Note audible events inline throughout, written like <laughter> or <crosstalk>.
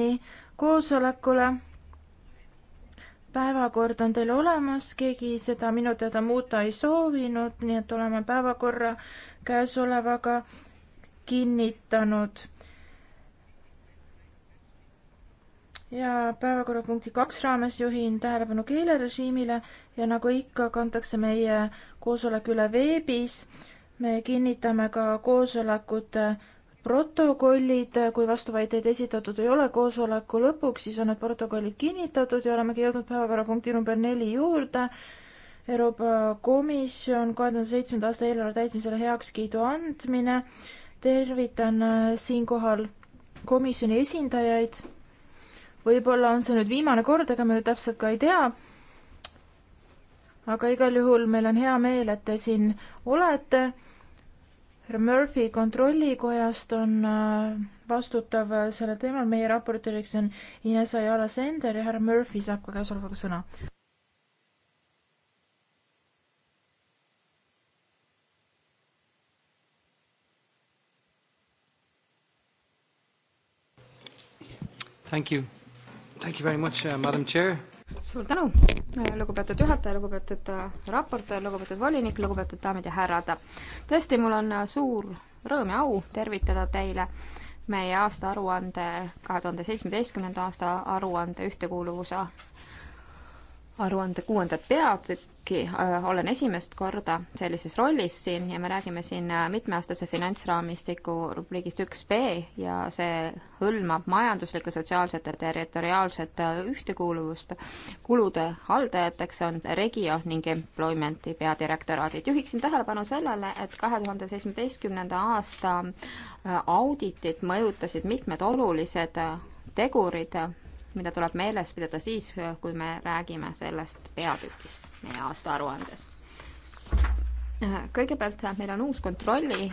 komisjoni koosolekule. päevakord on teil olemas, keegi seda minu teada muuta ei soovinud, nii et oleme päevakorra käesolevaga kinnitanud. ja päevakorrapunkti kaks raames juhin tähelepanu keelerežiimile ja nagu ikka, kantakse meie koosolek üle veebis. me kinnitame ka koosolekute protokollid, kui vastuväiteid esitatud ei ole koosoleku lõpuks, siis on need protokollid kinnitatud ja olemegi jõudnud päevakorrapunkti number neli juurde. Euroopa Komisjon kahe tuhande seitsmenda aasta eelarve täitmisele heakskiidu andmine. tervitan äh, siinkohal komisjoni esindajaid. võib-olla on see nüüd viimane kord, ega me nüüd täpselt ka ei tea. aga igal juhul meil on hea meel, et te siin olete härra Murphy Kontrollikojast on äh, vastutav äh, sellel teemal, meie raportööriks on Ines Ajala Sender ja härra Murphy saab ka käesolevaga sõna. Thank you. Thank you very much, uh, Madam Chair suur tänu, lugupeetud juhataja, lugupeetud äh, raportöör, lugupeetud volinik, lugupeetud daamid ja härrad. tõesti, mul on äh, suur rõõm ja au tervitada teile meie aastaaruande, kahe tuhande seitsmeteistkümnenda aasta aruande ühtekuuluvuse aruande kuuendat peatükki, äh, olen esimest korda sellises rollis siin ja me räägime siin äh, mitmeaastase finantsraamistiku rubriigist üks B ja see hõlmab majanduslikku, sotsiaalset ja territoriaalset äh, ühtekuuluvust. kulude haldajateks on Regio ning Employmenti peadirektoraadid. juhiksin tähelepanu sellele, et kahe tuhande seitsmeteistkümnenda aasta auditit mõjutasid mitmed olulised tegurid, mida tuleb meeles pidada siis, kui me räägime sellest peatükist meie aastaaruandes. kõigepealt meil on uus kontrolli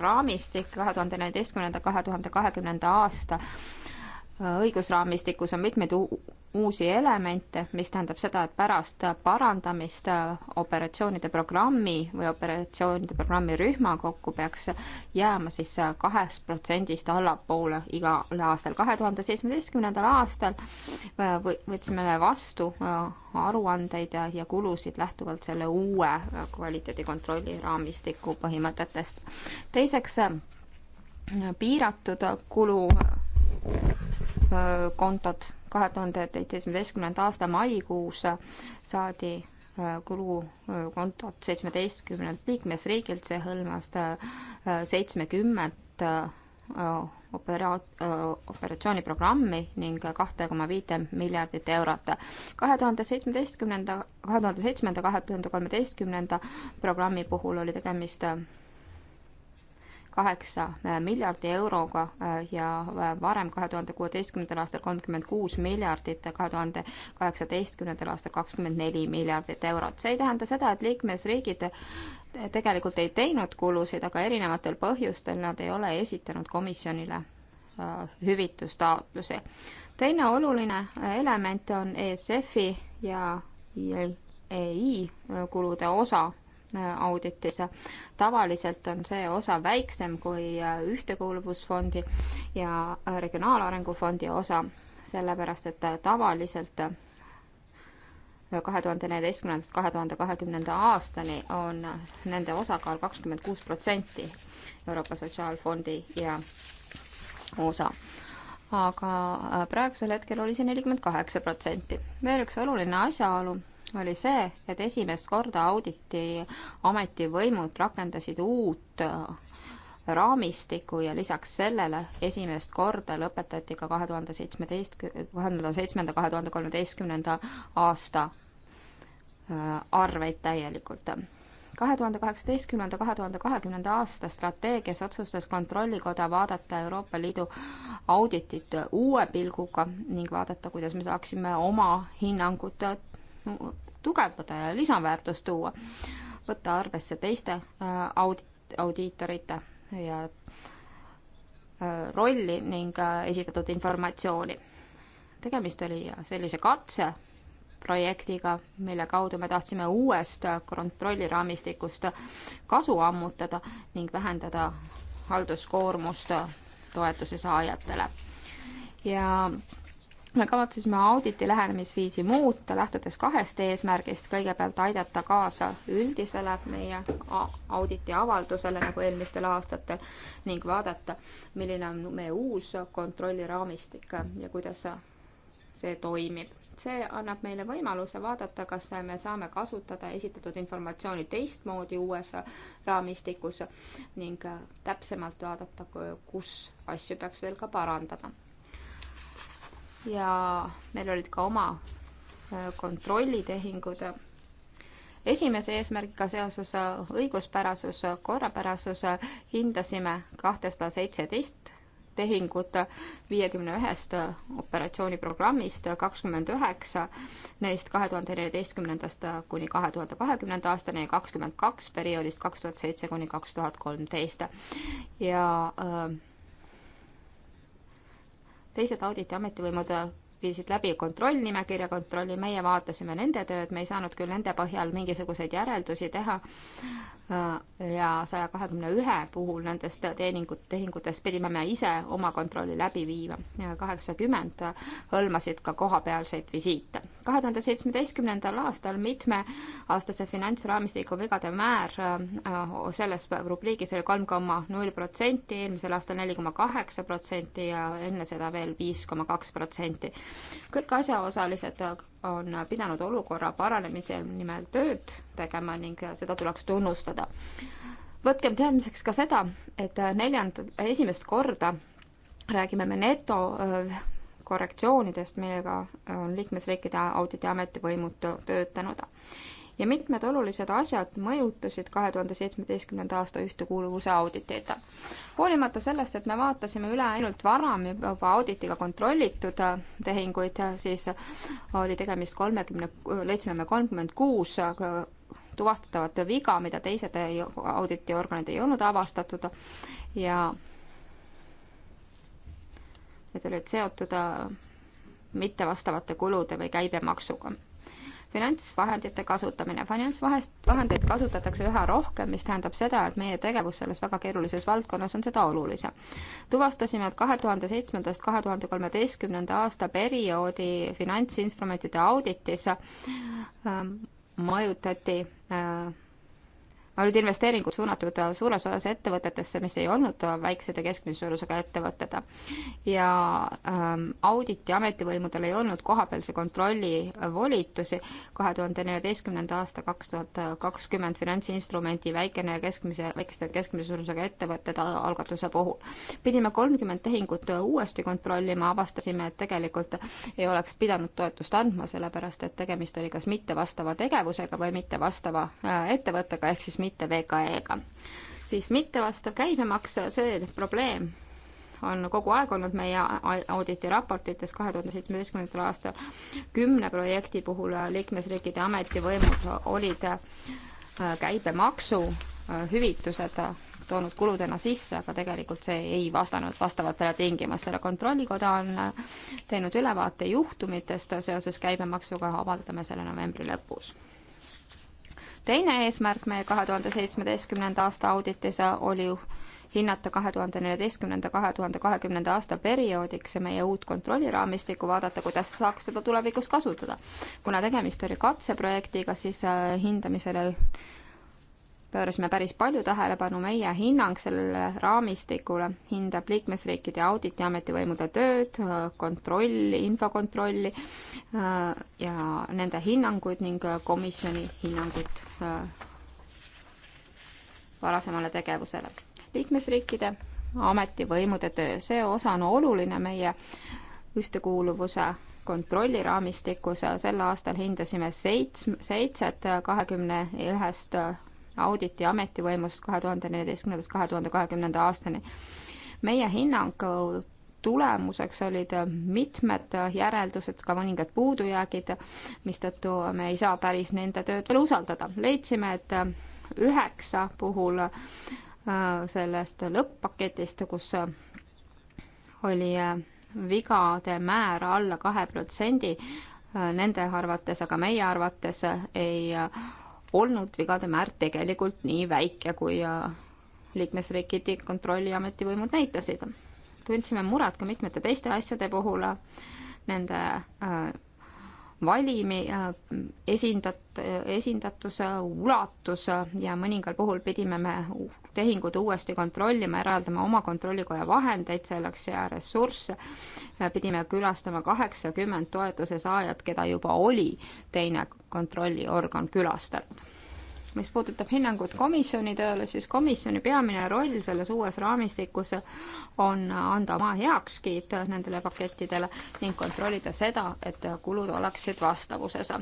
raamistik kahe tuhande neljateistkümnenda, kahe tuhande kahekümnenda aasta õigusraamistikus on mitmeid uusi elemente, mis tähendab seda, et pärast parandamist äh, operatsioonide programmi või operatsioonide programmi rühma kokku peaks jääma siis äh, kahest protsendist allapoole igal aastal. kahe tuhande seitsmeteistkümnendal aastal äh, võtsime me vastu aruandeid ja, ja kulusid lähtuvalt selle uue kvaliteedikontrolli raamistiku põhimõtetest. teiseks, piiratud kulu kontod. kahe tuhande seitsmeteistkümnenda aasta maikuus saadi äh, kulukontot seitsmeteistkümnelt liikmesriigilt, see hõlmas äh, seitsmekümmet äh, operaat-, operatsiooniprogrammi ning kahte koma viite miljardit eurot. kahe tuhande seitsmeteistkümnenda, kahe tuhande seitsmenda, kahe tuhande kolmeteistkümnenda programmi puhul oli tegemist kaheksa äh, miljardi euroga äh, ja äh, varem, kahe tuhande kuueteistkümnendal aastal kolmkümmend kuus miljardit ja kahe tuhande kaheksateistkümnendal aastal kakskümmend neli miljardit eurot. see ei tähenda seda, et liikmesriigid tegelikult ei teinud kulusid, aga erinevatel põhjustel nad ei ole esitanud komisjonile hüvitustaotlusi. teine oluline element on ESF-i ja EI kulude osa auditis. tavaliselt on see osa väiksem kui äh, Ühtekuuluvusfondi ja äh, Regionaalarengu Fondi osa, sellepärast et äh, tavaliselt kahe tuhande neljateistkümnendast kahe tuhande kahekümnenda aastani on nende osakaal kakskümmend kuus protsenti Euroopa Sotsiaalfondi ja osa aga praegusel hetkel oli see nelikümmend kaheksa protsenti. veel üks oluline asjaolu realism oli see, et esimest korda auditi ametivõimud rakendasid uut äh, raamistiku ja lisaks sellele esimest korda lõpetati ka kahe tuhande seitsmeteist, kahe tuhande seitsmenda, kahe tuhande kolmeteistkümnenda aasta äh, arveid täielikult. kahe tuhande kaheksateistkümnenda, kahe tuhande kahekümnenda aasta strateegias otsustas Kontrollikoda vaadata Euroopa Liidu auditit uue pilguga ning vaadata, kuidas me saaksime oma hinnangut äh, tugevdada ja lisaväärtust tuua, võtta arvesse teiste äh, audi-, audiitorite ja äh, rolli ning äh, esitatud informatsiooni. tegemist oli sellise katse projektiga, mille kaudu me tahtsime uuest kontrolliraamistikust kasu ammutada ning vähendada halduskoormust toetuse saajatele. ja me kavatsesime auditi lähenemisviisi muuta, lähtudes kahest eesmärgist, kõigepealt aidata kaasa üldisele meie auditi avaldusele nagu eelmistel aastatel ning vaadata, milline on meie uus kontrolliraamistik ja kuidas see toimib. see annab meile võimaluse vaadata, kas me saame kasutada esitatud informatsiooni teistmoodi uues raamistikus ning täpsemalt vaadata, kus asju peaks veel ka parandada ja meil olid ka oma äh, kontrollitehingud. esimese eesmärgiga seoses äh, õiguspärasus, äh, korrapärasus hindasime kahtesada seitseteist tehingut viiekümne ühest operatsiooniprogrammist, kakskümmend üheksa neist kahe tuhande neljateistkümnendast kuni kahe tuhande kahekümnenda aastani ja kakskümmend kaks perioodist kaks tuhat seitse kuni kaks tuhat kolmteist. ja äh, teised auditi ametivõimud viisid läbi kontrollnimekirja kontrolli, meie vaatasime nende tööd, me ei saanud küll nende põhjal mingisuguseid järeldusi teha, Äh, ja saja kahekümne ühe puhul nendest teeningut, tehingutest pidime me ise oma kontrolli läbi viima ja kaheksakümmend hõlmasid ka kohapealseid visiite. kahe tuhande seitsmeteistkümnendal aastal mitmeaastase finantsraamistiku vigade määr äh, selles rubriigis oli kolm koma null protsenti, eelmisel aastal neli koma kaheksa protsenti ja enne seda veel viis koma kaks protsenti. kõik asjaosalised on pidanud olukorra paranemise nimel tööd tegema ning seda tuleks tunnustada. võtkem teadmiseks ka seda, et neljanda, esimest korda räägime me neto äh, korrektsioonidest, millega äh, on liikmesriikide auditiameti võimud töötanud. ja mitmed olulised asjad mõjutasid kahe tuhande seitsmeteistkümnenda aasta ühtekuuluvuse auditeid. hoolimata sellest, et me vaatasime üle ainult varem juba auditiga kontrollitud äh, tehinguid, siis oli tegemist kolmekümne, leidsime me kolmkümmend kuus tuvastatavat viga, mida teised auditiorganid ei olnud avastatud ja need olid seotud äh, mittevastavate kulude või käibemaksuga finantsvahendite kasutamine. finantsvahendeid kasutatakse üha rohkem, mis tähendab seda, et meie tegevus selles väga keerulises valdkonnas on seda olulisem. tuvastasime, et kahe tuhande seitsmendast kahe tuhande kolmeteistkümnenda aasta perioodi finantsinstrumentide auditis ähm, majutati äh, olid investeeringud suunatud suures osas ettevõtetesse, mis ei olnud väiksed ja keskmise suurusega ettevõtted. ja ähm, auditi ametivõimudel ei olnud kohapealse kontrolli volitusi kahe tuhande neljateistkümnenda aasta kaks tuhat kakskümmend finantsinstrumendi väikene ja keskmise, väikeste ja keskmise suurusega ettevõtted algatuse puhul. pidime kolmkümmend tehingut uuesti kontrollima, avastasime, et tegelikult ei oleks pidanud toetust andma, sellepärast et tegemist oli kas mittevastava tegevusega või mittevastava äh, ettevõttega, ehk siis mitte VKE-ga. siis mittevastav käibemaks, see probleem on kogu aeg olnud meie auditi raportites kahe tuhande seitsmeteistkümnendal aastal kümne projekti puhul liikmesriikide ametivõimud olid äh, käibemaksu äh, hüvitused äh, toonud kuludena sisse, aga tegelikult see ei vastanud vastavatele tingimustele. kontrollikoda on teinud ülevaate juhtumitest seoses käibemaksuga, avaldame selle novembri lõpus teine eesmärk meie kahe tuhande seitsmeteistkümnenda aasta auditis oli hinnata kahe tuhande neljateistkümnenda, kahe tuhande kahekümnenda aasta perioodiks ja meie uut kontrolliraamistikku, vaadata, kuidas saaks seda tulevikus kasutada. kuna tegemist oli katseprojektiga, siis äh, hindamisele pöörasime päris palju tähelepanu, meie hinnang sellele raamistikule hindab liikmesriikide auditi ametivõimude tööd, kontrolli, infokontrolli äh, ja nende hinnanguid ning komisjoni hinnangut äh, varasemale tegevusele. liikmesriikide ametivõimude töö, see osa on oluline meie ühtekuuluvuse kontrolliraamistikus, sel aastal hindasime seitsme, seitset kahekümne ühest auditi ametivõimust kahe tuhande neljateistkümnendast kahe tuhande kahekümnenda aastani. meie hinnangu äh, tulemuseks olid äh, mitmed äh, järeldused, ka mõningad puudujäägid, mistõttu me ei saa päris nende tööd veel usaldada. leidsime, et üheksa puhul sellest lõpp-paketist, kus oli vigade määr alla kahe protsendi, nende arvates, aga meie arvates ei olnud vigade määr tegelikult nii väike, kui äh, liikmesriikide kontrolliameti võimud näitasid. tundsime muret ka mitmete teiste asjade puhul, nende äh, valimi äh, esindat-, esindatuse ulatus ja mõningal puhul pidime me tehingud uuesti kontrollima, eraldama oma kontrollikoja vahendeid selleks ja ressursse. pidime külastama kaheksakümmend toetuse saajat, keda juba oli teine kontrolliorgan külastanud mis puudutab hinnangut komisjoni tööle, siis komisjoni peamine roll selles uues raamistikus on anda oma heakskiit nendele pakettidele ning kontrollida seda, et kulud oleksid vastavuses.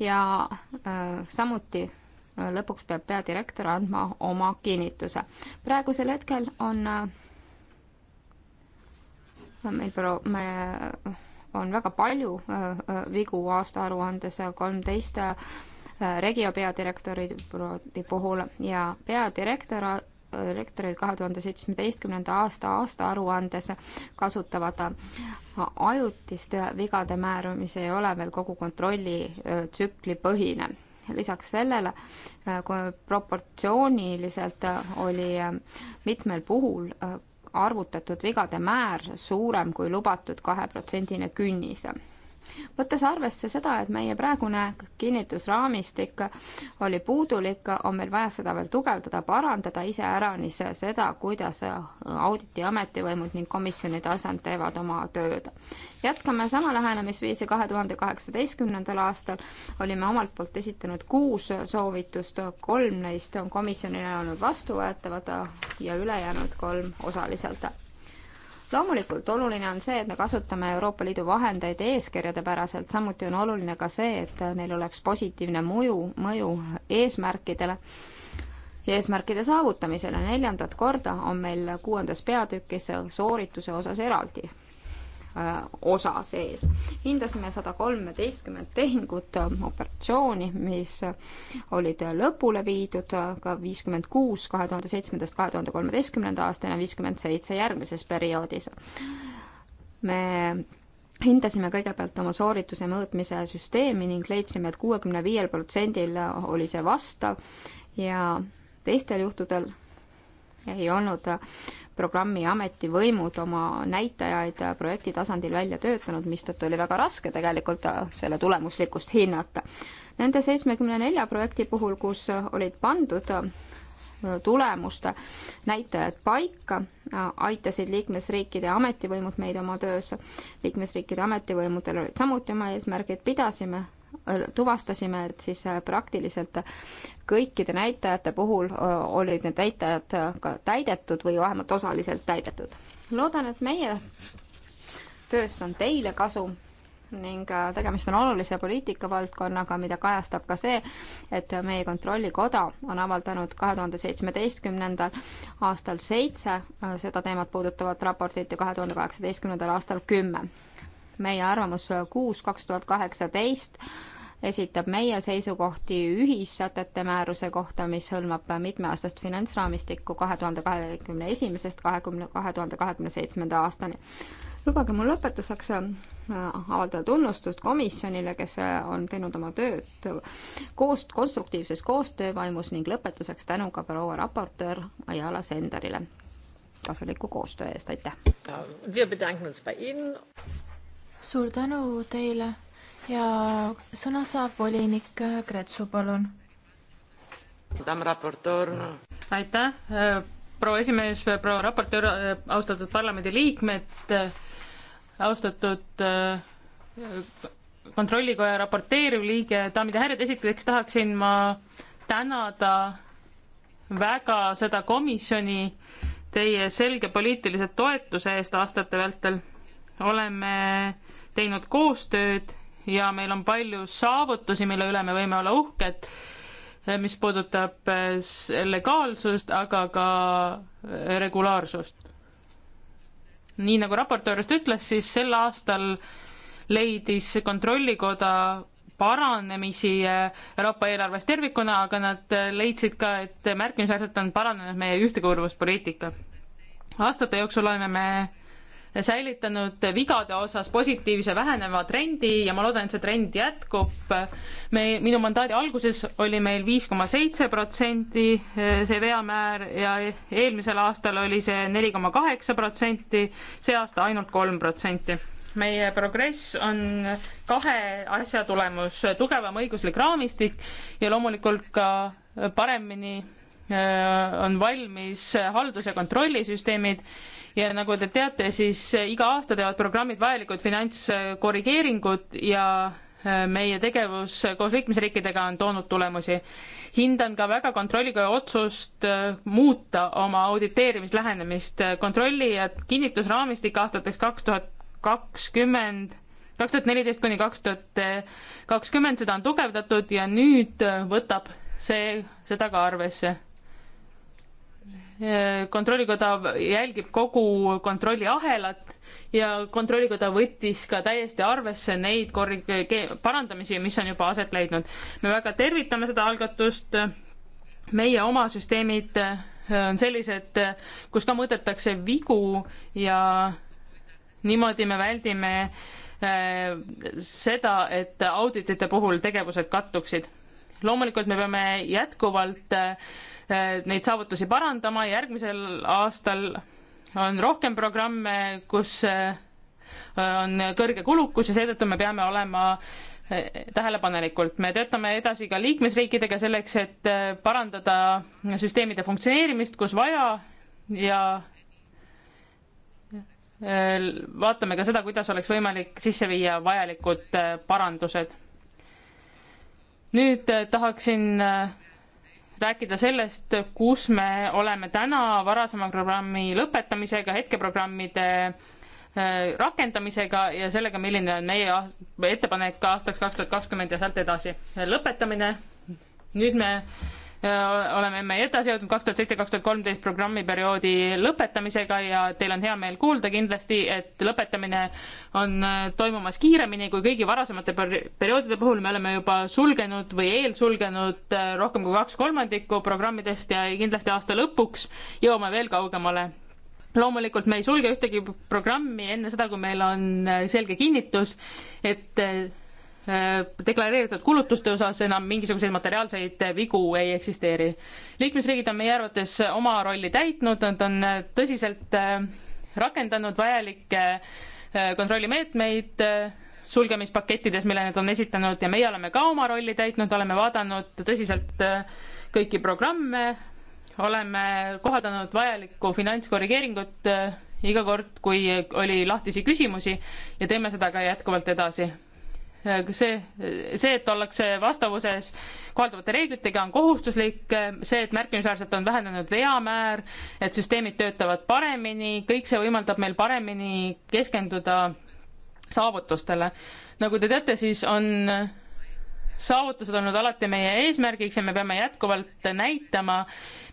ja äh, samuti lõpuks peab peadirektor andma oma kinnituse. praegusel hetkel on äh, meil pro-, me, on väga palju äh, äh, vigu aastaaruandes, kolmteist regio peadirektori puhul ja peadirektor rektorid kahe tuhande seitsmeteistkümnenda aasta aastaaruandes kasutavad ajutist vigade määra, mis ei ole veel kogu kontrollitsükli põhine lisaks sellele, äh, kui proportsiooniliselt äh, oli äh, mitmel puhul arvutatud vigade määr suurem kui lubatud kaheprotsendine künnis. Künnise võttes arvesse seda, et meie praegune kinnitusraamistik oli puudulik, on meil vaja seda veel tugevdada, parandada iseäranis seda, kuidas auditi ametivõimud ning komisjoni tasand teevad oma tööd. jätkame sama lähenemisviisi kahe tuhande kaheksateistkümnendal aastal olime omalt poolt esitanud kuus soovitust, kolm neist on komisjonile olnud vastuvõetavad ja ülejäänud kolm osaliselt loomulikult oluline on see, et me kasutame Euroopa Liidu vahendeid eeskirjadepäraselt, samuti on oluline ka see, et neil oleks positiivne mõju, mõju eesmärkidele ja eesmärkide saavutamisele. neljandat korda on meil kuuendas peatükis soorituse osas eraldi Äh, osa sees. hindasime sada kolmeteistkümmet tehingut, äh, operatsiooni, mis äh, olid lõpule viidud, ka viiskümmend kuus kahe tuhande seitsmendast kahe tuhande kolmeteistkümnenda aastani, viiskümmend seitse järgmises perioodis. me hindasime kõigepealt oma soorituse mõõtmise süsteemi ning leidsime et, et kuuekümne viiel protsendil oli see vastav ja teistel juhtudel ei olnud programmi ametivõimud oma näitajaid projekti tasandil välja töötanud, mistõttu oli väga raske tegelikult äh, selle tulemuslikkust hinnata. Nende seitsmekümne nelja projekti puhul, kus olid pandud äh, tulemuste näitajad paika, äh, aitasid liikmesriikide ametivõimud meid oma töös. liikmesriikide ametivõimudel olid samuti oma eesmärgid, pidasime tuvastasime, et siis äh, praktiliselt kõikide näitajate puhul äh, olid need näitajad äh, ka täidetud või vähemalt osaliselt täidetud. loodan, et meie tööst on teile kasu ning tegemist on olulise poliitikavaldkonnaga, mida kajastab ka see, et meie Kontrollikoda on avaldanud kahe tuhande seitsmeteistkümnendal aastal seitse seda teemat puudutavat raportit ja kahe tuhande kaheksateistkümnendal aastal kümme meie arvamus kuus kaks tuhat kaheksateist esitab meie seisukohti ühissätete määruse kohta, mis hõlmab mitmeaastast finantsraamistikku kahe tuhande kahekümne esimesest kahekümne, kahe tuhande kahekümne seitsmenda aastani. lubage mul lõpetuseks äh, avaldada tunnustust komisjonile, kes äh, on teinud oma tööd koost-, konstruktiivses koostöövaimus ning lõpetuseks tänu ka proua raportöör Ayala Senderile kasuliku koostöö eest, aitäh! suur tänu teile ja sõna saab volinik Kretsu, palun. aitäh, äh, proua esimees, proua raportöör, äh, austatud parlamendiliikmed, äh, austatud kontrollikoja raporteeriv liige, daamid ja härrad, esiteks tahaksin ma tänada väga seda komisjoni teie selge poliitilise toetuse eest aastate vältel. oleme teinud koostööd ja meil on palju saavutusi, mille üle me võime olla uhked, eh, mis puudutab eh, legaalsust, aga ka eh, regulaarsust. nii nagu raportöör just ütles, siis sel aastal leidis Kontrollikoda paranemisi Euroopa eelarves tervikuna, aga nad leidsid ka, et märkimisväärselt on paranenud meie ühtekuuluvuspoliitika. aastate jooksul oleme me säilitanud vigade osas positiivse väheneva trendi ja ma loodan, et see trend jätkub. me, minu mandaadi alguses oli meil viis koma seitse protsenti eh, see veamäär ja eelmisel aastal oli see neli koma kaheksa protsenti, see aasta ainult kolm protsenti meie progress on kahe asja tulemus, tugevam õiguslik raamistik ja loomulikult ka paremini eh, on valmis haldus- ja kontrollisüsteemid ja nagu te teate, siis eh, iga aasta teevad programmid vajalikud finantskorrigeeringud ja eh, meie tegevus eh, koos liikmesriikidega on toonud tulemusi. hindan ka väga kontrollikoja otsust muuta oma auditeerimislähenemist. kontrolli ja kinnitusraamistik aastateks kaks tuhat kakskümmend kaks tuhat neliteist kuni kaks tuhat kakskümmend, seda on tugevdatud ja nüüd võtab see, seda ka arvesse. Eh, kontrollikoda jälgib kogu kontrolliahelat ja kontrollikoda võttis ka täiesti arvesse neid korrig-, parandamisi, mis on juba aset leidnud. me väga tervitame seda algatust, meie oma süsteemid eh, on sellised, kus ka mõõdetakse vigu ja niimoodi me väldime eh, seda, et auditite puhul tegevused kattuksid. loomulikult me peame jätkuvalt äh, Äh, neid saavutusi parandama, järgmisel aastal on rohkem programme, kus äh, on kõrge kulukus ja seetõttu me peame olema äh, tähelepanelikult. me töötame edasi ka liikmesriikidega selleks, et parandada süsteemide funktsioneerimist, kus vaja ja vaatame ka seda, kuidas oleks võimalik sisse viia vajalikud parandused. nüüd tahaksin rääkida sellest, kus me oleme täna varasema programmi lõpetamisega, hetkeprogrammide äh, rakendamisega ja sellega, milline on meie ettepanek aastaks kaks tuhat kakskümmend ja sealt edasi. lõpetamine. nüüd me oleme me edasi jõudnud kaks tuhat seitse, kaks tuhat kolmteist programmiperioodi lõpetamisega ja teil on hea meel kuulda kindlasti, et lõpetamine on toimumas kiiremini kui kõigi varasemate perioodide puhul. me oleme juba sulgenud või eelsulgenud rohkem kui kaks kolmandikku programmidest ja kindlasti aasta lõpuks jõuame veel kaugemale loomulikult me ei sulge ühtegi programmi enne seda, kui meil on selge kinnitus, et Äh, deklareeritud kulutuste osas enam mingisuguseid materiaalseid vigu ei eksisteeri. liikmesriigid on meie arvates oma rolli täitnud, nad on äh, tõsiselt äh, rakendanud vajalikke kontrollimeetmeid sulgemispakettides, mille nad on esitanud ja meie oleme ka oma rolli täitnud, oleme vaadanud tõsiselt kõiki programme, oleme kohaldanud vajalikku finantskorrigeeringut iga kord, kui oli lahtisi küsimusi ja teeme seda ka jätkuvalt edasi Äh, see, see, et ollakse vastavuses kohalduvate reeglitega, on kohustuslik, äh, see, et märkimisväärselt on vähenenud veamäär, et süsteemid töötavad paremini, kõik see võimaldab meil paremini keskenduda saavutustele. nagu te teate, siis on saavutused on olnud alati meie eesmärgiks ja me peame jätkuvalt näitama,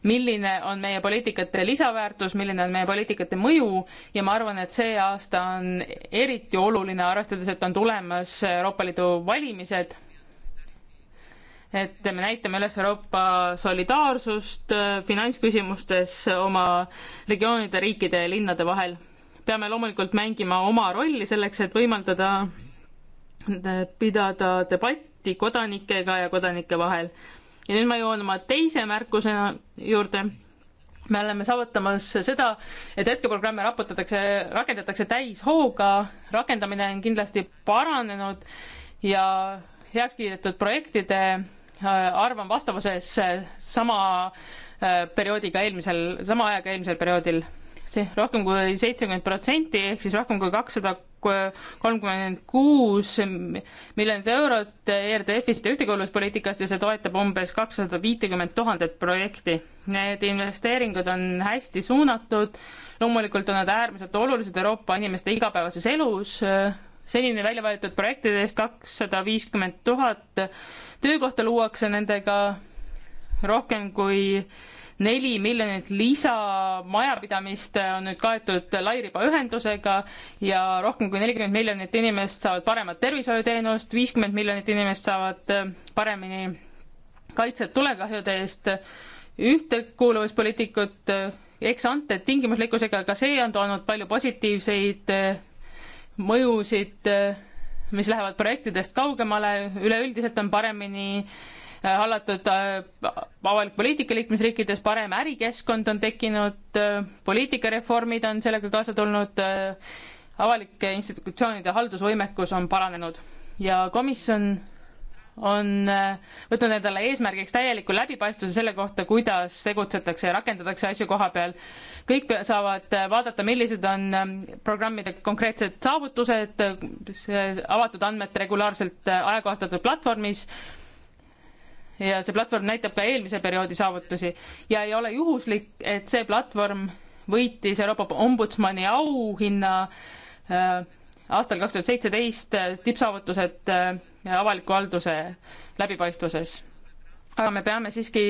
milline on meie poliitikate lisaväärtus, milline on meie poliitikate mõju ja ma arvan, et see aasta on eriti oluline, arvestades, et on tulemas Euroopa Liidu valimised. et me näitame üles Euroopa solidaarsust äh, finantsküsimustes oma regioonide, riikide ja linnade vahel. peame loomulikult mängima oma rolli selleks, et võimaldada äh, pidada debatti debatti kodanikega ja kodanike vahel. ja nüüd ma jõuan oma teise märkuse juurde. me oleme saavutamas seda, et hetkeprogramme raputatakse, rakendatakse täishooga, rakendamine on kindlasti paranenud ja heaks kiidetud projektide äh, arv on vastavuses äh, sama äh, perioodiga eelmisel, sama ajaga eelmisel perioodil. see rohkem kui seitsekümmend protsenti ehk siis rohkem kui kakssada kolmkümmend kuus miljonit eurot ERDF-ist ja ühtekuuluvuspoliitikast ja see toetab umbes kakssada viitekümmet tuhandet projekti. Need investeeringud on hästi suunatud, loomulikult on nad äärmiselt olulised Euroopa inimeste igapäevases elus, senini välja valitud projektidest kakssada viiskümmend tuhat töökohta luuakse nendega rohkem kui neli miljonit lisamajapidamist on nüüd kaetud lairibaühendusega ja rohkem kui nelikümmend miljonit inimest saavad paremat tervishoiuteenust, viiskümmend miljonit inimest saavad äh, paremini kaitset tulekahjude eest, ühtekuuluvuspoliitikud, äh, eksante tingimuslikkusega, ka see on toonud palju positiivseid äh, mõjusid, mis lähevad projektidest kaugemale, üleüldiselt on paremini hallatud äh, avalik poliitika liikmesriikides, parem ärikeskkond on tekkinud, äh, poliitikareformid on sellega kaasa tulnud, äh, avalike institutsioonide haldusvõimekus on paranenud ja komisjon on võtnud endale eesmärgiks täieliku läbipaistvuse selle kohta, kuidas tegutsetakse ja rakendatakse asju koha peal. kõik saavad vaadata, millised on programmide konkreetsed saavutused, avatud andmed regulaarselt ajakohastatud platvormis ja see platvorm näitab ka eelmise perioodi saavutusi ja ei ole juhuslik, et see platvorm võitis Euroopa Ombudsmani auhinna äh, aastal kaks tuhat seitseteist äh, tippsaavutused äh, avaliku halduse läbipaistvuses. aga me peame siiski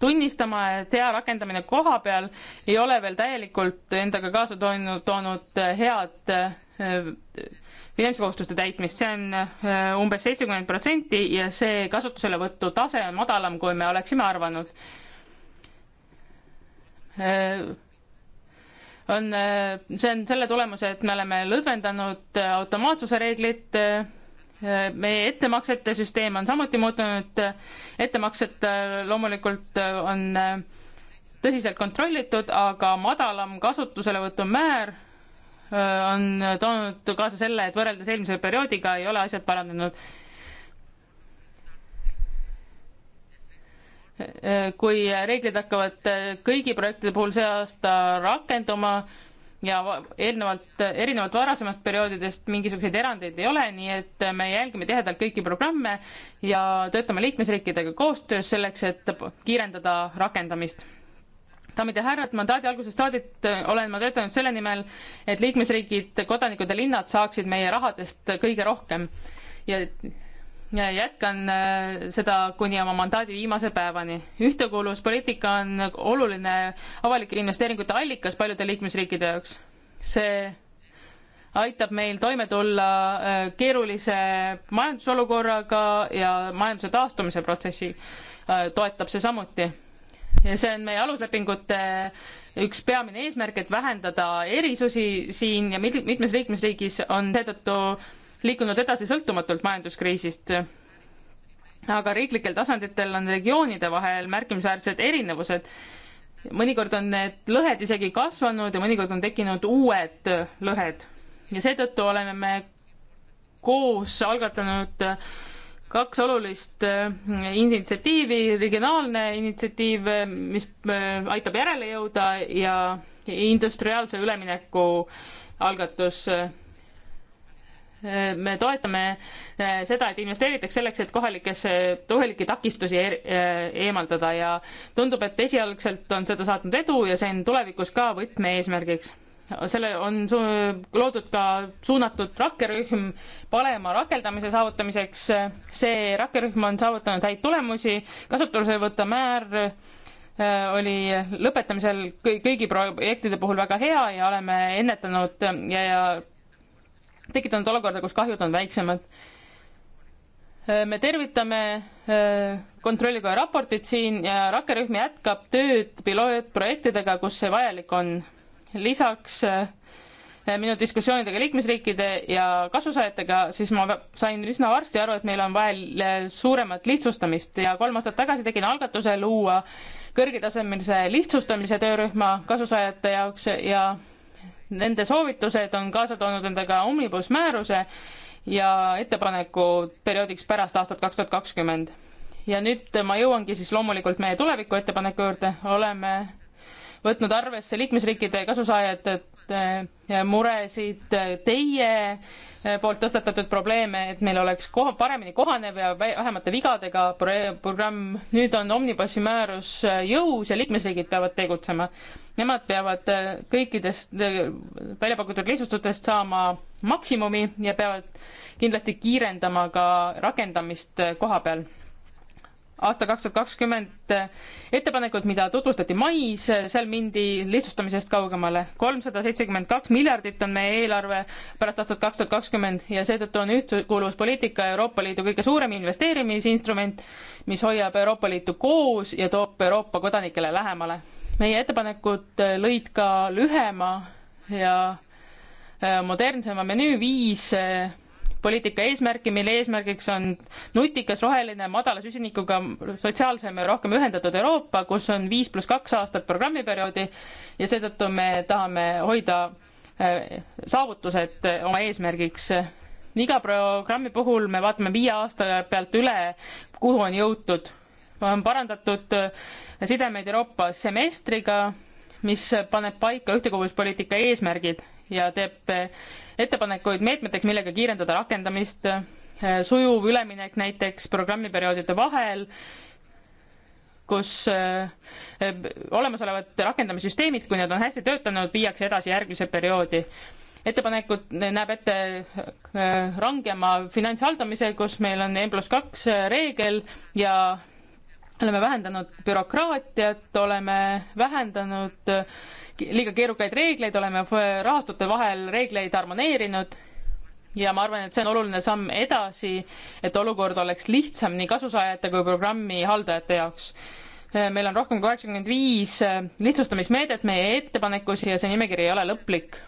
tunnistama, et hea rakendamine koha peal ei ole veel täielikult endaga kaasa toonud, toonud äh, head äh, finantskohustuste täitmist, see on äh, umbes seitsekümmend protsenti ja see kasutuselevõtu tase on madalam, kui me oleksime arvanud. Äh, on, äh, see on selle tulemus, et me oleme lõdvendanud automaatsuse reeglit, meie ettemaksete süsteem on samuti muutunud, ettemaksed loomulikult on tõsiselt kontrollitud, aga madalam kasutuselevõtu määr Äh, on toonud kaasa selle, et võrreldes eelmise perioodiga ei ole asjad paranenud. Äh, kui reeglid hakkavad äh, kõigi projektide puhul see aasta rakenduma ja eelnevalt, erinevalt varasemast perioodidest mingisuguseid erandeid ei ole, nii et me jälgime tihedalt kõiki programme ja töötame liikmesriikidega koostöös selleks, et kiirendada rakendamist daamid ja härrad, mandaadi algusest saadik äh, olen ma töötanud selle nimel, et liikmesriigid, kodanikud ja linnad saaksid meie rahadest kõige rohkem. ja ja jätkan äh, seda kuni oma mandaadi viimase päevani. ühtekuuluvuspoliitika on oluline avalike investeeringute allikas paljude liikmesriikide jaoks. see aitab meil toime tulla äh, keerulise majandusolukorraga ja majanduse taastumise protsessi toetab see samuti ja see on meie aluslepingute üks peamine eesmärk, et vähendada erisusi siin ja mitmes liikmesriigis on seetõttu liikunud edasi sõltumatult majanduskriisist. aga riiklikel tasanditel on regioonide vahel märkimisväärsed erinevused. mõnikord on need lõhed isegi kasvanud ja mõnikord on tekkinud uued lõhed ja seetõttu oleme me koos algatanud kaks olulist eh, initsiatiivi, regionaalne initsiatiiv, eh, mis eh, aitab järele jõuda ja industriaalse ülemineku algatus. me toetame seda, et investeeritakse selleks, et kohalikesse, kohalikke takistusi e eemaldada ja tundub, et esialgselt on seda saatnud edu ja see on tulevikus ka võtmeeesmärgiks selle on loodud ka suunatud rakkerühm parema rakendamise saavutamiseks. see rakkerühm on saavutanud häid tulemusi, kasutuselevõtu määr äh, oli lõpetamisel kõigi projektide puhul väga hea ja oleme ennetanud ja, ja tekitanud olukorda, kus kahjud on väiksemad. Äh, me tervitame äh, kontrollikoja raportit siin ja rakkerühm jätkab tööd pilootprojektidega, kus see vajalik on lisaks eh, minu diskussioonidega liikmesriikide ja kasusaajatega, siis ma sain üsna varsti aru, et meil on vaja eh, suuremat lihtsustamist ja kolm aastat tagasi tegin algatuse luua kõrgetasemelise lihtsustamise töörühma kasusaajate jaoks ja nende soovitused on kaasa toonud endaga omnibus määruse ja ettepaneku perioodiks pärast aastat kaks tuhat kakskümmend. ja nüüd ma jõuangi siis loomulikult meie tulevikuettepaneku juurde, oleme võtnud arvesse liikmesriikide kasusaajate eh, muresid, eh, teie eh, poolt tõstatatud probleeme, et meil oleks koha, paremini kohanev ja vähemate vigadega programm. nüüd on Omnibussi määrus jõus ja liikmesriigid peavad tegutsema. Nemad peavad kõikidest välja pakutud lihtsustustest saama maksimumi ja peavad kindlasti kiirendama ka rakendamist koha peal aasta kaks tuhat kakskümmend ettepanekut, mida tutvustati mais, seal mindi lihtsustamisest kaugemale. kolmsada seitsekümmend kaks miljardit on meie eelarve pärast aastat kaks tuhat kakskümmend ja seetõttu on ühtekuuluvuspoliitika Euroopa Liidu kõige suurem investeerimisinstrument, mis hoiab Euroopa Liitu koos ja toob Euroopa kodanikele lähemale. meie ettepanekud lõid ka lühema ja modernsema menüü viis poliitika eesmärki, mille eesmärgiks on nutikas, roheline, madala süsinikuga, sotsiaalsem ja rohkem ühendatud Euroopa, kus on viis pluss kaks aastat programmiperioodi ja seetõttu me tahame hoida eh, saavutused eh, oma eesmärgiks. iga programmi puhul me vaatame viie aasta pealt üle, kuhu on jõutud. on parandatud eh, sidemeid Euroopa semestriga, mis paneb paika ühtekuuluvuspoliitika eesmärgid ja teeb eh, ettepanekuid meetmeteks, millega kiirendada rakendamist, eh, sujuv üleminek näiteks programmiperioodide vahel, kus eh, olemasolevad rakendamissüsteemid, kui need on hästi töötanud, viiakse edasi järgmise perioodi ettepanekut näeb ette rangema finantshaldamise, kus meil on N pluss kaks reegel ja oleme vähendanud bürokraatiat, oleme vähendanud liiga keerukaid reegleid, oleme rahastute vahel reegleid harmoneerinud ja ma arvan, et see on oluline samm edasi, et olukord oleks lihtsam nii kasusaajate kui programmi haldajate jaoks. meil on rohkem kui kaheksakümmend viis lihtsustamismeedet meie ettepanekus ja see nimekiri ei ole lõplik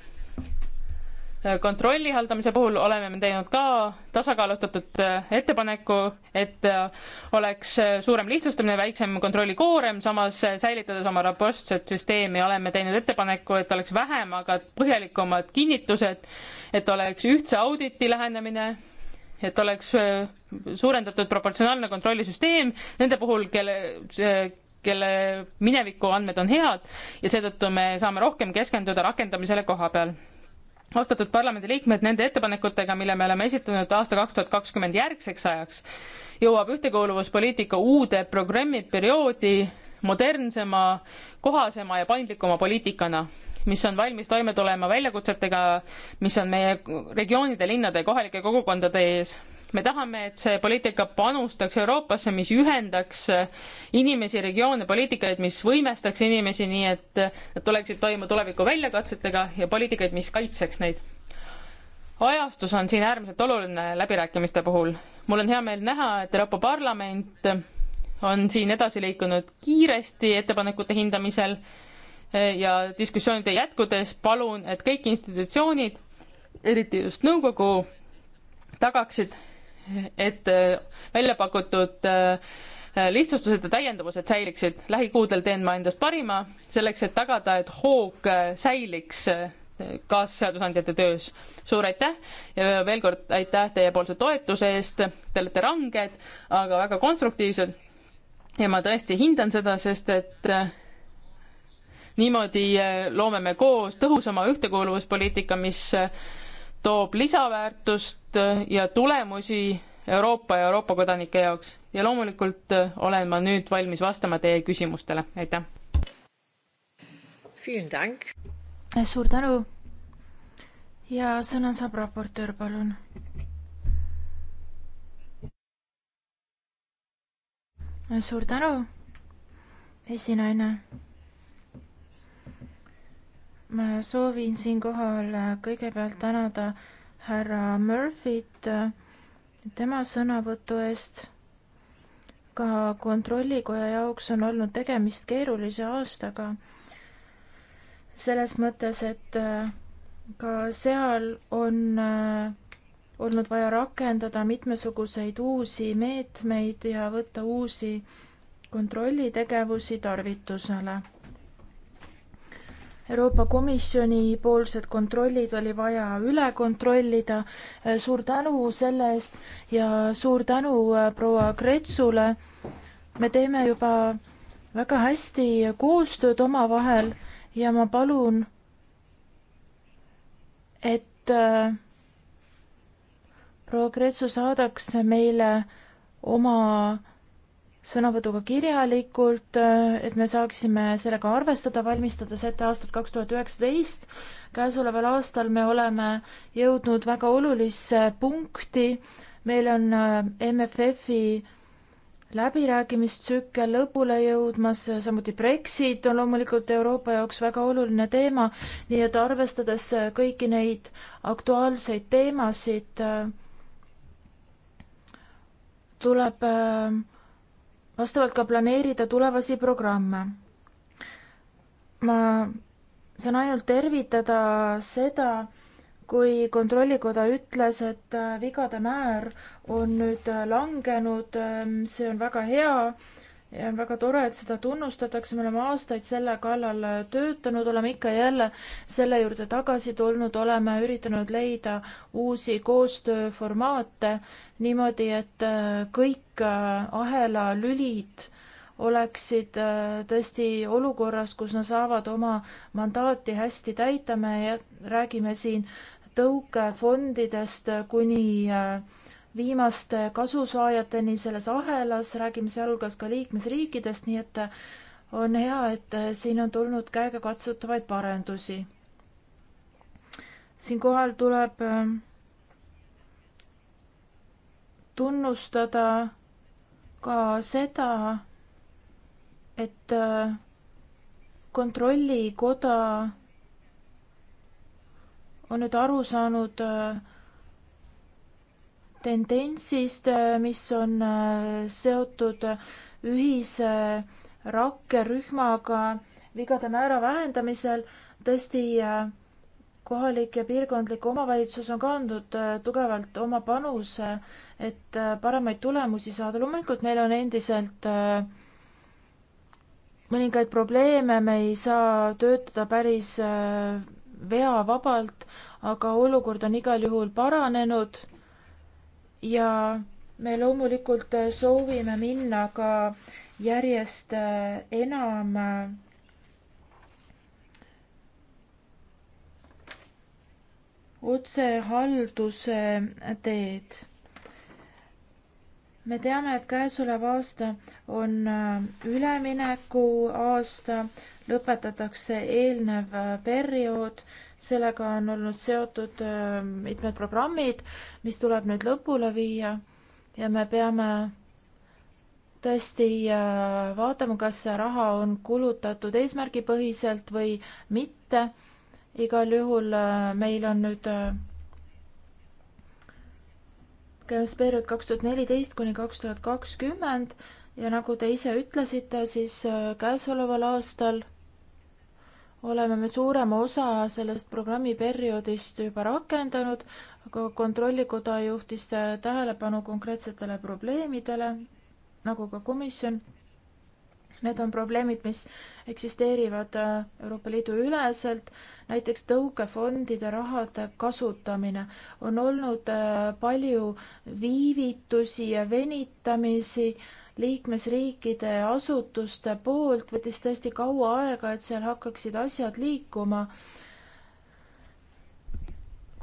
kontrolli haldamise puhul oleme me teinud ka tasakaalustatud äh, ettepaneku, et äh, oleks äh, suurem lihtsustamine, väiksem kontrollikoorem, samas säilitades oma robustset süsteemi, oleme teinud ettepaneku, et oleks vähem, aga põhjalikumad kinnitused, et oleks ühtse auditi lähenemine, et oleks suurendatud proportsionaalne kontrollisüsteem nende puhul, kelle, kelle mineviku andmed on head ja seetõttu me saame rohkem keskenduda rakendamisele koha peal austatud parlamendiliikmed, nende ettepanekutega, mille me oleme esitanud aasta kaks tuhat kakskümmend järgseks ajaks, jõuab ühtekuuluvuspoliitika uude programmiperioodi modernsema, kohasema ja paindlikuma poliitikana, mis on valmis toime tulema väljakutsetega, mis on meie regioonide, linnade ja kohalike kogukondade ees me tahame, et see poliitika panustaks Euroopasse, mis ühendaks inimesi, regioone, poliitikaid, mis võimestaks inimesi, nii et nad tuleksid toime tuleviku väljakatsetega ja poliitikaid, mis kaitseks neid. ajastus on siin äärmiselt oluline läbirääkimiste puhul. mul on hea meel näha, et Euroopa Parlament on siin edasi liikunud kiiresti ettepanekute hindamisel ja diskussioonide jätkudes palun, et kõik institutsioonid, eriti just nõukogu, tagaksid, et äh, välja pakutud äh, lihtsustused ja täiendavused säiliksid. lähikuudel teen ma endast parima selleks, et tagada, et hoog äh, säiliks kaasseadusandjate töös. suur aitäh ja veel kord aitäh teiepoolse toetuse eest. Te olete ranged, aga väga konstruktiivsed. ja ma tõesti hindan seda, sest et niimoodi loome me koos tõhusama ühtekuuluvuspoliitika, mis toob lisaväärtust äh, ja tulemusi Euroopa ja Euroopa kodanike jaoks ja loomulikult äh, olen ma nüüd valmis vastama teie küsimustele, aitäh. suur tänu. ja sõna saab raportöör, palun. suur tänu, esinaine ma soovin siinkohal äh, kõigepealt tänada härra Murphyt äh, tema sõnavõtu eest. ka Kontrollikoja jaoks on olnud tegemist keerulise aastaga. selles mõttes, et äh, ka seal on olnud vaja rakendada mitmesuguseid uusi meetmeid ja võtta uusi kontrollitegevusi tarvitusele Euroopa Komisjoni poolsed kontrollid oli vaja üle kontrollida. suur tänu selle eest ja suur tänu äh, proua Kretsule. me teeme juba väga hästi koostööd omavahel ja ma palun, et äh, proua Kretsu saadaks meile oma sõnavõtuga kirjalikult, äh, et me saaksime sellega arvestada, valmistades ette aastat kaks tuhat üheksateist. käesoleval aastal me oleme jõudnud väga olulisse punkti. meil on äh, MFF-i läbirääkimistsükkel lõpule jõudmas, samuti Brexit on loomulikult Euroopa jaoks väga oluline teema, nii et arvestades äh, kõiki neid aktuaalseid teemasid, tuleb vastavalt ka planeerida tulevasi programme. ma saan ainult tervitada seda, kui Kontrollikoda ütles, et äh, vigade määr on nüüd äh, langenud, ähm, see on väga hea ja on väga tore, et seda tunnustatakse, me oleme aastaid selle kallal äh, töötanud, oleme ikka ja jälle selle juurde tagasi tulnud, oleme üritanud leida uusi koostööformaate niimoodi, et kõik kõik äh, ahela lülid oleksid äh, tõesti olukorras, kus nad saavad oma mandaati hästi täita, me räägime siin tõukefondidest äh, kuni viimaste kasusaajateni selles ahelas, räägime sealhulgas ka liikmesriikidest, nii et on hea, et siin on tulnud käegakatsutavaid parendusi. siinkohal tuleb tunnustada ka seda, et äh, kontrollikoda on nüüd aru saanud äh, tendentsist, äh, mis on seotud ühise rakkerühmaga vigade määra vähendamisel. tõesti äh, kohalik ja piirkondlik omavalitsus on ka andnud äh, tugevalt oma panuse, et äh, paremaid tulemusi saada. loomulikult meil on endiselt äh, mõningaid probleeme, me ei saa töötada päris veavabalt, aga olukord on igal juhul paranenud ja me loomulikult soovime minna ka järjest enam otsehalduse teed. me teame, et käesolev aasta on äh, ülemineku aasta, lõpetatakse eelnev äh, periood, sellega on olnud seotud äh, mitmed programmid, mis tuleb nüüd lõpule viia ja me peame tõesti vaatama, kas see raha on kulutatud eesmärgipõhiselt või mitte igal juhul äh, meil on nüüd äh, käimisperiood kaks tuhat neliteist kuni kaks tuhat kakskümmend ja nagu te ise ütlesite, siis äh, käesoleval aastal oleme me suurema osa sellest programmiperioodist juba rakendanud, aga Kontrollikoda juhtis tähelepanu konkreetsetele probleemidele, nagu ka komisjon need on probleemid, mis eksisteerivad Euroopa Liidu üleselt näiteks tõukefondide rahade kasutamine. on olnud äh, palju viivitusi ja venitamisi liikmesriikide asutuste poolt, võttis tõesti kaua aega, et seal hakkaksid asjad liikuma.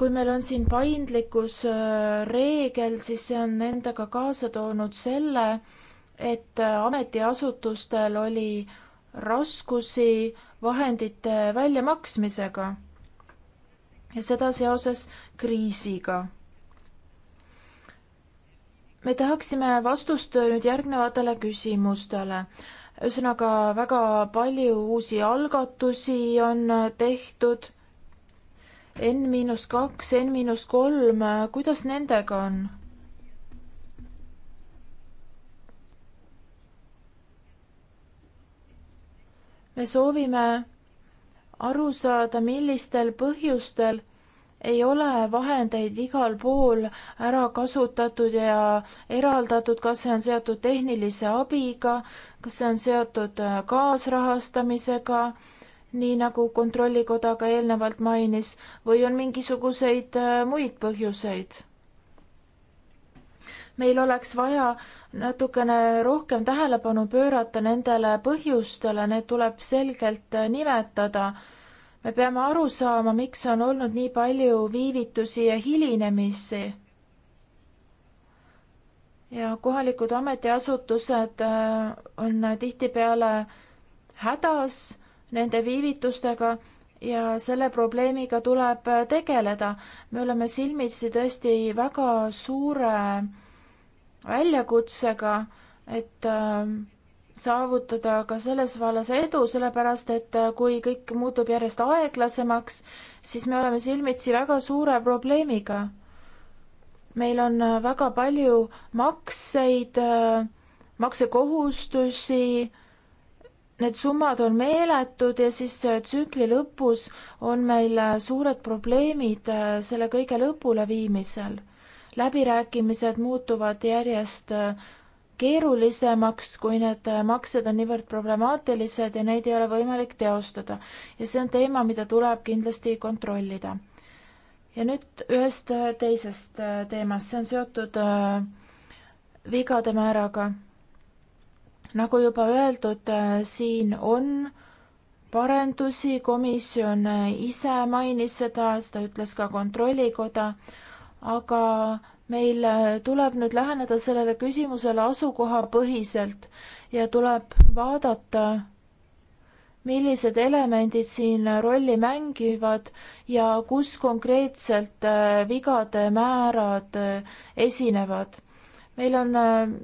kui meil on siin paindlikkusreegel, äh, siis see on endaga kaasa toonud selle, et äh, ametiasutustel oli raskusi äh, vahendite väljamaksmisega ja seda seoses kriisiga. me tahaksime vastust nüüd järgnevatele küsimustele. ühesõnaga, väga palju uusi algatusi on tehtud N miinus kaks, N miinus kolm, kuidas nendega on? me soovime aru saada, millistel põhjustel ei ole vahendeid igal pool ära kasutatud ja eraldatud, kas see on seotud tehnilise abiga, kas see on seotud äh, kaasrahastamisega, nii nagu Kontrollikoda ka eelnevalt mainis, või on mingisuguseid äh, muid põhjuseid? meil oleks vaja natukene rohkem tähelepanu pöörata nendele põhjustele, need tuleb selgelt nimetada. me peame aru saama, miks on olnud nii palju viivitusi ja hilinemisi. ja kohalikud ametiasutused äh, on tihtipeale hädas nende viivitustega ja selle probleemiga tuleb tegeleda. me oleme silmitsi tõesti väga suure väljakutsega, et ähm, saavutada ka selles vallas edu, sellepärast et äh, kui kõik muutub järjest aeglasemaks, siis me oleme silmitsi väga suure probleemiga. meil on äh, väga palju makseid, äh, maksekohustusi, need summad on meeletud ja siis tsükli lõpus on meil suured probleemid selle kõige lõpule viimisel läbirääkimised muutuvad järjest äh, keerulisemaks, kui need äh, maksed on niivõrd problemaatilised ja neid ei ole võimalik teostada. ja see on teema, mida tuleb kindlasti kontrollida. ja nüüd ühest äh, teisest teemast, see on seotud vigade määraga. nagu juba öeldud, siin on parendusi, komisjon ise mainis seda, seda ütles ka Kontrollikoda aga meil äh, tuleb nüüd läheneda sellele küsimusele asukohapõhiselt ja tuleb vaadata, millised elemendid siin rolli mängivad ja kus konkreetselt äh, vigade määrad äh, esinevad. meil on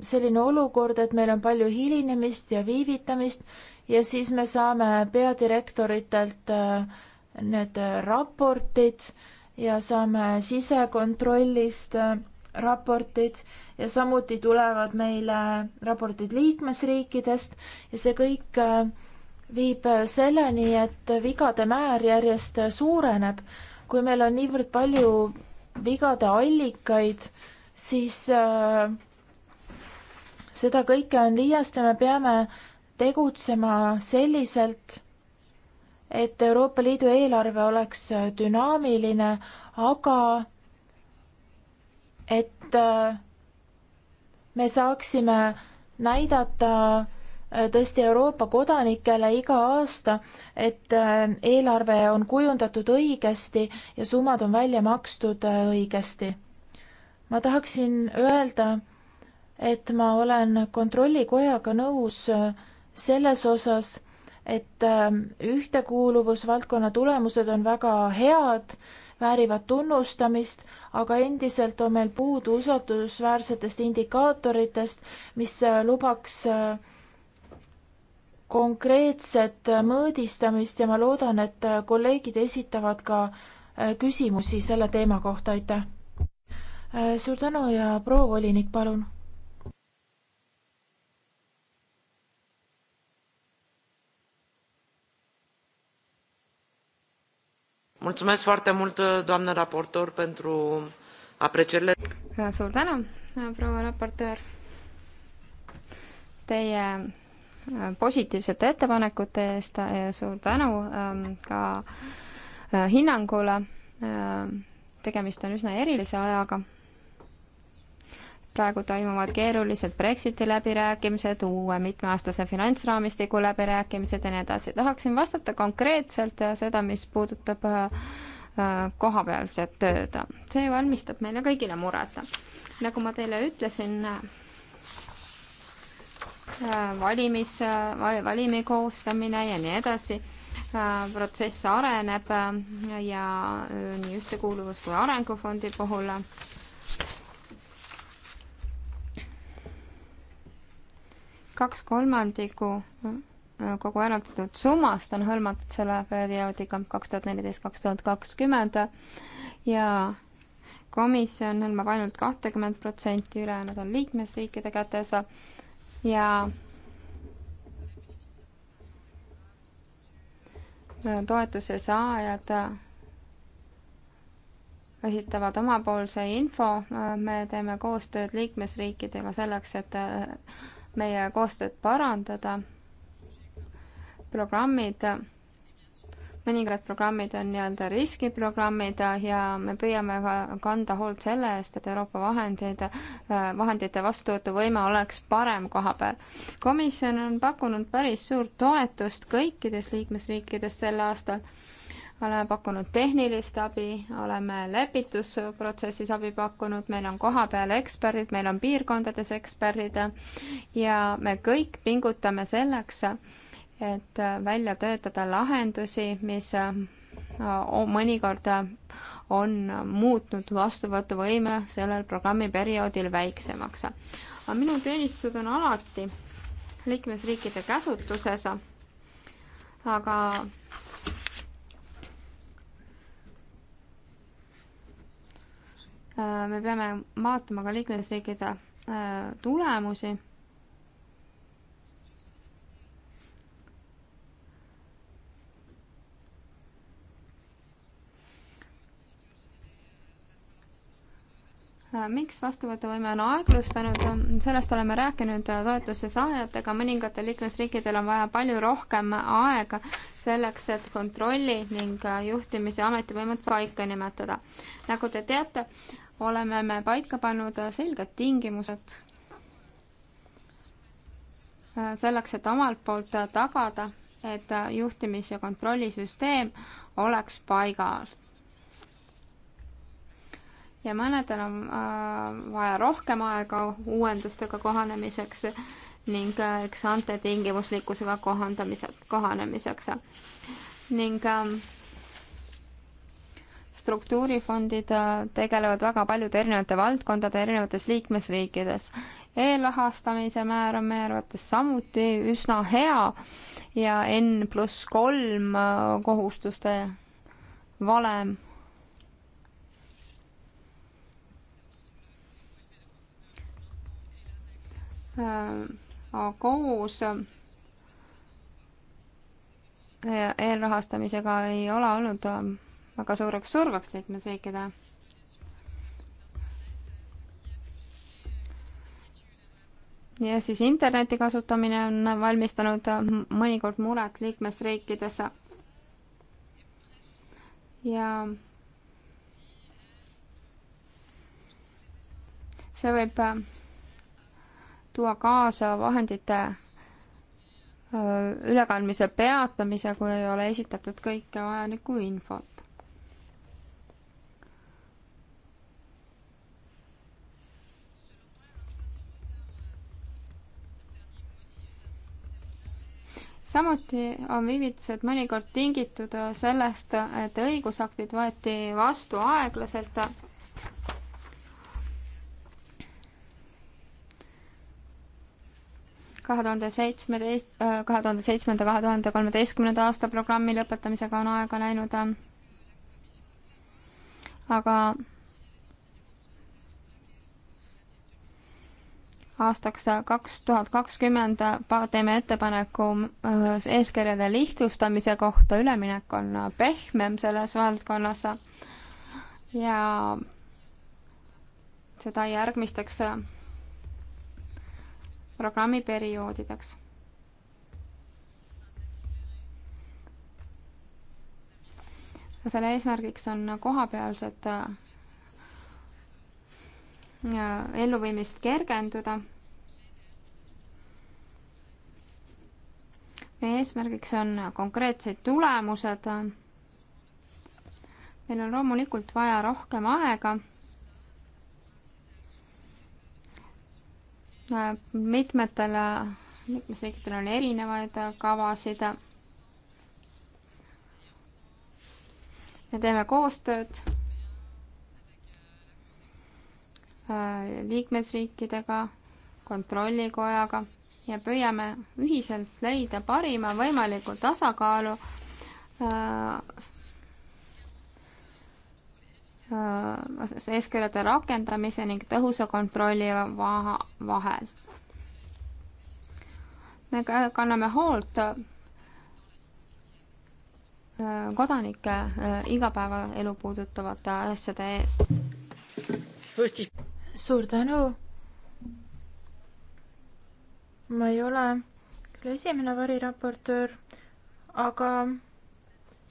selline olukord, et meil on palju hilinemist ja viivitamist ja siis me saame peadirektoritelt need raportid ja saame sisekontrollist äh, raportid ja samuti tulevad meile raportid liikmesriikidest ja see kõik äh, viib äh, selleni, et vigade määr järjest suureneb. kui meil on niivõrd palju vigade allikaid, siis äh, seda kõike on liiast ja me peame tegutsema selliselt, et Euroopa Liidu eelarve oleks dünaamiline, aga et äh, me saaksime näidata äh, tõesti Euroopa kodanikele iga aasta, et äh, eelarve on kujundatud õigesti ja summad on välja makstud õigesti. ma tahaksin öelda, et ma olen Kontrollikojaga nõus selles osas, et ähm, ühtekuuluvusvaldkonna tulemused on väga head, väärivad tunnustamist, aga endiselt on meil puudu usaldusväärsetest indikaatoritest, mis äh, lubaks äh, konkreetset mõõdistamist ja ma loodan, et äh, kolleegid esitavad ka küsimusi selle teema kohta, aitäh! suur tänu ja proua volinik, palun! mulțumesc foarte mult, doamnă raportor, pentru aprecierile. suur tänu, proua raportöör. Teie äh, positiivsete ettepanekute eest ja suur tänu ähm, ka äh, hinnangule. Äh, tegemist on üsna erilise ajaga praegu toimuvad keerulised Brexiti läbirääkimised, uue mitmeaastase finantsraamistiku läbirääkimised ja nii edasi. tahaksin vastata konkreetselt äh, seda, mis puudutab äh, äh, kohapealset tööd. see valmistab meile kõigile muret. nagu ma teile ütlesin, valimis, valimi koostamine ja nii edasi protsess areneb ja nii Ühtekuuluvus kui Arengufondi puhul kaks kolmandikku äh, kogu eraldatud summast on hõlmatud selle perioodiga kaks tuhat neliteist, kaks tuhat kakskümmend ja komisjon hõlmab ainult kahtekümmet protsenti, ülejäänud on liikmesriikide kätes ja toetuse saajad esitavad omapoolse info, me teeme koostööd liikmesriikidega selleks, et meie koostööd parandada. programmid, mõningad programmid on nii-öelda riskiprogrammid ja me püüame ka kanda hoolt selle eest, et Euroopa vahendid, vahendite vastuvõtuvõime oleks parem koha peal. komisjon on pakkunud päris suurt toetust kõikides liikmesriikides sel aastal oleme pakkunud tehnilist abi, oleme lepitusprotsessis abi pakkunud, meil on kohapeal eksperdid, meil on piirkondades eksperdid ja me kõik pingutame selleks, et välja töötada lahendusi, mis äh, mõnikord on muutnud vastuvõtuvõime sellel programmiperioodil väiksemaks. aga minu teenistused on alati liikmesriikide käsutuses, aga Äh, me peame vaatama ka liikmesriikide äh, tulemusi. Äh, miks vastuvõtuvõime on aeglustanud, sellest oleme rääkinud toetuse saajatega, mõningatel liikmesriikidel on vaja palju rohkem aega selleks, et kontrolli ning juhtimise ametivõimed paika nimetada. nagu te teate, oleme me paika pannud selged tingimused selleks, et omalt poolt tagada, et juhtimis- ja kontrollisüsteem oleks paigal. ja mõnedel on äh, vaja rohkem aega uuendustega kohanemiseks ning äh, eksante tingimuslikkusega kohandamisel, kohanemiseks. ning äh, struktuurifondid äh, tegelevad väga paljude erinevate valdkondade erinevates liikmesriikides. eelrahastamise määr on meie arvates samuti üsna hea ja N pluss kolm äh, kohustuste valem äh, koos eelrahastamisega ei ole olnud väga suureks surveks liikmesriikide ja siis interneti kasutamine on valmistanud mõnikord muret liikmesriikides. ja see võib tuua kaasa vahendite äh, ülekandmise peatamise, kui ei ole esitatud kõike vajalikku infot. samuti on viivitused mõnikord tingitud sellest, et õigusaktid võeti vastu aeglaselt kahe tuhande seitsmeteist, äh, kahe tuhande seitsmenda, kahe tuhande kolmeteistkümnenda aasta programmi lõpetamisega on aega läinud. aga aastaks kaks tuhat kakskümmend teeme ettepaneku äh, eeskirjade lihtsustamise kohta, üleminek on pehmem selles valdkonnas ja seda järgmisteks äh, programmiperioodideks. selle eesmärgiks on kohapealsed äh, elluviimist kergenduda. meie eesmärgiks on konkreetsed tulemused. meil on loomulikult vaja rohkem aega. mitmetel liikmesriikidel on erinevaid kavasid. me teeme koostööd Äh, liikmesriikidega, kontrollikojaga ja püüame ühiselt leida parima võimaliku tasakaalu äh, äh, eeskirjade rakendamise ning tõhusa kontrolli vaha, vahel. me kanname hoolt kodanike igapäevaelu puudutavate asjade eest suur tänu. ma ei ole küll esimene variraportöör, aga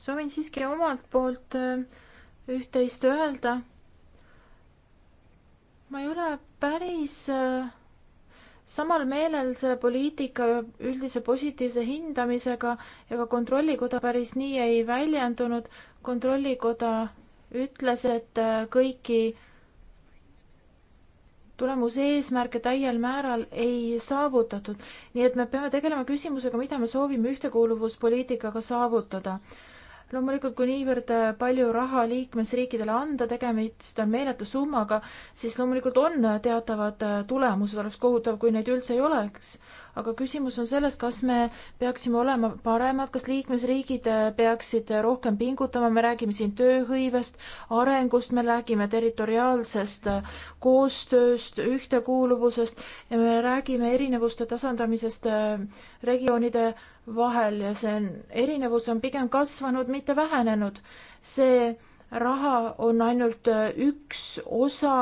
soovin siiski omalt poolt äh, üht-teist öelda. ma ei ole päris äh, samal meelel selle poliitika üldise positiivse hindamisega ja ka Kontrollikoda päris nii ei väljendunud. kontrollikoda ütles, et äh, kõiki tulemuse eesmärke täiel määral ei saavutatud. nii et me peame tegelema küsimusega, mida me soovime ühtekuuluvuspoliitikaga saavutada. loomulikult, kui niivõrd palju raha liikmesriikidele anda, tegemist on meeletu summaga, siis loomulikult on teatavad tulemused, oleks kohutav, kui neid üldse ei oleks aga küsimus on selles, kas me peaksime olema paremad, kas liikmesriigid äh, peaksid äh, rohkem pingutama, me räägime siin tööhõivest, arengust, me räägime territoriaalsest äh, koostööst, ühtekuuluvusest ja me räägime erinevuste tasandamisest regioonide vahel ja see on, erinevus on pigem kasvanud, mitte vähenenud. see raha on ainult üks osa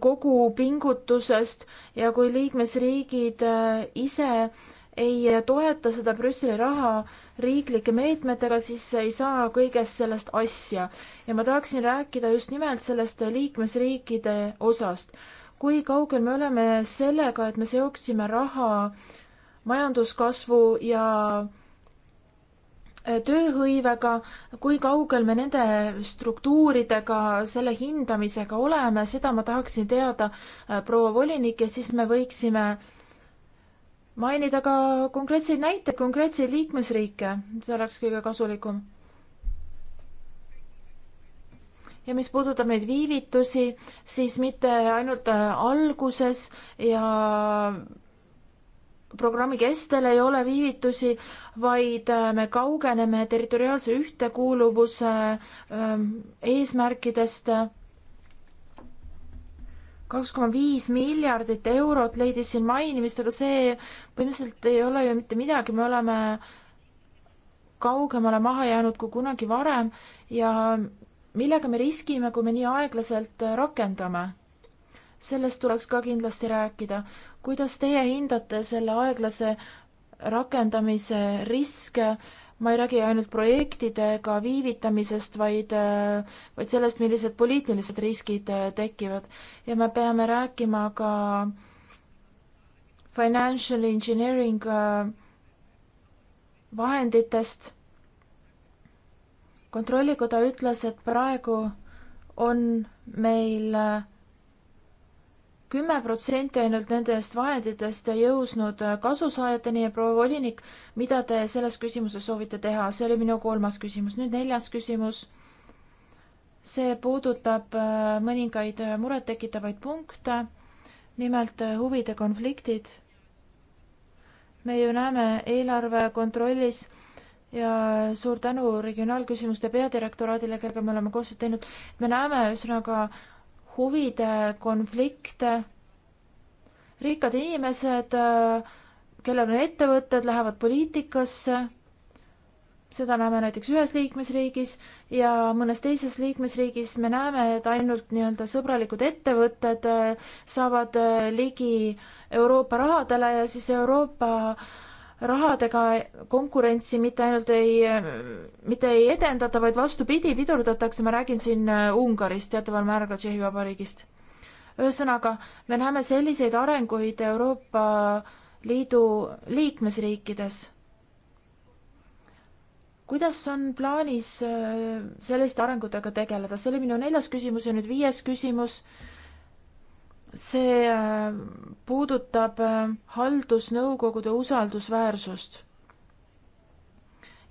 kogu pingutusest ja kui liikmesriigid äh, ise ei toeta seda Brüsseli raha riiklike meetmetega, siis ei saa kõigest sellest asja. ja ma tahaksin rääkida just nimelt sellest liikmesriikide osast. kui kaugel me oleme sellega, et me seoksime raha majanduskasvu ja tööhõivega, kui kaugel me nende struktuuridega, selle hindamisega oleme, seda ma tahaksin teada, äh, proua volinik, ja siis me võiksime mainida ka konkreetseid näiteid, konkreetseid liikmesriike, see oleks kõige kasulikum. ja mis puudutab neid viivitusi, siis mitte ainult äh, alguses ja programmi kestel ei ole viivitusi, vaid äh, me kaugeneme territoriaalse ühtekuuluvuse ähm, eesmärkidest. kaks koma viis miljardit eurot leidis siin mainimist, aga see põhimõtteliselt ei ole ju mitte midagi, me oleme kaugemale maha jäänud kui kunagi varem ja millega me riskime, kui me nii aeglaselt äh, rakendame sellest tuleks ka kindlasti rääkida kuidas teie hindate selle aeglase rakendamise riske? ma ei räägi ainult projektidega viivitamisest, vaid, vaid sellest, millised poliitilised riskid tekivad ja me peame rääkima ka financial engineering äh, vahenditest. kontrollikoda ütles, et praegu on meil äh, kümme protsenti ainult nendest vahenditest jõusnud äh, kasusaajateni ja proua volinik, mida te selles küsimuses soovite teha, see oli minu kolmas küsimus, nüüd neljas küsimus. see puudutab äh, mõningaid äh, murettekitavaid punkte, nimelt huvide konfliktid. me ju näeme eelarve kontrollis ja suur tänu regionaalküsimuste peadirektoraadile, kellega me oleme koostööd teinud, me näeme ühesõnaga huvide konflikte. rikkad inimesed, kellel on ettevõtted, lähevad poliitikasse. seda näeme näiteks ühes liikmesriigis ja mõnes teises liikmesriigis me näeme, et ainult nii-öelda sõbralikud ettevõtted saavad ligi Euroopa rahadele ja siis Euroopa äh, rahadega konkurentsi mitte ainult ei, mitte ei edendata, vaid vastupidi, pidurdatakse, ma räägin siin äh, Ungarist, teataval määral ka Tšehhi Vabariigist. ühesõnaga, me näeme selliseid arenguid Euroopa Liidu liikmesriikides. kuidas on plaanis äh, selliste arengutega tegeleda, see oli minu neljas küsimus ja nüüd viies küsimus see äh, puudutab äh, haldusnõukogude usaldusväärsust.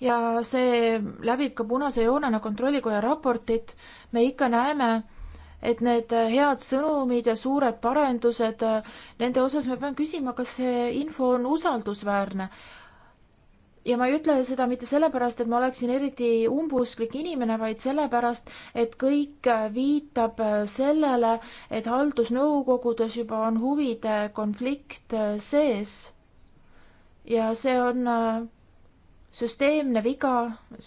ja see läbib ka punase joonena Kontrollikoja raportit, me ikka näeme, et need äh, head sõnumid ja suured parendused, nende osas ma pean küsima, kas see info on usaldusväärne ja ma ei ütle seda mitte sellepärast, et ma oleksin eriti umbusklik inimene, vaid sellepärast, et kõik viitab sellele, et haldusnõukogudes juba on huvide konflikt sees. ja see on äh, süsteemne viga,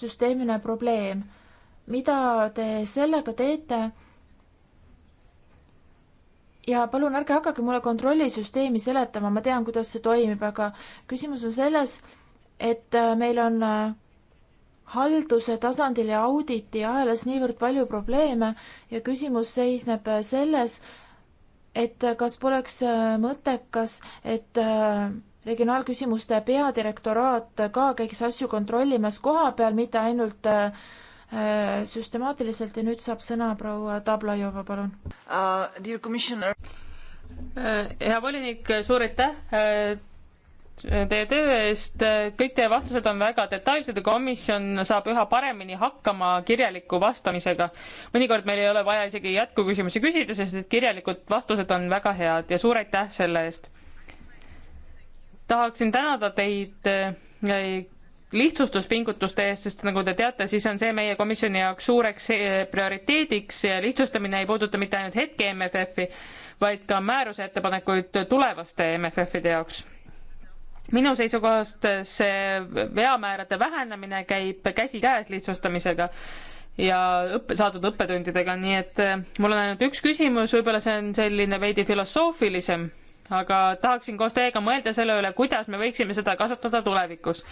süsteemne probleem. mida te sellega teete? ja palun ärge hakake mulle kontrollisüsteemi seletama, ma tean, kuidas see toimib, aga küsimus on selles, et äh, meil on äh, halduse tasandil ja auditi ahelas niivõrd palju probleeme ja küsimus seisneb äh, selles, et kas poleks mõttekas, et regionaalküsimuste peadirektoraat ka käiks asju kontrollimas koha peal, mitte ainult süstemaatiliselt ja nüüd saab sõna proua Tablajova, palun uh,. Hea volinik, suur aitäh teie töö eest, kõik teie vastused on väga detailsed ja komisjon saab üha paremini hakkama kirjaliku vastamisega. mõnikord meil ei ole vaja isegi jätkuküsimusi küsida, sest et kirjalikud vastused on väga head ja suur aitäh selle eest. tahaksin tänada teid äh, lihtsustuspingutuste eest, sest nagu te teate, siis on see meie komisjoni jaoks suureks äh, prioriteediks ja lihtsustamine ei puuduta mitte ainult hetke MFF-i, vaid ka määruse ettepanekuid tulevaste MFF-ide jaoks minu seisukohast see veamäärade vähenemine käib käsikäes lihtsustamisega ja õppe, saadud õppetundidega, nii et eh, mul on ainult üks küsimus, võib-olla see on selline veidi filosoofilisem, aga tahaksin koos teiega mõelda selle üle, kuidas me võiksime seda kasutada tulevikus.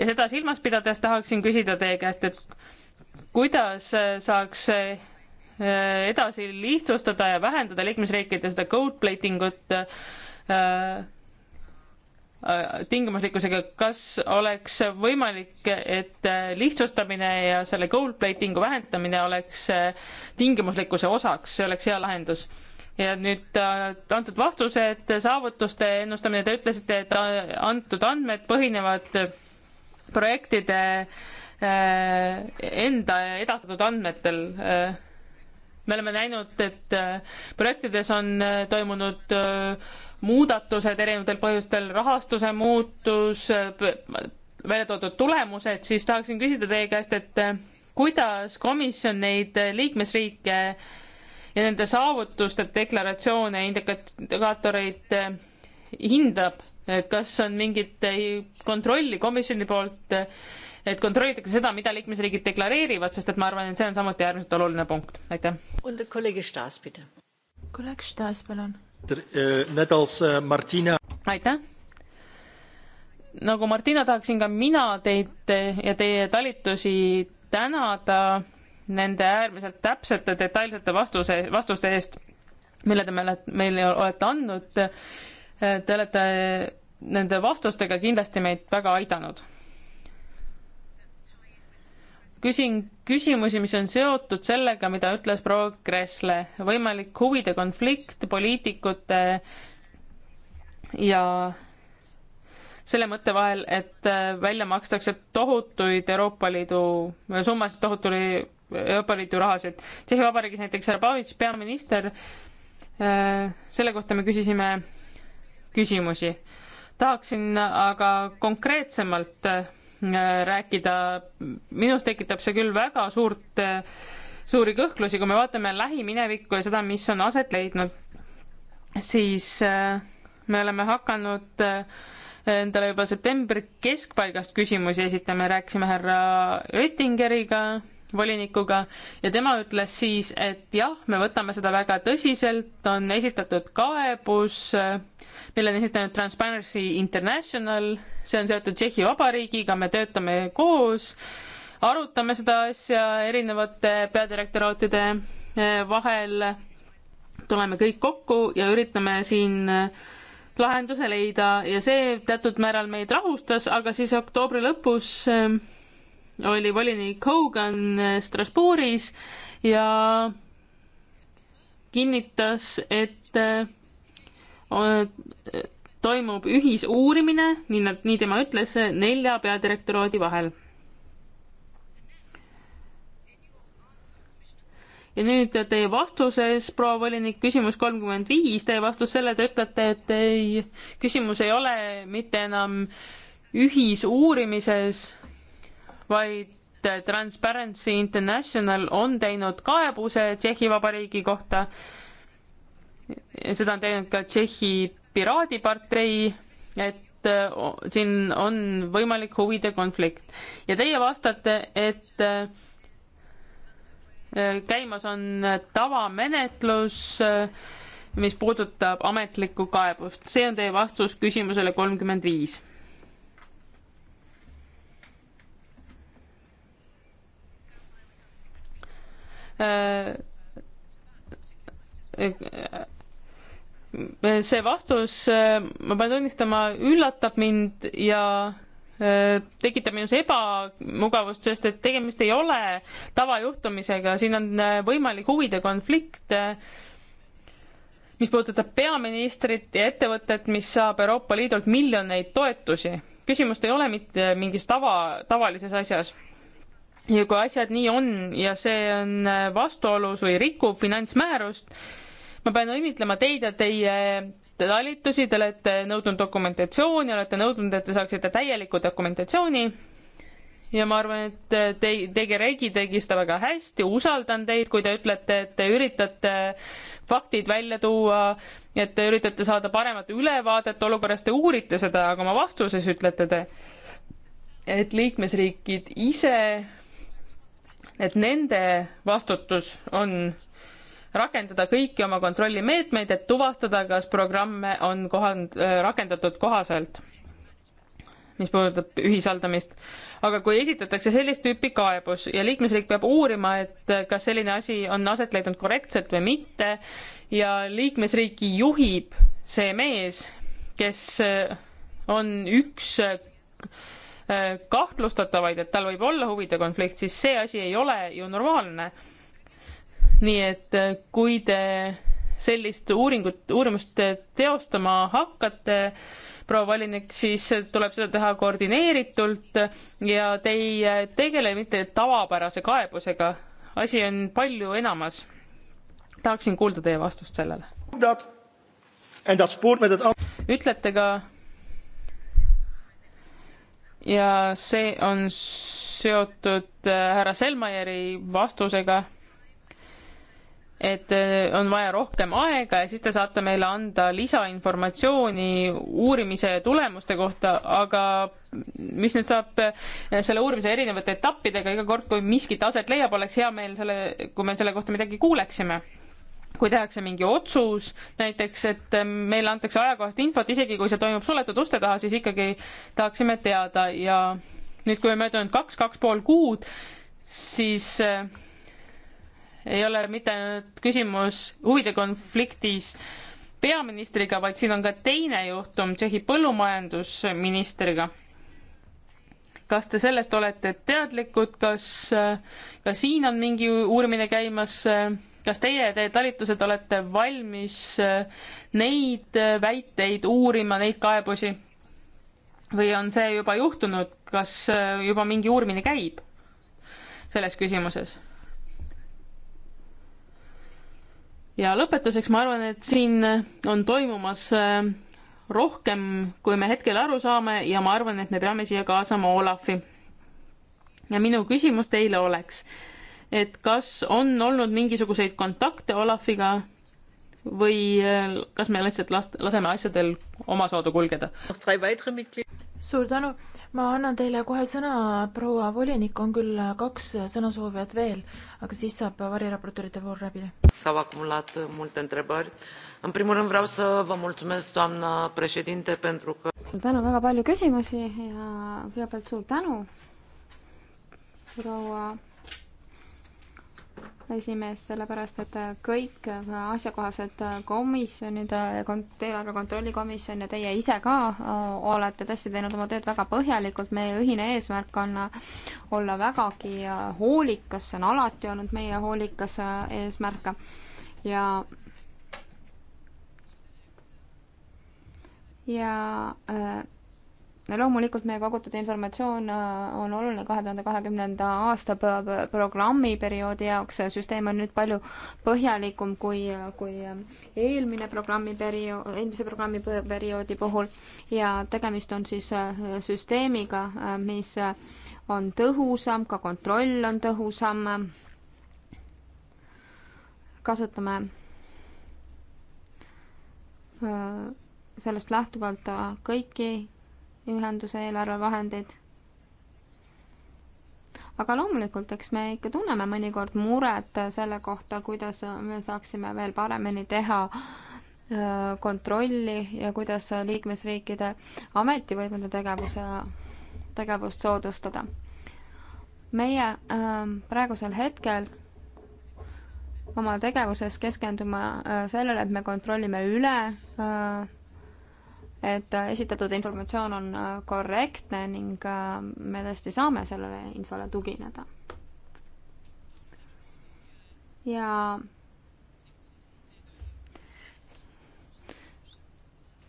ja seda silmas pidades tahaksin küsida teie käest, et kuidas eh, saaks eh, edasi lihtsustada ja vähendada liikmesriikide seda code plating ut äh, Äh, tingimuslikkusega, kas oleks võimalik, et äh, lihtsustamine ja selle gold plating'u vähendamine oleks äh, tingimuslikkuse osaks, see oleks hea lahendus? ja nüüd antud vastused, saavutuste ennustamine, te ütlesite, et antud andmed põhinevad projektide enda edastatud andmetel me oleme näinud, et projektides on toimunud muudatused erinevatel põhjustel, rahastuse muutus, välja toodud tulemused, siis tahaksin küsida teie käest, et kuidas komisjon neid liikmesriike ja nende saavutuste deklaratsioone, indikaatoreid hindab, et kas on mingit kontrolli komisjoni poolt, et kontrollitakse seda, mida liikmesriigid deklareerivad, sest et ma arvan, et see on samuti äärmiselt oluline punkt, aitäh. kolleeg Staas, palun Eh, eh, aitäh! nagu Martina, tahaksin ka mina teid eh, ja teie talitusi tänada nende äärmiselt täpsete, detailsete vastuse, vastuste eest, mille te meile, meile olete andnud. Te olete nende vastustega kindlasti meid väga aidanud küsin küsimusi, mis on seotud sellega, mida ütles proua Kressle, võimalik huvide konflikt poliitikute ja selle mõtte vahel, et äh, välja makstakse tohutuid Euroopa Liidu summasid, tohutuid Euroopa Liidu rahasid. Tšehhi Vabariigis näiteks härra Pavits, peaminister, äh, selle kohta me küsisime küsimusi. tahaksin aga konkreetsemalt äh, Äh, rääkida, minus tekitab see küll väga suurt, äh, suuri kõhklusi, kui me vaatame lähiminevikku ja seda, mis on aset leidnud, siis äh, me oleme hakanud endale juba septembri keskpaigast küsimusi esitama, rääkisime härra Oettingeriga volinikuga ja tema ütles siis, et jah, me võtame seda väga tõsiselt, on esitatud kaebus, mille on esitanud Transparency International, see on seotud Tšehhi Vabariigiga, me töötame koos, arutame seda asja erinevate peadirektoraatide eh, vahel, tuleme kõik kokku ja üritame siin eh, lahenduse leida ja see teatud määral meid rahustas, aga siis oktoobri lõpus eh, oli volinik Hogan eh, Strasbourgis ja kinnitas, et eh, eh, toimub ühisuurimine, nii nad, nii tema ütles, nelja peadirektoraadi vahel. ja nüüd teie vastuses, proua volinik, küsimus kolmkümmend viis, teie vastus selle, te ütlete, et ei, küsimus ei ole mitte enam ühisuurimises vaid äh, Transparency International on teinud kaebuse Tšehhi Vabariigi kohta. seda on teinud ka Tšehhi Piraadipartei, et äh, siin on võimalik huvide konflikt. ja teie vastate, et äh, käimas on tavamenetlus, mis puudutab ametlikku kaebust. see on teie vastus küsimusele kolmkümmend viis Äh, äh, see vastus, äh, ma pean tunnistama, üllatab mind ja tekitab minus ebamugavust, sest et tegemist ei ole tavajuhtumisega, siin on võimalik huvide konflikt, mis puudutab peaministrit ja ettevõtet, mis saab Euroopa Liidult miljoneid toetusi. küsimust ei ole mitte mingis tava, tavalises asjas ja kui asjad nii on ja see on äh, vastuolus või rikub finantsmäärust, ma pean õnnitlema teid ja teie talitusi, te olete nõudnud dokumentatsiooni, olete nõudnud, et te saaksite täieliku dokumentatsiooni. ja ma arvan, et äh, te, tegi Regi tegi seda väga hästi, usaldan teid, kui te ütlete, et te üritate faktid välja tuua, et te üritate saada paremat ülevaadet olukorrast, te uurite seda, aga oma vastuses ütlete te, et liikmesriigid ise et nende vastutus on rakendada kõiki oma kontrollimeetmeid, et tuvastada, kas programme on kohand-, äh, rakendatud kohaselt, mis puudutab ühishaldamist. aga kui esitatakse sellist tüüpi kaebus ja liikmesriik peab uurima, et äh, kas selline asi on aset leidnud korrektselt või mitte ja liikmesriiki juhib see mees, kes äh, on üks kahtlustatavaid, et tal võib olla huvide konflikt, siis see asi ei ole ju normaalne. nii et äh, kui te sellist uuringut, uurimust teostama hakkate, proua volinik, siis tuleb seda teha koordineeritult ja te ei äh, tegele mitte tavapärase kaebusega. asi on palju enamas. tahaksin kuulda teie vastust sellele. ütlete ka ja see on seotud äh, härra Selmajärvi vastusega, et äh, on vaja rohkem aega ja siis te saate meile anda lisainformatsiooni uurimise tulemuste kohta, aga mis nüüd saab äh, selle uurimise erinevate etappidega, iga kord, kui miskit aset leiab, oleks hea meel selle, kui me selle kohta midagi kuuleksime kui tehakse mingi otsus, näiteks et ähm, meile antakse ajakohast infot, isegi kui see toimub suletud uste taha, siis ikkagi tahaksime teada ja nüüd, kui on möödunud kaks, kaks pool kuud, siis äh, ei ole mitte ainult küsimus huvide konfliktis peaministriga, vaid siin on ka teine juhtum Tšehhi põllumajandusministriga. kas te sellest olete teadlikud, kas äh, ka siin on mingi uurimine käimas? Äh, kas teie ja teie talitused olete valmis äh, neid äh, väiteid uurima, neid kaebusi? või on see juba juhtunud, kas äh, juba mingi uurimine käib selles küsimuses? ja lõpetuseks ma arvan, et siin on toimumas rohkem, kui me hetkel aru saame ja ma arvan, et me peame siia kaasama Olafi. ja minu küsimus teile oleks, et kas on olnud mingisuguseid kontakte Olafiga või eh, kas me lihtsalt last-, laseme asjadel omasoodu kulgeda? suur tänu, ma annan teile kohe sõna, proua volinik, on küll kaks sõnasoovijat veel, aga siis saab variraportorite voor läbi. S-au acumulat multe întrebări. În primul rând vreau să vă mulțumesc, doamna președinte, pentru că... Suur tänu, väga palju küsimusi ja kõigepealt suur tänu, proua esimees, sellepärast et kõik asjakohased komisjonid, eelarve kontrolli komisjon ja teie ise ka äh, olete tõesti teinud oma tööd väga põhjalikult, meie ühine eesmärk on olla vägagi äh, hoolikas, see on alati olnud meie hoolikas äh, eesmärk ja ja äh, loomulikult meie kogutud informatsioon äh, on oluline kahe tuhande kahekümnenda aasta programmi perioodi jaoks, süsteem on nüüd palju põhjalikum kui, kui äh, eelmine programmi perio-, eelmise programmi perioodi puhul ja tegemist on siis äh, süsteemiga, mis on tõhusam, ka kontroll on tõhusam, kasutame sellest lähtuvalt kõiki ühenduse eelarvevahendeid. aga loomulikult, eks me ikka tunneme mõnikord muret selle kohta, kuidas me saaksime veel paremini teha kontrolli ja kuidas liikmesriikide ametivõimude tegevuse, tegevust soodustada. meie äh, praegusel hetkel oma tegevuses keskendume äh, sellele, et me kontrollime üle äh, et äh, esitatud informatsioon on äh, korrektne ning äh, me tõesti saame sellele infole tugineda. ja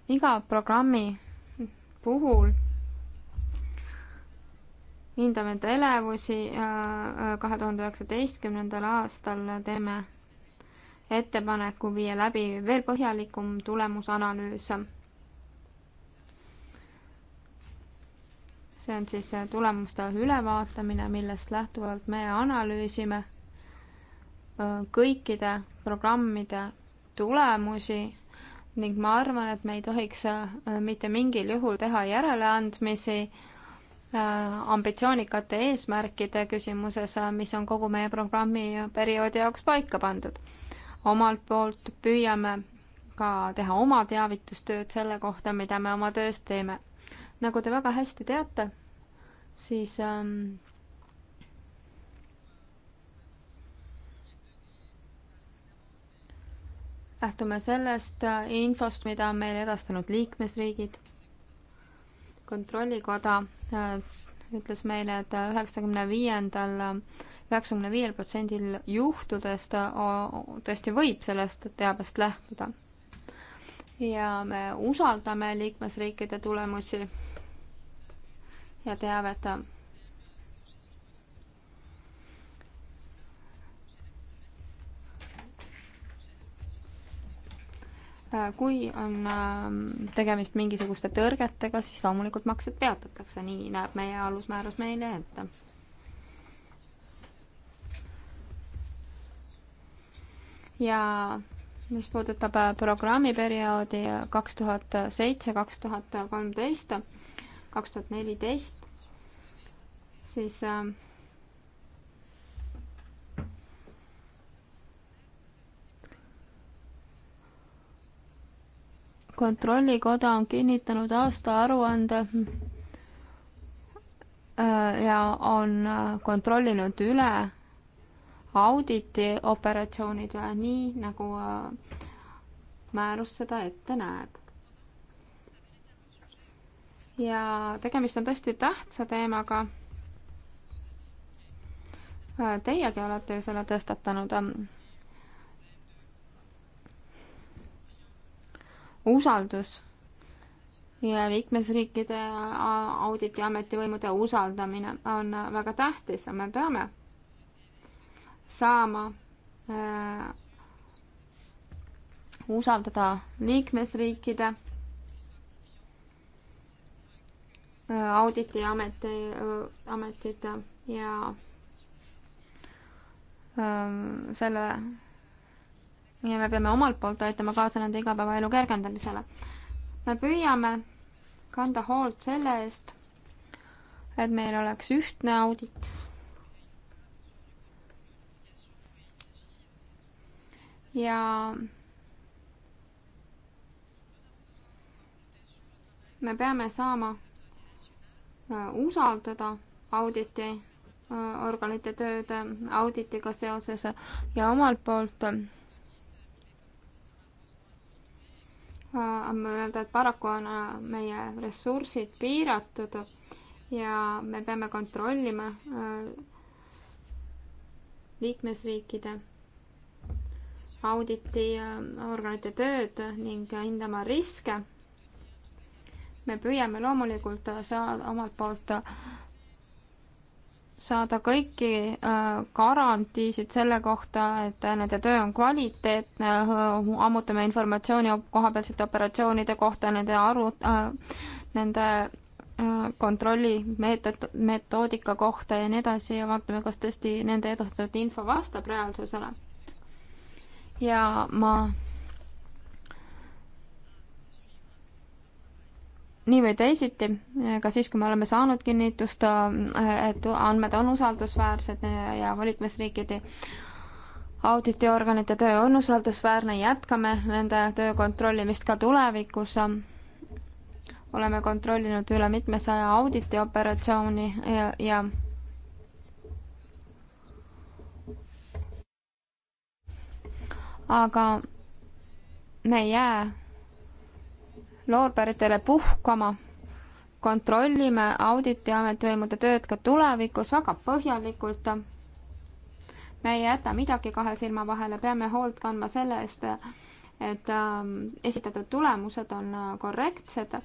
iga programmi puhul hindame enda elevusi kahe tuhande üheksateistkümnendal aastal teeme ettepaneku viia läbi veel põhjalikum tulemusanalüüs see on siis tulemuste ülevaatamine, millest lähtuvalt me analüüsime äh, kõikide programmide tulemusi ning ma arvan, et me ei tohiks äh, mitte mingil juhul teha järeleandmisi äh, ambitsioonikate eesmärkide küsimuses, mis on kogu meie programmi perioodi jaoks paika pandud. omalt poolt püüame ka teha oma teavitustööd selle kohta, mida me oma töös teeme nagu te väga hästi teate, siis ähm, lähtume sellest äh, infost, mida on meile edastanud liikmesriigid. kontrollikoda äh, ütles meile et, et üheksakümne viiendal, üheksakümne viiel protsendil juhtudest äh, tõesti võib sellest teabest lähtuda. ja me usaldame liikmesriikide tulemusi ja teavet. kui on ähm, tegemist mingisuguste tõrgetega, siis loomulikult maksed peatatakse, nii näeb meie alusmäärus meile ette. ja mis puudutab äh, programmiperioodi äh, kaks tuhat seitse, kaks tuhat kolmteist, kaks tuhat neliteist, siis äh, kontrollikoda on kinnitanud aastaaruande äh, ja on äh, kontrollinud üle auditi operatsioonid äh, nii, nagu määrus seda ette näeb ja tegemist on tõesti tähtsa teemaga. Äh, teiegi olete ju selle tõstatanud. usaldus ja liikmesriikide auditi ametivõimude usaldamine on väga tähtis ja me peame saama äh, usaldada liikmesriikide auditiameti, ametit ja ähm, selle ja me peame omalt poolt aitama kaasa nende igapäevaelu kergendamisele. me püüame kanda hoolt selle eest, et meil oleks ühtne audit. ja me peame saama Äh, usaldada auditi äh, organite tööd äh, auditiga seoses ja omalt poolt on öelda, et paraku on meie ressursid piiratud ja me peame kontrollima liikmesriikide auditiorganite tööd ning hindama riske me püüame loomulikult äh, saada omalt poolt äh, saada kõiki äh, garantiisid selle kohta, et nende töö on kvaliteetne, ammutame informatsiooni kohapealsete operatsioonide kohta, nende aru, nende kontrolli meetod, metoodika kohta ja nii edasi ja vaatame, kas tõesti nende edastatud info vastab reaalsusele. ja ma nii või teisiti, ka siis, kui me oleme saanud kinnitust, et andmed on usaldusväärsed ja liikmesriikide auditiorganite töö on usaldusväärne, jätkame nende töö kontrollimist ka tulevikus. oleme kontrollinud üle mitmesaja auditioperatsiooni ja, ja aga me ei jää loorberitele puhkama. kontrollime auditi ametivõimude tööd ka tulevikus väga põhjalikult. me ei jäta midagi kahe silma vahele, peame hoolt kandma selle eest, et ähm, esitatud tulemused on äh, korrektsed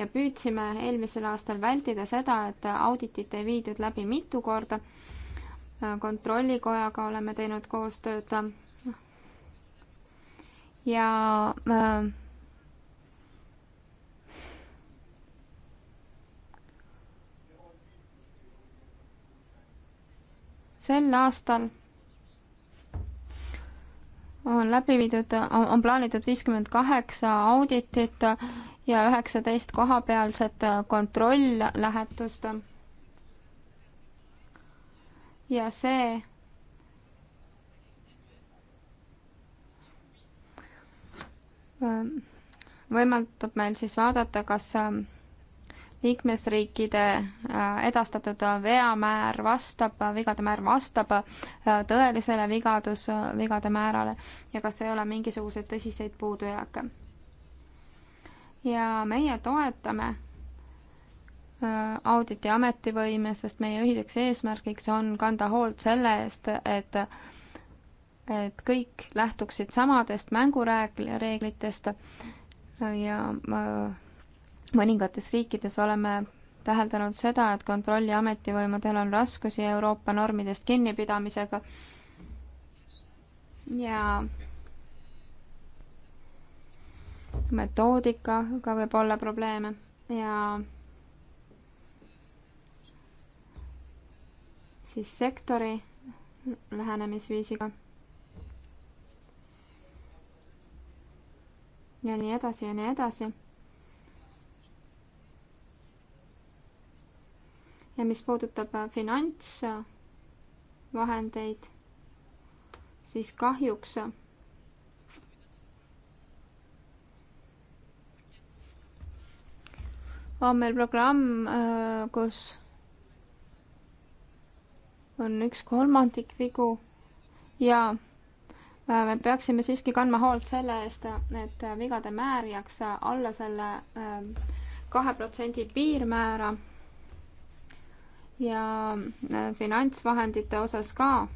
ja püüdsime eelmisel aastal vältida seda, et auditit ei viidud läbi mitu korda. Äh, kontrollikojaga oleme teinud koostööd ja äh, sel aastal on läbi viidud, on plaanitud viiskümmend kaheksa auditit ja üheksateist kohapealset kontrolllähetust. ja see võimaldab meil siis vaadata, kas liikmesriikide äh, edastatud veamäär vastab, vigade määr vastab äh, tõelisele vigadus, vigade määrale ja kas ei ole mingisuguseid tõsiseid puudujääke. ja meie toetame äh, auditi ametivõime, sest meie ühiseks eesmärgiks on kanda hoolt selle eest, et et kõik lähtuksid samadest mängureeglitest ja mõningates riikides oleme täheldanud seda, et kontrolli ametivõimudel on raskusi Euroopa normidest kinnipidamisega ja metoodikaga võib olla probleeme ja siis sektori lähenemisviisiga. ja nii edasi ja nii edasi ja mis puudutab äh, finantsvahendeid, siis kahjuks äh, on meil programm, äh, kus on üks kolmandik vigu ja me peaksime siiski kandma hoolt selle eest, et vigade määr jääks alla selle kahe protsendi piirmäära ja äh, finantsvahendite osas ka.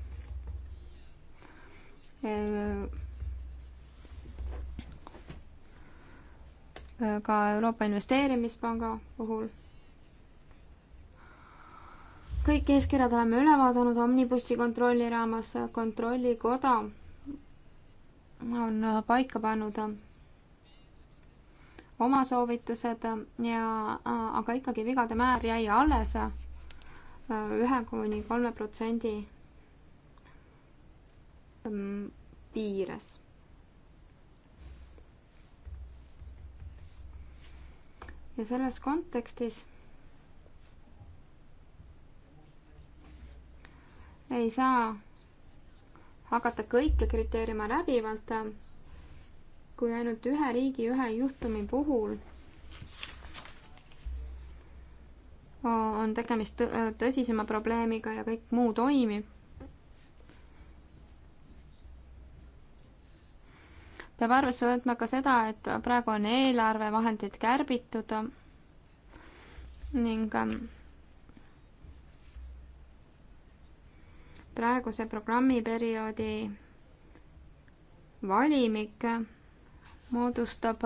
Äh, äh, ka Euroopa Investeerimispanga puhul. kõik eeskirjad oleme üle vaadanud Omnibussi kontrolli raames, kontrollikoda on paika pannud oma soovitused ja, aga ikkagi vigade määr jäi alles ühe kuni kolme protsendi mm, piires. ja selles kontekstis ei saa hakata kõike kriteeriuma läbivalt, kui ainult ühe riigi ühe juhtumi puhul on tegemist tõsisema probleemiga ja kõik muu toimib. peab arvesse võtma ka seda, et praegu on eelarvevahendid kärbitud ning ähm, praeguse programmiperioodi valimik moodustab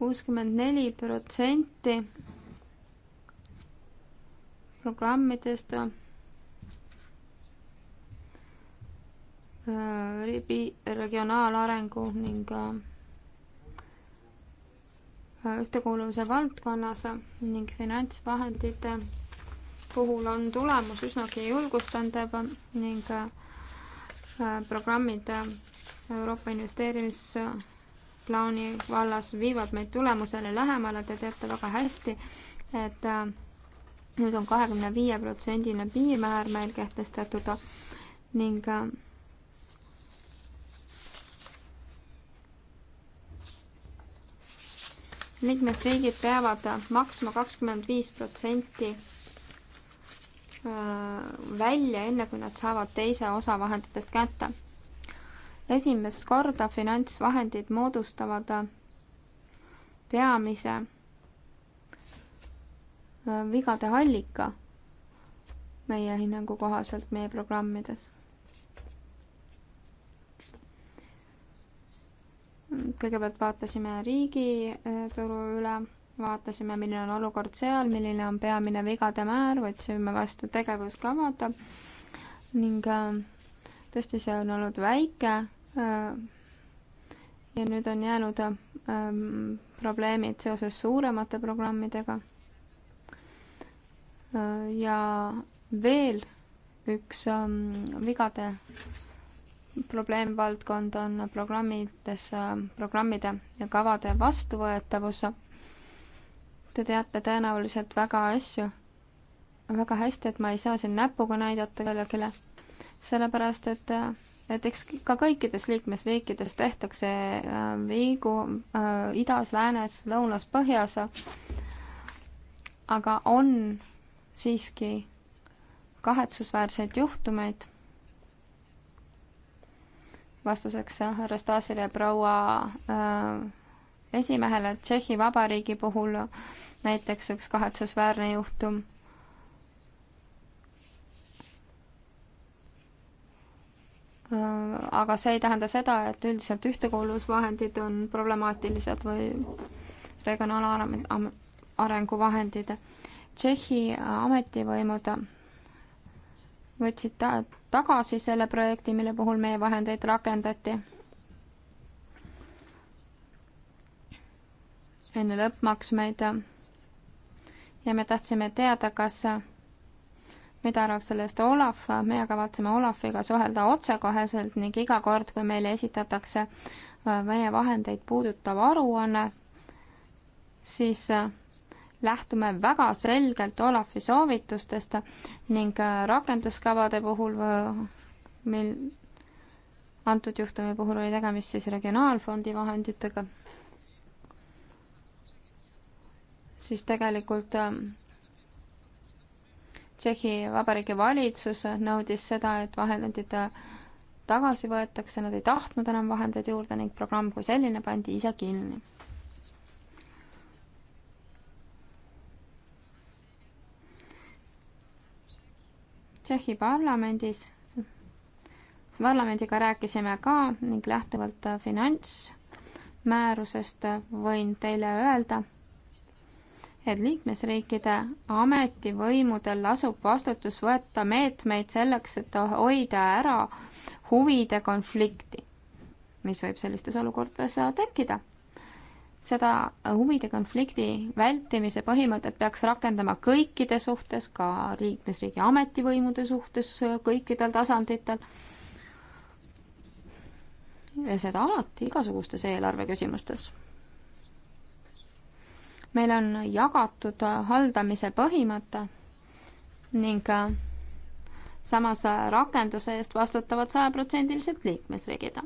kuuskümmend neli protsenti programmidest äh, ribi regionaalarengu ning äh, ühtekuuluvuse valdkonnas ning finantsvahendite puhul on tulemus üsnagi julgustandev ning äh, programmid Euroopa investeerimisplaani vallas viivad meid tulemusele lähemale, te teate väga hästi, et nüüd on kahekümne viie protsendine piirmäär meil kehtestatud ning äh, liikmesriigid peavad maksma kakskümmend viis protsenti äh, välja, enne kui nad saavad teise osa vahenditest kätte. esimest korda finantsvahendid moodustavad äh, peamise Äh, vigade allika meie hinnangu kohaselt meie programmides. kõigepealt vaatasime riigituru äh, üle, vaatasime, milline on olukord seal, milline on peamine vigade määr, võtsime vastu tegevuskavad ning äh, tõesti, see on olnud väike. ja nüüd on jäänud probleemid seoses suuremate programmidega ja veel üks ähm, vigade probleemvaldkond on programmides, ähm, programmide ja kavade vastuvõetavus. Te teate tõenäoliselt väga asju, väga hästi, et ma ei saa siin näpuga näidata kellelegi, sellepärast et, äh, et eks ka kõikides liikmesriikides tehtakse äh, viigu äh, idas, läänes, lõunas, põhjas, aga on siiski kahetsusväärseid juhtumeid. vastuseks härra Stasile proua äh, esimehele Tšehhi Vabariigi puhul näiteks üks kahetsusväärne juhtum. Äh, aga see ei tähenda seda, et üldiselt ühtekuuluvusvahendid on problemaatilised või regionaalarenguvahendid. Tšehhi ametivõimud võtsid ta tagasi selle projekti, mille puhul meie vahendeid rakendati. enne lõppmaksmeid ja me tahtsime teada, kas, mida arvab sellest Olav, meie kavatseme Olaviga suhelda otsekoheselt ning iga kord, kui meile esitatakse meie vahendeid puudutav aruanne, siis lähtume väga selgelt Olafi soovitustest ning äh, rakenduskavade puhul, äh, mil antud juhtumi puhul oli tegemist siis regionaalfondi vahenditega, siis tegelikult äh, Tšehhi Vabariigi valitsus nõudis seda, et vahendid tagasi võetakse, nad ei tahtnud enam vahendeid juurde ning programm kui selline pandi ise kinni Tšehhi parlamendis, parlamendiga rääkisime ka ning lähtuvalt finantsmäärusest võin teile öelda, et liikmesriikide ametivõimudel lasub vastutus võtta meetmeid selleks, et hoida ära huvide konflikti, mis võib sellistes olukordades tekkida seda huvide konflikti vältimise põhimõtet peaks rakendama kõikide suhtes, ka liikmesriigi ametivõimude suhtes, kõikidel tasanditel. ja seda alati igasugustes eelarveküsimustes. meil on jagatud haldamise põhimõte ning äh, samas rakenduse eest vastutavad sajaprotsendiliselt liikmesriigid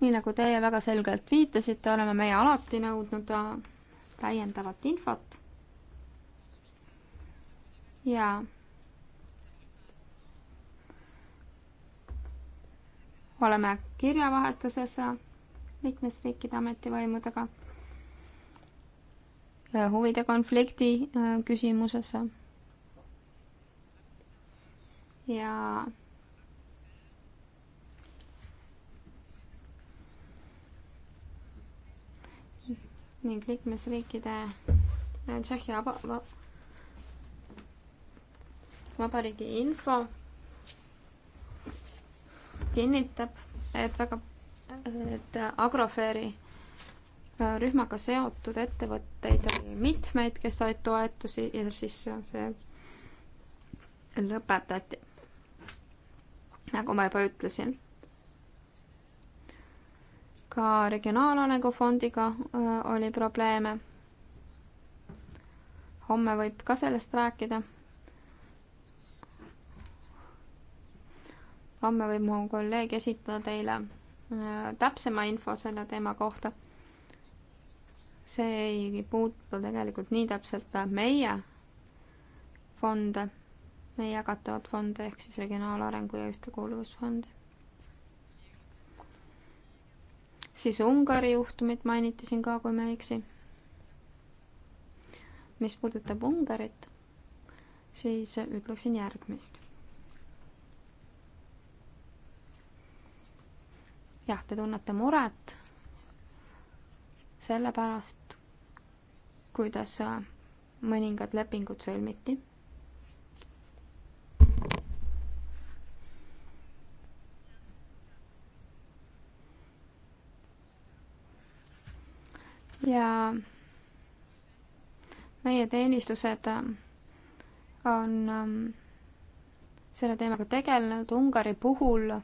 nii nagu teie väga selgelt viitasite, oleme meie alati nõudnud äh, täiendavat infot. ja oleme kirjavahetuses äh, liikmesriikide ametivõimudega huvide konflikti äh, küsimuses. ja ning liikmesriikide äh, Tšehhi vaba, vabariigi info kinnitab, et väga, et Agroferi äh, rühmaga seotud ettevõtteid oli mitmeid, kes said toetusi ja siis see lõpetati. nagu ma juba ütlesin ka Regionaalarengu fondiga oli probleeme. homme võib ka sellest rääkida. homme võib mu kolleeg esitada teile täpsema info selle teema kohta. see ei puutu tegelikult nii täpselt äh, meie fonde, meie jagatavat fonde ehk siis regionaalarengu ja ühtekuuluvusfondi. siis Ungari juhtumit mainiti siin ka, kui ma ei eksi. mis puudutab Ungarit, siis ütleksin järgmist. jah, te tunnete muret selle pärast, kuidas mõningad lepingud sõlmiti ja meie teenistused äh, on ähm, selle teemaga tegelenud Ungari puhul.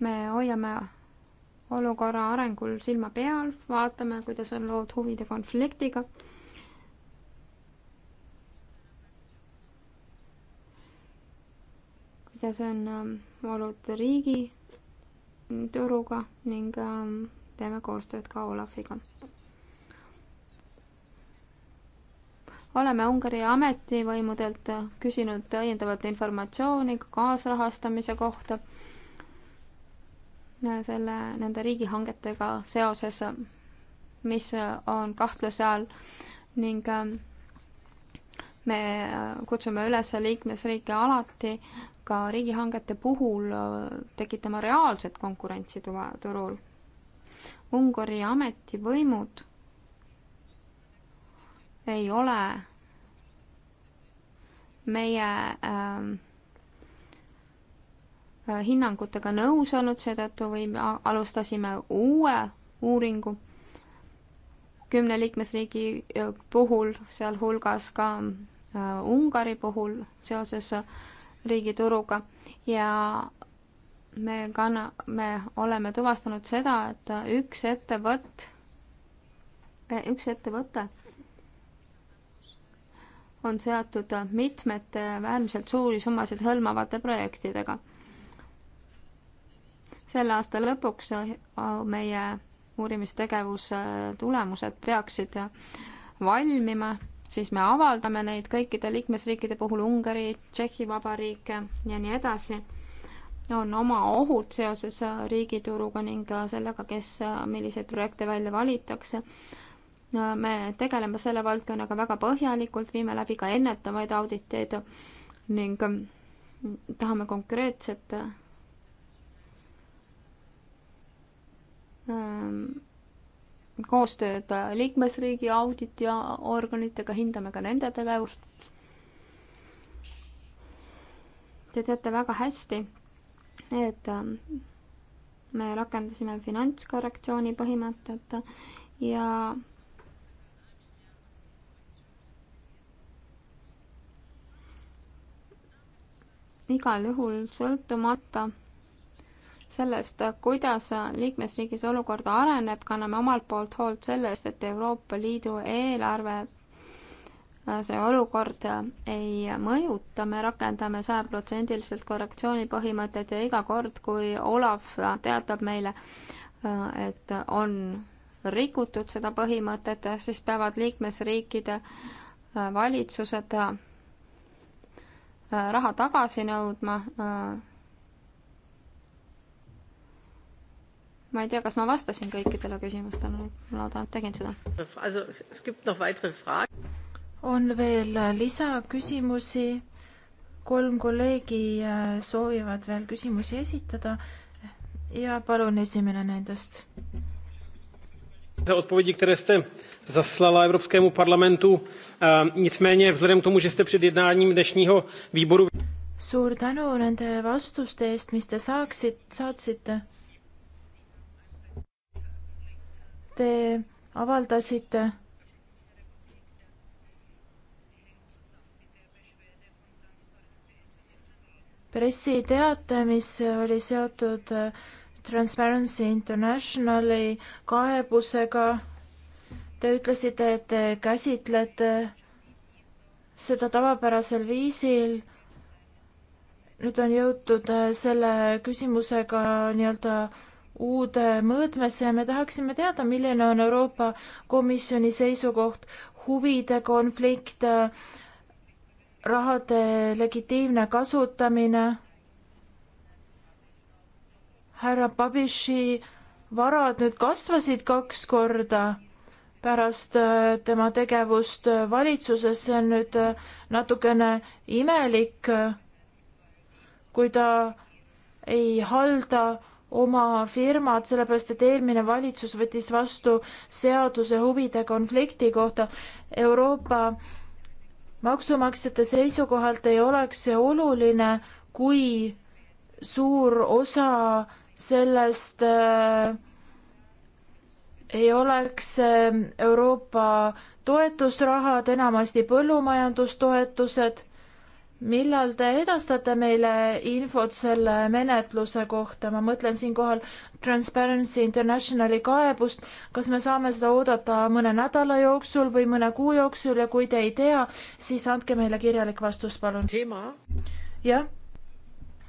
me hoiame olukorra arengul silma peal, vaatame, kuidas on lood huvide konfliktiga. kuidas on ähm, olud riigi turuga ning ähm, teeme koostööd ka Olafiga. oleme Ungari ametivõimudelt küsinud täiendavat informatsiooni kaasrahastamise kohta selle, nende riigihangetega seoses, mis on kahtluse all ning ähm, me kutsume üles liikmesriike alati ka riigihangete puhul äh, tekitama reaalset konkurentsi turul. Ungari ametivõimud ei ole meie ähm, äh, hinnangutega nõus olnud, seetõttu või alustasime uue uuringu kümne liikmesriigi äh, puhul, sealhulgas ka äh, Ungari puhul seoses riigituruga ja me kanna, me oleme tuvastanud seda, et üks ettevõtt, üks ettevõte on seotud mitmete äärmiselt suuri summasid hõlmavate projektidega. selle aasta lõpuks meie uurimistegevuse äh, tulemused peaksid valmima, siis me avaldame neid kõikide liikmesriikide puhul, Ungari, Tšehhi Vabariik ja nii edasi, on oma ohud seoses riigituruga ning sellega, kes, milliseid projekte välja valitakse me tegeleme selle valdkonnaga väga põhjalikult, viime läbi ka ennetavaid auditeid ning mm, tahame konkreetset mm, koostööd liikmesriigi auditi organitega, hindame ka nende tegevust. Te teate väga hästi, et mm, me rakendasime finantskorrektsiooni põhimõtet ja igal juhul sõltumata sellest, kuidas liikmesriigis olukord areneb, kanname omalt poolt hoolt selle eest, et Euroopa Liidu eelarve see olukord ei mõjuta, me rakendame sajaprotsendiliselt korrektsioonipõhimõtet ja iga kord, kui Olav teatab meile, et on rikutud seda põhimõtet, siis peavad liikmesriikide valitsused Äh, raha tagasi nõudma. Äh, ma ei tea, kas ma vastasin kõikidele küsimustele, ma loodan, et tegin seda. on veel äh, lisaküsimusi? kolm kolleegi soovivad veel küsimusi esitada ja palun esimene nendest zaslala Evropskému parlamentu. Ehm, nicméně vzhledem k tomu, že jste před jednáním dnešního výboru suur tänu nende vastuste eest, mis te saaksid, saatsite. Te avaldasite pressiteate, mis oli seotud Transparency Internationali kaebusega Te ütlesite, et te käsitlete seda tavapärasel viisil. nüüd on jõutud äh, selle küsimusega nii-öelda uude mõõtmesse ja me tahaksime teada, milline on Euroopa Komisjoni seisukoht, huvide konflikt, äh, rahade legitiimne kasutamine, härra Babiši varad nüüd kasvasid kaks korda pärast äh, tema tegevust äh, valitsuses, see on nüüd äh, natukene imelik, kui ta ei halda oma firmad, sellepärast et eelmine valitsus võttis vastu seaduse huvide konflikti kohta. Euroopa maksumaksjate seisukohalt ei oleks see oluline, kui suur osa sellest äh, ei oleks ähm, Euroopa toetusrahad, enamasti põllumajandustoetused. millal te edastate meile infot selle menetluse kohta, ma mõtlen siinkohal Transparency Internationali kaebust, kas me saame seda oodata mõne nädala jooksul või mõne kuu jooksul ja kui te ei tea, siis andke meile kirjalik vastus, palun. jah,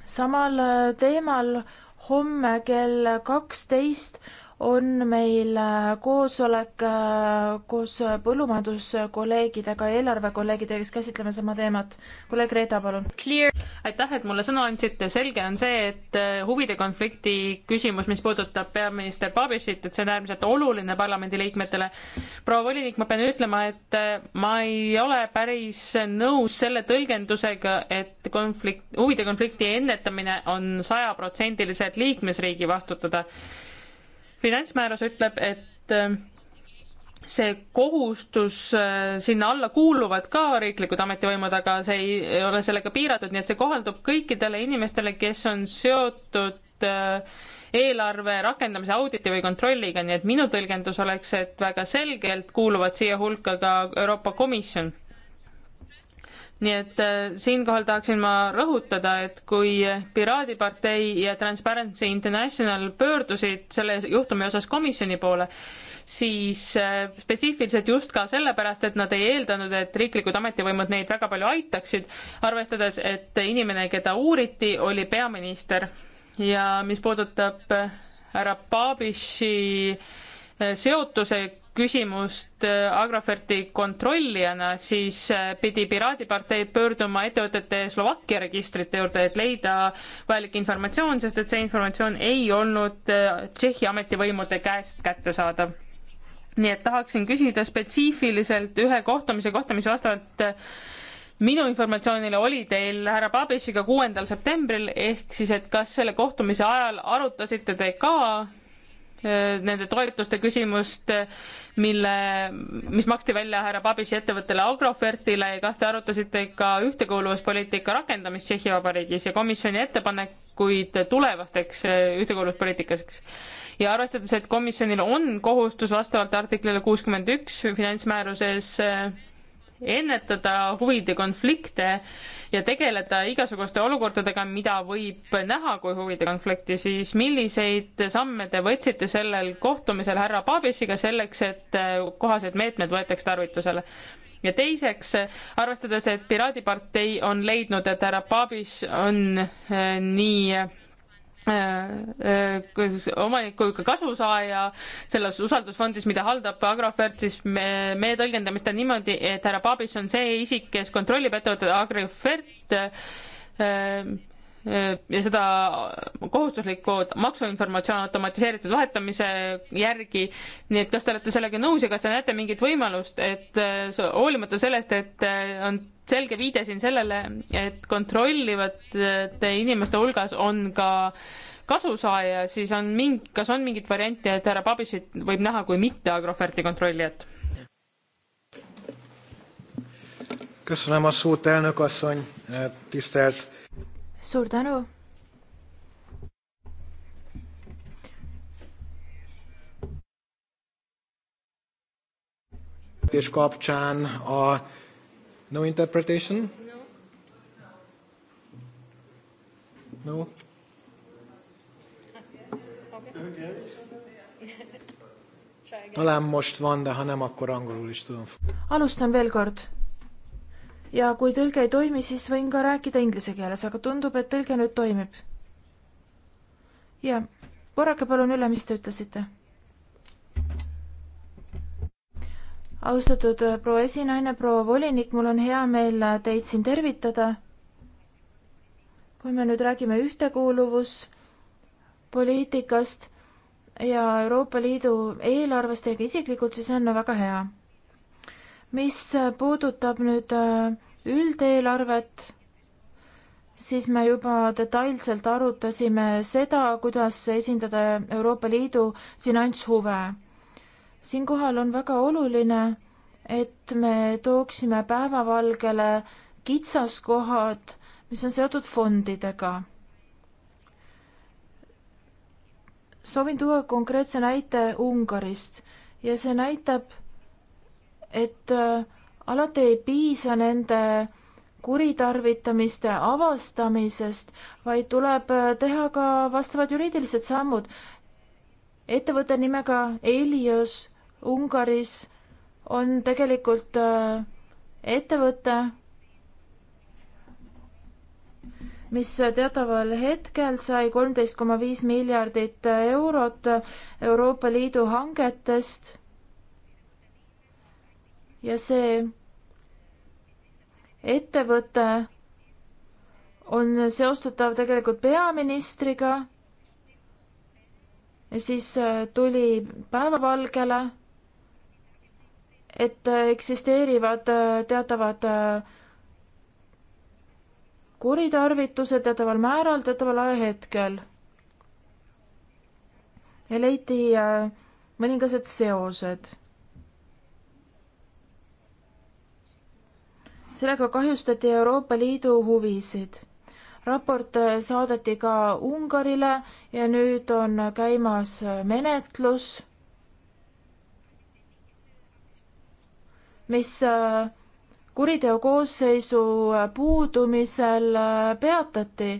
samal äh, teemal homme kell kaksteist 12 on meil äh, koosolek äh, koos äh, põllumajanduskolleegidega ja eelarvekolleegidega, kes käsitleme sama teemat. kolleeg Reeda, palun. aitäh, et mulle sõna andsite, selge on see, et huvide konflikti küsimus, mis puudutab peaminister Babišit, et see on äärmiselt oluline parlamendiliikmetele. proua volinik, ma pean ütlema, et ma ei ole päris nõus selle tõlgendusega, et konflikt, huvide konflikti ennetamine on sajaprotsendiliselt liikmesriigi vastutada finantsmäärus ütleb, et äh, see kohustus, äh, sinna alla kuuluvad ka riiklikud ametivõimud, aga see ei ole sellega piiratud, nii et see kohaldub kõikidele inimestele, kes on seotud äh, eelarve rakendamise auditi või kontrolliga, nii et minu tõlgendus oleks, et väga selgelt kuuluvad siia hulka ka Euroopa Komisjon nii et äh, siinkohal tahaksin ma rõhutada, et kui Piraadipartei ja Transparency International pöördusid selle juhtumi osas komisjoni poole, siis äh, spetsiifiliselt just ka sellepärast, et nad ei eeldanud, et riiklikud ametivõimud neid väga palju aitaksid, arvestades, et inimene, keda uuriti, oli peaminister ja mis puudutab äh, härra Babiši seotuse küsimust äh, Agroferti kontrollijana, siis äh, pidi Piraadipartei pöörduma ettevõtete Slovakkia registrite juurde, et leida vajalik informatsioon, sest et see informatsioon ei olnud äh, Tšehhi ametivõimude käest kättesaadav. nii et tahaksin küsida spetsiifiliselt ühe kohtumise kohta, mis vastavalt minu informatsioonile oli teil härra Babišiga kuuendal septembril, ehk siis, et kas selle kohtumise ajal arutasite te ka Eh, nende toetuste küsimust, mille, mis maksti välja härra Babiši ettevõttele Agrofertile ja kas te arutasite ka ühtekuuluvuspoliitika rakendamist Tšehhi Vabariigis ja komisjoni ettepanekuid tulevasteks eh, ühtekuuluvuspoliitikaseks? ja arvestades, et komisjonil on kohustus vastavalt artiklile kuuskümmend üks finantsmääruses eh, ennetada huvide konflikte ja tegeleda igasuguste olukordadega, mida võib näha kui huvide konflikti, siis milliseid samme te võtsite sellel kohtumisel härra Paabissiga selleks, et äh, kohased meetmed võetaks tarvitusele? ja teiseks, arvestades, et Piraadipartei on leidnud, et härra Paabis on äh, nii omaniku ka kasusaaja selles usaldusfondis, mida haldab Agrofert, siis me, meie tõlgendame seda niimoodi, et härra Paabis on see isik, kes kontrollib ettevõtet Agrofert äh, ja seda kohustuslikku maksuinformatsiooni automatiseeritud vahetamise järgi. nii et kas te olete sellega nõus ja kas te näete mingit võimalust, et äh, hoolimata sellest, et äh, on selge viide siin sellele, et kontrollivate inimeste hulgas on ka kasusaaja, siis on mingi, kas on mingit varianti, et härra Babišit võib näha kui mitte Agroferti kontrollijat? köszönöm a szót, elnök asszony, eh, tisztelt. Suur tänu. kapcsán a No interpretation? No? Talán most van, de ha nem, akkor angolul is tudom. Alustan veel kord. Ja kui tõlge ei toimi, siis võin ka rääkida inglise keeles, aga tundub, et tõlge nüüd toimib. ja korrake palun üle, mis te ütlesite austatud äh, proua esinaine, proua volinik, mul on hea meel äh, teid siin tervitada. kui me nüüd räägime ühtekuuluvuspoliitikast ja Euroopa Liidu eelarvest ja ka isiklikult, siis see on väga hea. mis äh, puudutab nüüd üldeelarvet, siis me juba detailselt arutasime seda, kuidas esindada Euroopa Liidu finantshuve siinkohal on väga oluline, et me tooksime päevavalgele kitsaskohad, mis on seotud fondidega. soovin tuua konkreetse näite Ungarist ja see näitab, et äh, alati ei piisa nende kuritarvitamiste avastamisest, vaid tuleb äh, teha ka vastavad juriidilised sammud. ettevõte nimega Helios Ungaris on tegelikult äh, ettevõte, mis teataval hetkel sai kolmteist koma viis miljardit eurot Euroopa Liidu hangetest ja see ettevõte on seostatav tegelikult peaministriga ja siis äh, tuli päevavalgele et äh, eksisteerivad äh, teatavad äh, kuritarvitused teataval määral, teataval ajahetkel. ja leiti mõningased seosed. sellega kahjustati Euroopa Liidu huvisid. raport saadeti ka Ungarile ja nüüd on käimas menetlus mis äh, kuriteokoosseisu äh, puudumisel äh, peatati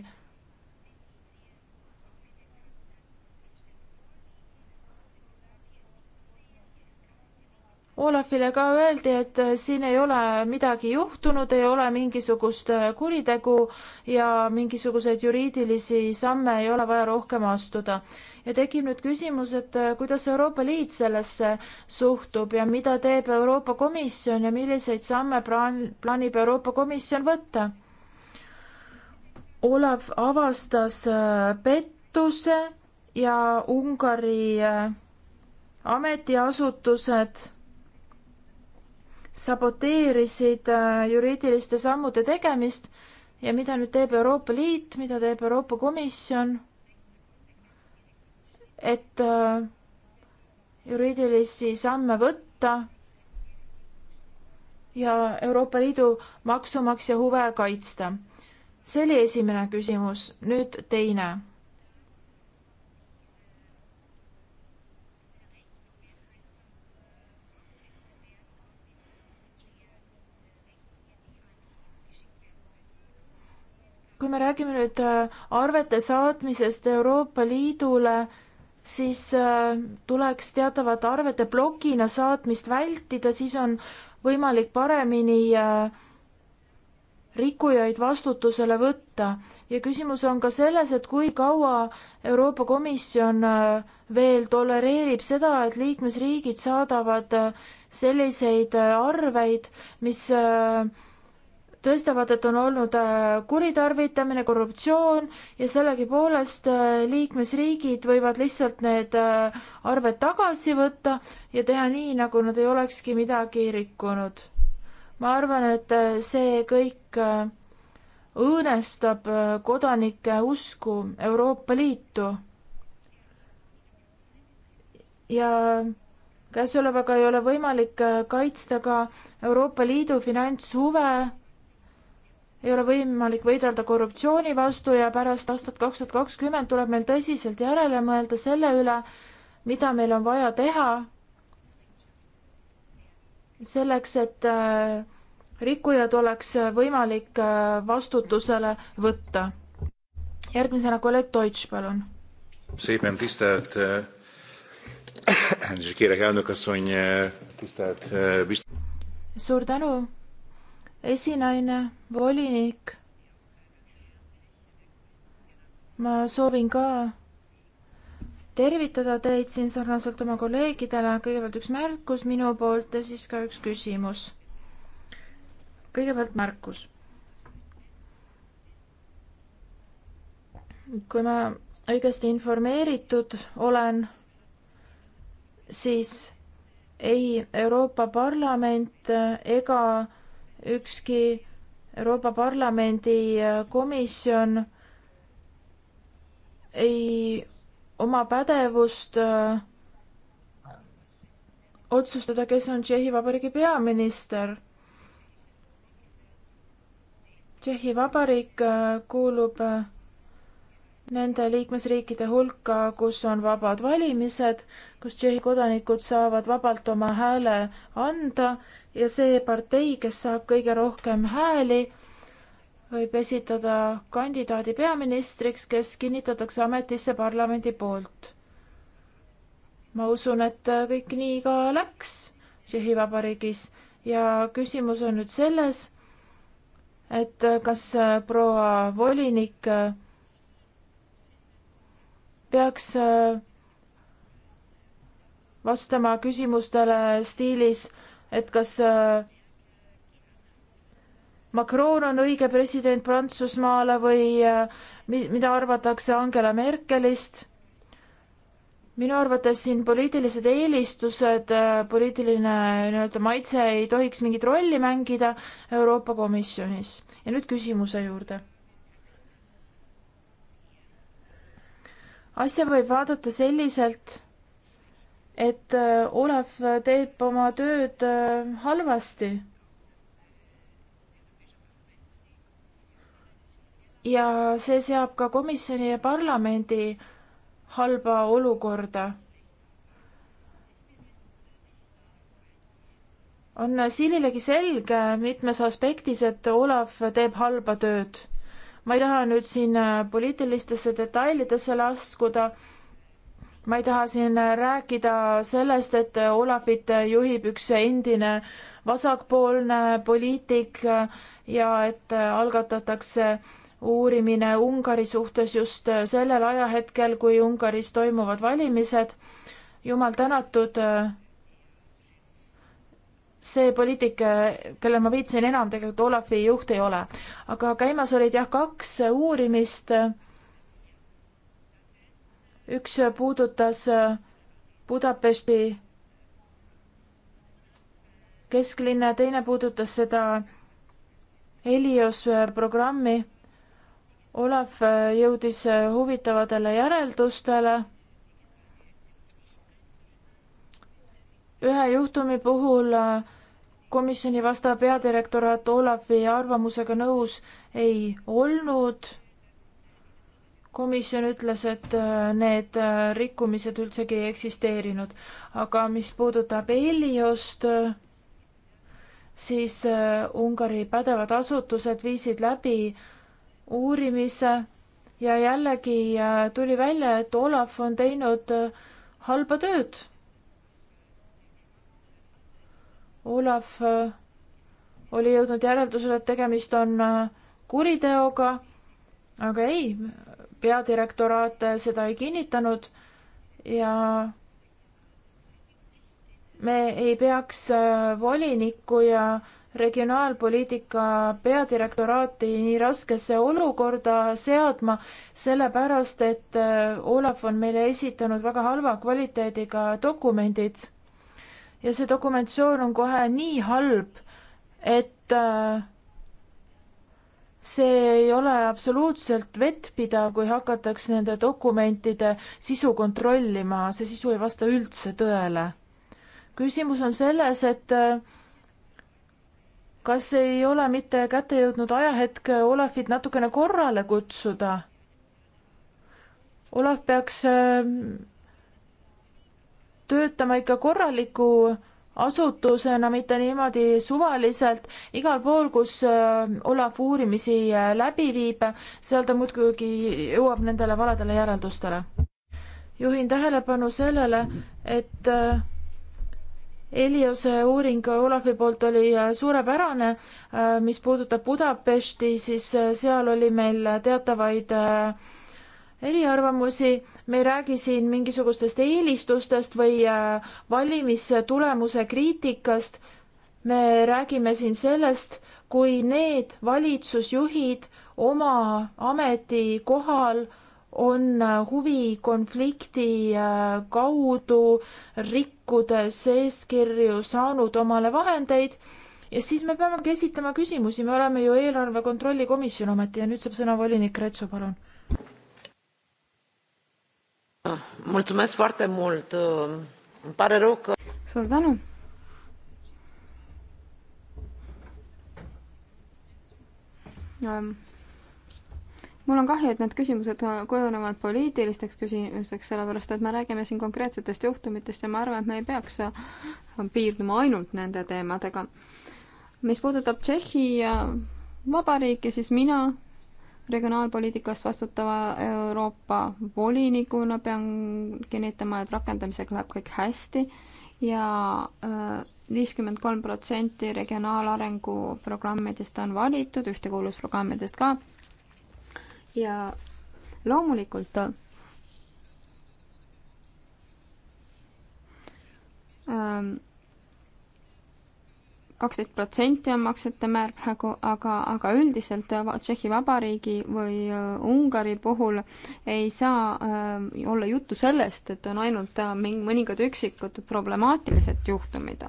Olafile ka öeldi, et äh, siin ei ole midagi juhtunud, ei ole mingisugust äh, kuritegu ja mingisuguseid juriidilisi samme ei ole vaja rohkem astuda. ja tekib nüüd küsimus, et äh, kuidas Euroopa Liit sellesse suhtub ja mida teeb Euroopa Komisjon ja milliseid samme plaan, plaanib Euroopa Komisjon võtta? Olav avastas pettuse ja Ungari ametiasutused saboteerisid äh, juriidiliste sammude tegemist ja mida nüüd teeb Euroopa Liit, mida teeb Euroopa Komisjon, et äh, juriidilisi samme võtta ja Euroopa Liidu maksumaksja huve kaitsta. see oli esimene küsimus, nüüd teine kui me räägime nüüd äh, arvete saatmisest Euroopa Liidule, siis äh, tuleks teatavat arvete plokina saatmist vältida, siis on võimalik paremini äh, rikkujaid vastutusele võtta ja küsimus on ka selles, et kui kaua Euroopa Komisjon veel tolereerib seda, et liikmesriigid saadavad selliseid arveid, mis äh, tõestavad, et on olnud äh, kuritarvitamine, korruptsioon ja sellegipoolest äh, liikmesriigid võivad lihtsalt need äh, arved tagasi võtta ja teha nii, nagu nad ei olekski midagi rikkunud. ma arvan, et see kõik õõnestab kodanike usku Euroopa Liitu. ja käesolevaga ei ole võimalik kaitsta ka Euroopa Liidu finantshuve ei ole võimalik võidelda korruptsiooni vastu ja pärast aastat kaks tuhat kakskümmend tuleb meil tõsiselt järele mõelda selle üle, mida meil on vaja teha selleks, et äh, rikkujad oleks äh, võimalik äh, vastutusele võtta. järgmisena kolleeg Deutsch, palun. szépen tisztelt eh, <coughs> elnök asszony, eh, tisztelt eh, biztos. suur tänu esinaine, volinik. ma soovin ka tervitada teid siin sarnaselt oma kolleegidele. kõigepealt üks märkus minu poolt ja siis ka üks küsimus. kõigepealt märkus. kui ma õigesti informeeritud olen, siis ei Euroopa Parlament ega ükski Euroopa Parlamendi äh, komisjon ei oma pädevust öö, äh, otsustada, kes on Tšehhi Vabariigi peaminister. Tšehhi Vabariik öö, äh, kuulub öö, nende liikmesriikide hulka, kus on vabad valimised, kus Tšehhi kodanikud saavad vabalt oma hääle anda ja see partei, kes saab kõige rohkem hääli, võib esitada kandidaadi peaministriks, kes kinnitatakse ametisse parlamendi poolt. ma usun, et kõik nii ka läks Tšehhi Vabariigis ja küsimus on nüüd selles, et kas proua volinik peaks äh, vastama küsimustele stiilis, et kas äh, Macron on õige president Prantsusmaale või äh, mida arvatakse Angela Merkelist. minu arvates siin poliitilised eelistused, poliitiline nii-öelda maitse ei tohiks mingit rolli mängida Euroopa Komisjonis. ja nüüd küsimuse juurde asja võib vaadata selliselt, et äh, Olev äh, teeb oma tööd äh, halvasti. ja see seab ka komisjoni ja parlamendi halba olukorda. on Siililegi selge mitmes aspektis, et Olav teeb halba tööd ma ei taha nüüd siin äh, poliitilistesse detailidesse laskuda, ma ei taha siin äh, rääkida sellest, et äh, Olavit juhib üks endine vasakpoolne poliitik ja et algatatakse uurimine Ungari suhtes just sellel ajahetkel, kui Ungaris toimuvad valimised. jumal tänatud, see poliitik, kelle ma viitsin enam, tegelikult Olavi juht ei ole. aga käimas olid jah kaks uurimist. üks puudutas äh, Budapesti kesklinna, teine puudutas seda Helios äh, programmi. Olav äh, jõudis huvitavatele järeldustele ühe juhtumi puhul äh, komisjoni vastav peadirektoraat Olavi arvamusega nõus ei olnud. komisjon ütles, et äh, need äh, rikkumised üldsegi ei eksisteerinud, aga mis puudutab Heliost, siis Ungari pädevad asutused viisid läbi uurimise ja jällegi tuli välja, et Olav on teinud halba tööd Olav äh, oli jõudnud järeldusele, et tegemist on äh, kuriteoga, aga ei, peadirektoraat äh, seda ei kinnitanud ja me ei peaks volinikku ja regionaalpoliitika peadirektoraati nii raskesse olukorda seadma, sellepärast et Olav on meile esitanud väga halva kvaliteediga dokumendid ja see dokumentatsioon on kohe nii halb, et äh, see ei ole absoluutselt vettpidav, kui hakatakse nende dokumentide sisu kontrollima, see sisu ei vasta üldse tõele. küsimus on selles, et äh, kas ei ole mitte kätte jõudnud ajahetk Olafit natukene korrale kutsuda? Olav peaks äh, töötama ikka korraliku asutusena, mitte niimoodi suvaliselt, igal pool, kus äh, Olav uurimisi äh, läbi viib, seal ta muudkui jõuab nendele valedele järeldustele. juhin tähelepanu sellele, et äh, Eliose uuring Olavi poolt oli suurepärane, mis puudutab Budapesti, siis seal oli meil teatavaid äh, eriarvamusi, me ei räägi siin mingisugustest eelistustest või äh, valimistulemuse kriitikast, me räägime siin sellest, kui need valitsusjuhid oma ametikohal on äh, huvikonflikti äh, kaudu rikkudes eeskirju saanud omale vahendeid ja siis me peamegi esitama küsimusi, me oleme ju eelarve kontrolli komisjon ometi ja nüüd saab sõna volinik Retsu, palun Ah, mulțumesc foarte mult. Uh, îmi pare rău că... Suur tänu. Um, mul on kahju, et need küsimused kujunevad poliitilisteks küsimuseks, sellepärast et me räägime siin konkreetsetest juhtumitest ja ma arvan, et me ei peaks äh, piirduma ainult nende teemadega. mis puudutab Tšehhi äh, Vabariiki, siis mina regionaalpoliitikast vastutava Euroopa volinikuna pean kinnitama, et rakendamisega läheb kõik hästi ja äh, viiskümmend kolm protsenti regionaalarengu programmidest on valitud, ühtekuuluvusprogrammidest ka. ja loomulikult ähm, kaksteist protsenti on maksete määr praegu, aga, aga üldiselt äh, Tšehhi Vabariigi või äh, Ungari puhul ei saa äh, olla juttu sellest, et on ainult äh, mõningad üksikud problemaatilised juhtumid.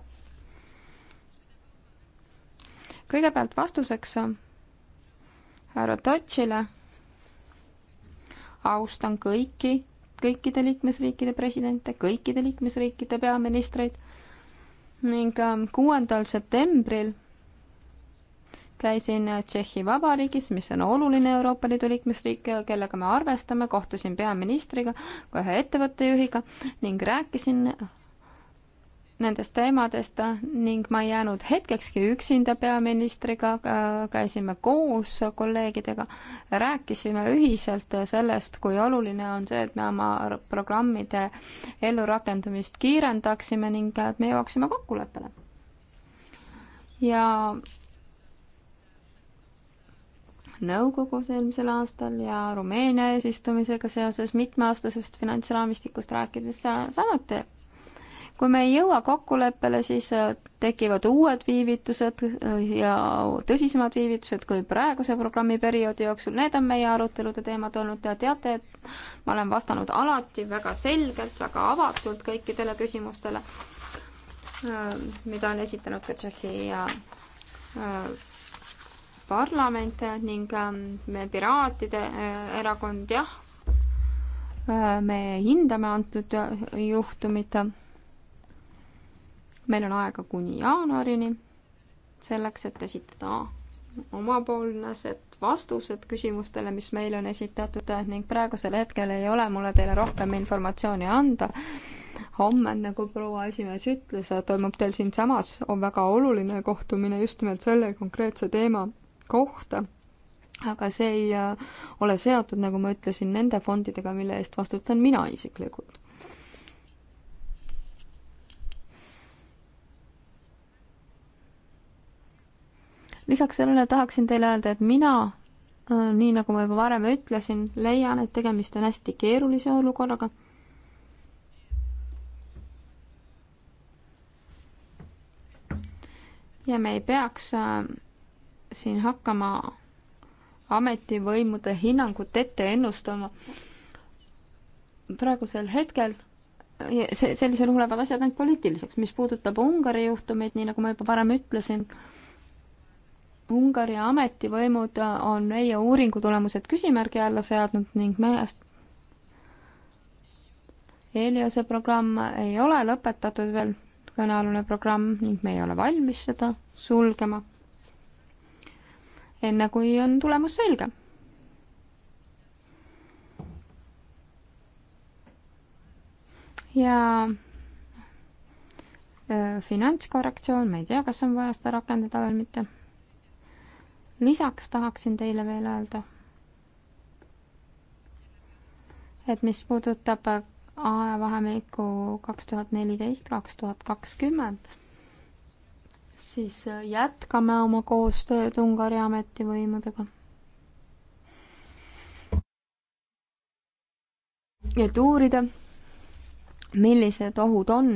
kõigepealt vastuseks äh, härra Totšile. austan kõiki, kõikide liikmesriikide presidente, kõikide liikmesriikide peaministreid ning ähm, kuuendal septembril käisin äh, Tšehhi Vabariigis, mis on oluline Euroopa Liidu liikmesriik, kellega me arvestame, kohtusin peaministriga, ka ühe ettevõtte juhiga ning rääkisin nendest teemadest ning ma ei jäänud hetkekski üksinda peaministriga, käisime koos kolleegidega, rääkisime ühiselt sellest, kui oluline on see, et me oma programmide ellurakendamist kiirendaksime ning et me jõuaksime kokkuleppele. ja nõukogus eelmisel aastal ja Rumeenia eesistumisega seoses mitmeaastasest finantsraamistikust rääkides samuti kui me ei jõua kokkuleppele, siis äh, tekivad uued viivitused äh, ja tõsisemad viivitused kui praeguse programmi perioodi jooksul, need on meie arutelude teemad olnud ja teate, et ma olen vastanud alati väga selgelt, väga avatult kõikidele küsimustele, äh, mida on esitanud ka Tšehhi ja parlament ning ähm, me Piraatide erakond, jah, me hindame antud juhtumit meil on aega kuni jaanuarini selleks, et esitada omapoolsed vastused küsimustele, mis meile on esitatud ning praegusel hetkel ei ole mulle teile rohkem informatsiooni anda. homme, nagu proua esimees ütles, toimub teil siinsamas, on väga oluline kohtumine just nimelt selle konkreetse teema kohta. aga see ei äh, ole seotud, nagu ma ütlesin, nende fondidega, mille eest vastutan mina isiklikult. lisaks sellele tahaksin teile öelda, et mina, äh, nii nagu ma juba varem ütlesin, leian, et tegemist on hästi keerulise olukorraga. ja me ei peaks äh, siin hakkama ametivõimude hinnangut ette ennustama. praegusel hetkel äh, see, sellisel juhul lähevad asjad ainult poliitiliseks, mis puudutab Ungari juhtumeid, nii nagu ma juba varem ütlesin, Ungari ametivõimud on meie uuringu tulemused küsimärgi alla seadnud ning meest Eliase programm ei ole lõpetatud veel, kõnealune programm, ning me ei ole valmis seda sulgema. enne kui on tulemus selge. ja äh, finantskorrektsioon, ma ei tea, kas on vaja seda rakendada või mitte lisaks tahaksin teile veel öelda, et mis puudutab ajavahemikku kaks tuhat neliteist, kaks tuhat kakskümmend, siis jätkame oma koostööd Ungari ametivõimudega. et uurida, millised ohud on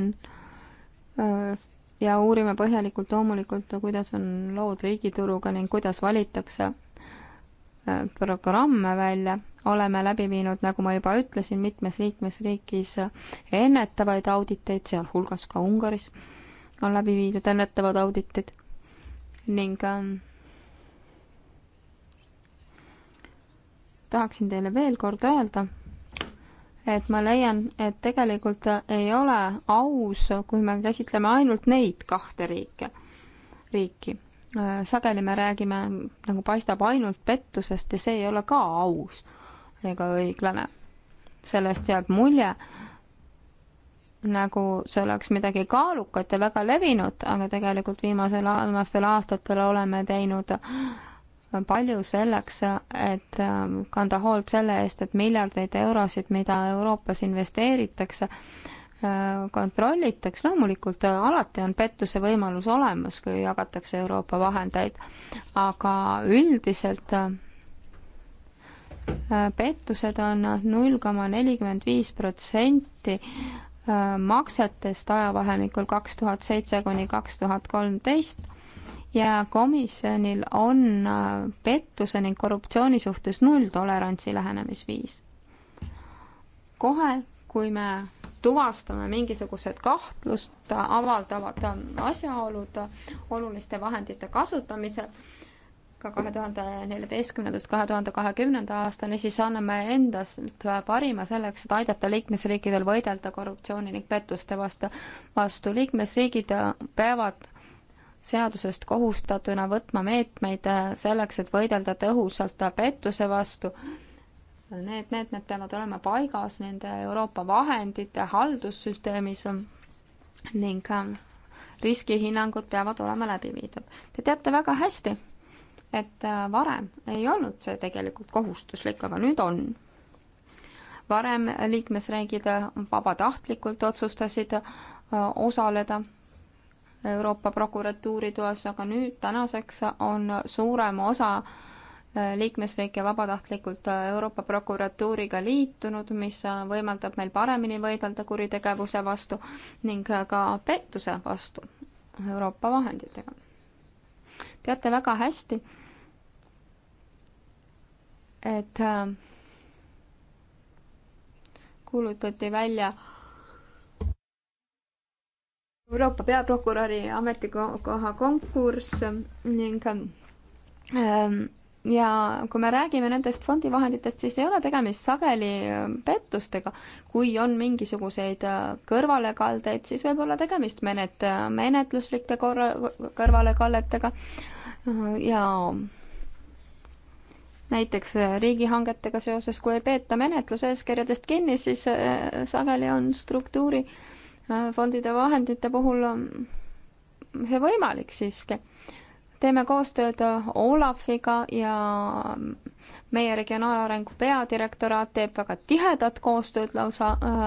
ja uurime põhjalikult loomulikult, kuidas on lood riigituruga ning kuidas valitakse äh, programme välja. oleme läbi viinud, nagu ma juba ütlesin, mitmes liikmesriigis ennetavaid auditeid, sealhulgas ka Ungaris on läbi viidud ennetavad auditid ning ähm, tahaksin teile veel kord öelda, et ma leian, et tegelikult ei ole aus, kui me käsitleme ainult neid kahte riike, riiki. sageli me räägime, nagu paistab, ainult pettusest ja see ei ole ka aus ega õiglane. sellest jääb mulje, nagu see oleks midagi kaalukat ja väga levinud, aga tegelikult viimasel, viimastel aastatel oleme teinud palju selleks, et ähm, kanda hoolt selle eest, et miljardeid eurosid, mida Euroopas investeeritakse, äh, kontrollitaks, loomulikult äh, alati on pettuse võimalus olemas, kui jagatakse Euroopa vahendeid, aga üldiselt äh, pettused on null koma nelikümmend viis protsenti maksetest ajavahemikul kaks tuhat seitse kuni kaks tuhat kolmteist ja komisjonil on äh, pettuse ning korruptsiooni suhtes nulltolerantsi lähenemisviis. kohe, kui me tuvastame mingisugused kahtlust avaldavad asjaolud oluliste vahendite kasutamisel, ka kahe tuhande neljateistkümnendast kahe tuhande kahekümnenda aastani, siis anname endast parima selleks, et aidata liikmesriikidel võidelda korruptsiooni ning pettuste vastu. vastu liikmesriigid peavad seadusest kohustatuna võtma meetmeid äh, selleks, et võidelda tõhusalt pettuse vastu. Need meetmed peavad olema paigas nende Euroopa vahendite haldussüsteemis ning äh, riskihinnangud peavad olema läbi viidud. Te teate väga hästi, et äh, varem ei olnud see tegelikult kohustuslik, aga nüüd on. varem liikmesriigid vabatahtlikult otsustasid osaleda Euroopa prokuratuuri toas, aga nüüd tänaseks on suurem osa äh, liikmesriike vabatahtlikult äh, Euroopa prokuratuuriga liitunud, mis äh, võimaldab meil paremini võidelda kuritegevuse vastu ning ka pettuse vastu Euroopa vahenditega. teate väga hästi, et kuulutati välja äh, Euroopa peaprokuröri ametikoha konkurss ning ähm, ja kui me räägime nendest fondivahenditest, siis ei ole tegemist sageli ähm, pettustega. kui on mingisuguseid äh, kõrvalekaldeid, siis võib olla tegemist menet-, äh, menetluslike korra-, kõrvalekalletega äh, ja näiteks riigihangetega seoses, kui ei peeta menetluseeskirjadest kinni, siis sageli on struktuuri äh, Äh, fondide vahendite puhul ähm, see võimalik siiski. teeme koostööd äh, Olafiga ja ähm, meie regionaalarengu peadirektoraat teeb väga tihedat koostööd lausa äh,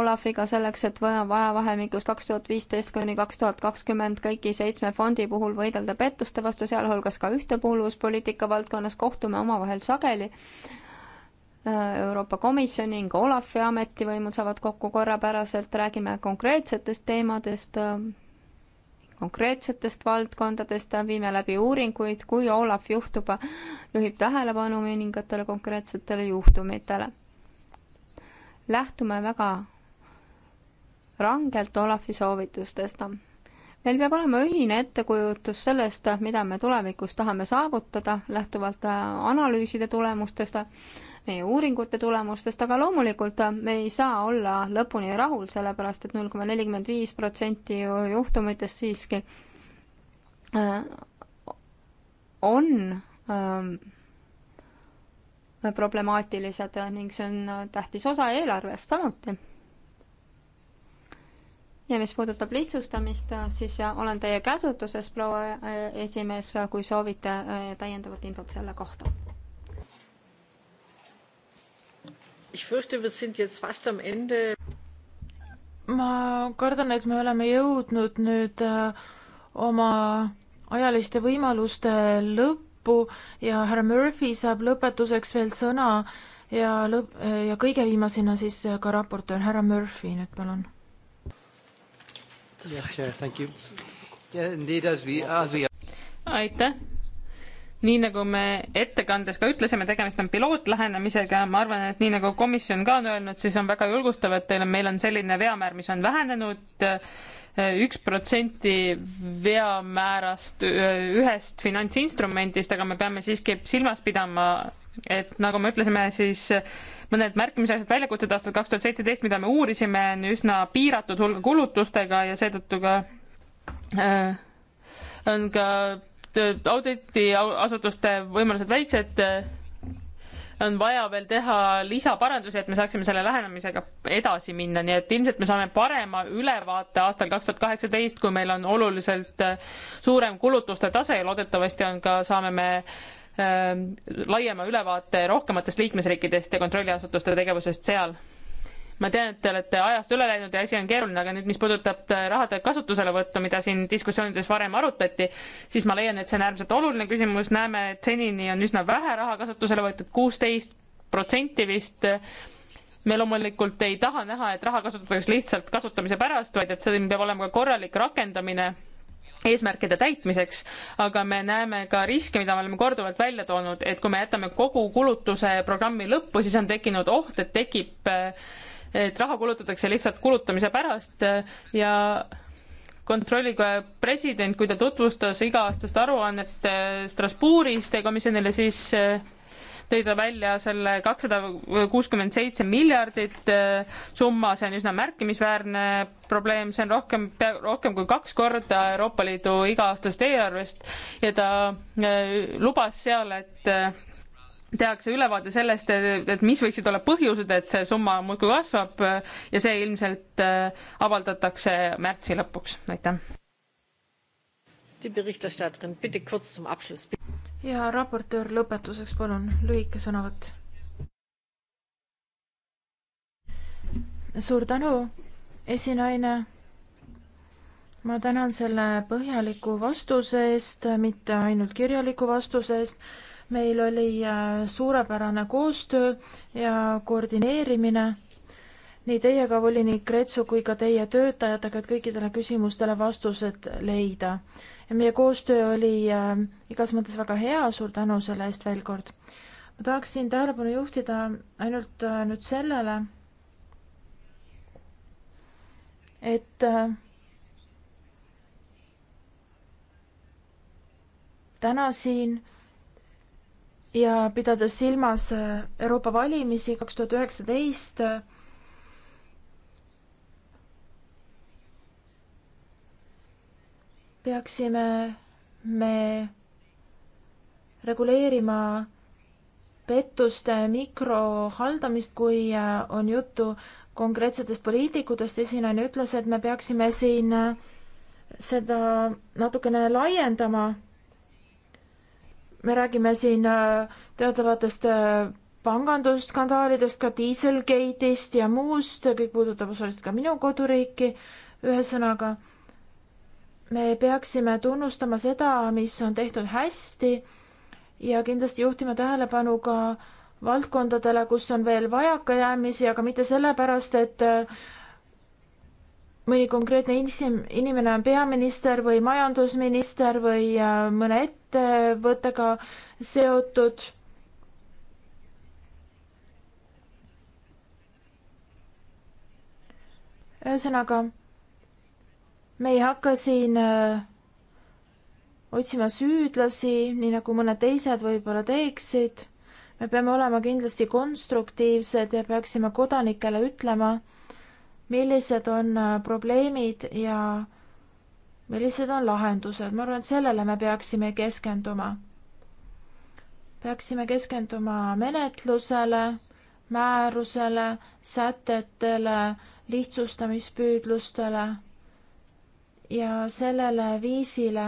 Olafiga selleks, et vajavahemikus kaks tuhat viisteist kuni kaks tuhat kakskümmend kõigi seitsme fondi puhul võidelda pettuste vastu, sealhulgas ka ühtekuuluvuspoliitika valdkonnas kohtume omavahel sageli äh, Euroopa Komisjoni ning Olafi ametivõimud saavad kokku korrapäraselt, räägime konkreetsetest teemadest, konkreetsetest valdkondadest, viime läbi uuringuid, kui Olav juhtub, juhib tähelepanu mõningatele konkreetsetele juhtumitele. lähtume väga rangelt Olavi soovitustest. meil peab olema ühine ettekujutus sellest, mida me tulevikus tahame saavutada, lähtuvalt analüüside tulemustest meie uuringute tulemustest, aga loomulikult me ei saa olla lõpuni rahul, sellepärast et null koma nelikümmend viis protsenti juhtumitest siiski äh, on ähm, problemaatilised ning see on tähtis osa eelarvest samuti. ja mis puudutab lihtsustamist, siis olen teie käsutuses, proua äh, esimees, kui soovite äh, täiendavat infot selle kohta Ich fürchte, wir sind jetzt fast am Ende. ma kardan, et me oleme jõudnud nüüd äh, oma ajaliste võimaluste lõppu ja härra Murphy saab lõpetuseks veel sõna ja lõpp, ja kõige viimasena siis ka raportöör härra Murphy nüüd palun. aitäh nii nagu me ettekandes ka ütlesime, tegemist on pilootlähenemisega, ma arvan, et nii nagu komisjon ka on öelnud, siis on väga julgustav, et teil on, meil on selline veamäär, mis on vähenenud äh, üks protsenti veamäärast äh, ühest finantsinstrumendist, aga me peame siiski silmas pidama, et nagu me ütlesime, siis mõned märkimisväärsed väljakutsed aastal kaks tuhat seitseteist, mida me uurisime, on üsna piiratud hulga kulutustega ja seetõttu ka äh, on ka auditiasutuste võimalused väiksed, on vaja veel teha lisaparandusi, et me saaksime selle lähenemisega edasi minna, nii et ilmselt me saame parema ülevaate aastal kaks tuhat kaheksateist, kui meil on oluliselt äh, suurem kulutuste tase ja loodetavasti on ka, saame me äh, laiema ülevaate rohkematest liikmesriikidest ja kontrolliasutuste tegevusest seal ma tean, et te olete ajast üle läinud ja asi on keeruline, aga nüüd, mis puudutab äh, rahade kasutuselevõttu, mida siin diskussioonides varem arutati, siis ma leian, et see on äärmiselt oluline küsimus, näeme, et senini on üsna vähe raha kasutusele võetud, kuusteist protsenti vist. me loomulikult ei taha näha, et raha kasutatakse lihtsalt kasutamise pärast, vaid et siin peab olema ka korralik rakendamine eesmärkide täitmiseks, aga me näeme ka riske, mida me oleme korduvalt välja toonud, et kui me jätame kogu kulutuse programmi lõppu, siis on tekkinud oht, et tekib äh, et raha kulutatakse lihtsalt kulutamise pärast äh, ja kontrollikoja president, kui ta tutvustas iga-aastast aruannet äh, Strasbourgis teie komisjonile, siis äh, tõi ta välja selle kakssada kuuskümmend seitse miljardit summa, see on üsna märkimisväärne probleem, see on rohkem, rohkem kui kaks korda Euroopa Liidu iga-aastasest eelarvest ja ta lubas seal, et tehakse ülevaade sellest, et mis võiksid olla põhjused, et see summa muudkui kasvab äh, ja see ilmselt äh, avaldatakse märtsi lõpuks, aitäh. ja raportöör lõpetuseks, palun lühike sõnavõtt. suur tänu, esinaine. ma tänan selle põhjaliku vastuse eest, mitte ainult kirjaliku vastuse eest meil oli äh, suurepärane koostöö ja koordineerimine nii teiega, volinik Retsu, kui ka teie töötajatega, et kõikidele küsimustele vastused leida. ja meie koostöö oli äh, igas mõttes väga hea, suur tänu selle eest veel kord. ma tahaksin tähelepanu juhtida ainult äh, nüüd sellele, et äh, täna siin ja pidades silmas äh, Euroopa valimisi kaks tuhat üheksateist, äh, peaksime me reguleerima pettuste mikrohaldamist, kui äh, on juttu konkreetsetest poliitikutest, esinaine ütles, et me peaksime siin seda natukene laiendama me räägime siin äh, teatavatest äh, pangandusskandaalidest, ka Dieselgate'ist ja muust, kõik puudutab osaliselt ka minu koduriiki. ühesõnaga, me peaksime tunnustama seda, mis on tehtud hästi ja kindlasti juhtima tähelepanu ka valdkondadele, kus on veel vajakajäämisi, aga mitte sellepärast, et äh, mõni konkreetne inimene on peaminister või majandusminister või äh, mõne ettevõttega seotud. ühesõnaga, me ei hakka siin äh, otsima süüdlasi, nii nagu mõned teised võib-olla teeksid. me peame olema kindlasti konstruktiivsed ja peaksime kodanikele ütlema millised on äh, probleemid ja millised on lahendused, ma arvan, et sellele me peaksime keskenduma. peaksime keskenduma menetlusele, määrusele, sätetele, lihtsustamispüüdlustele ja sellele viisile,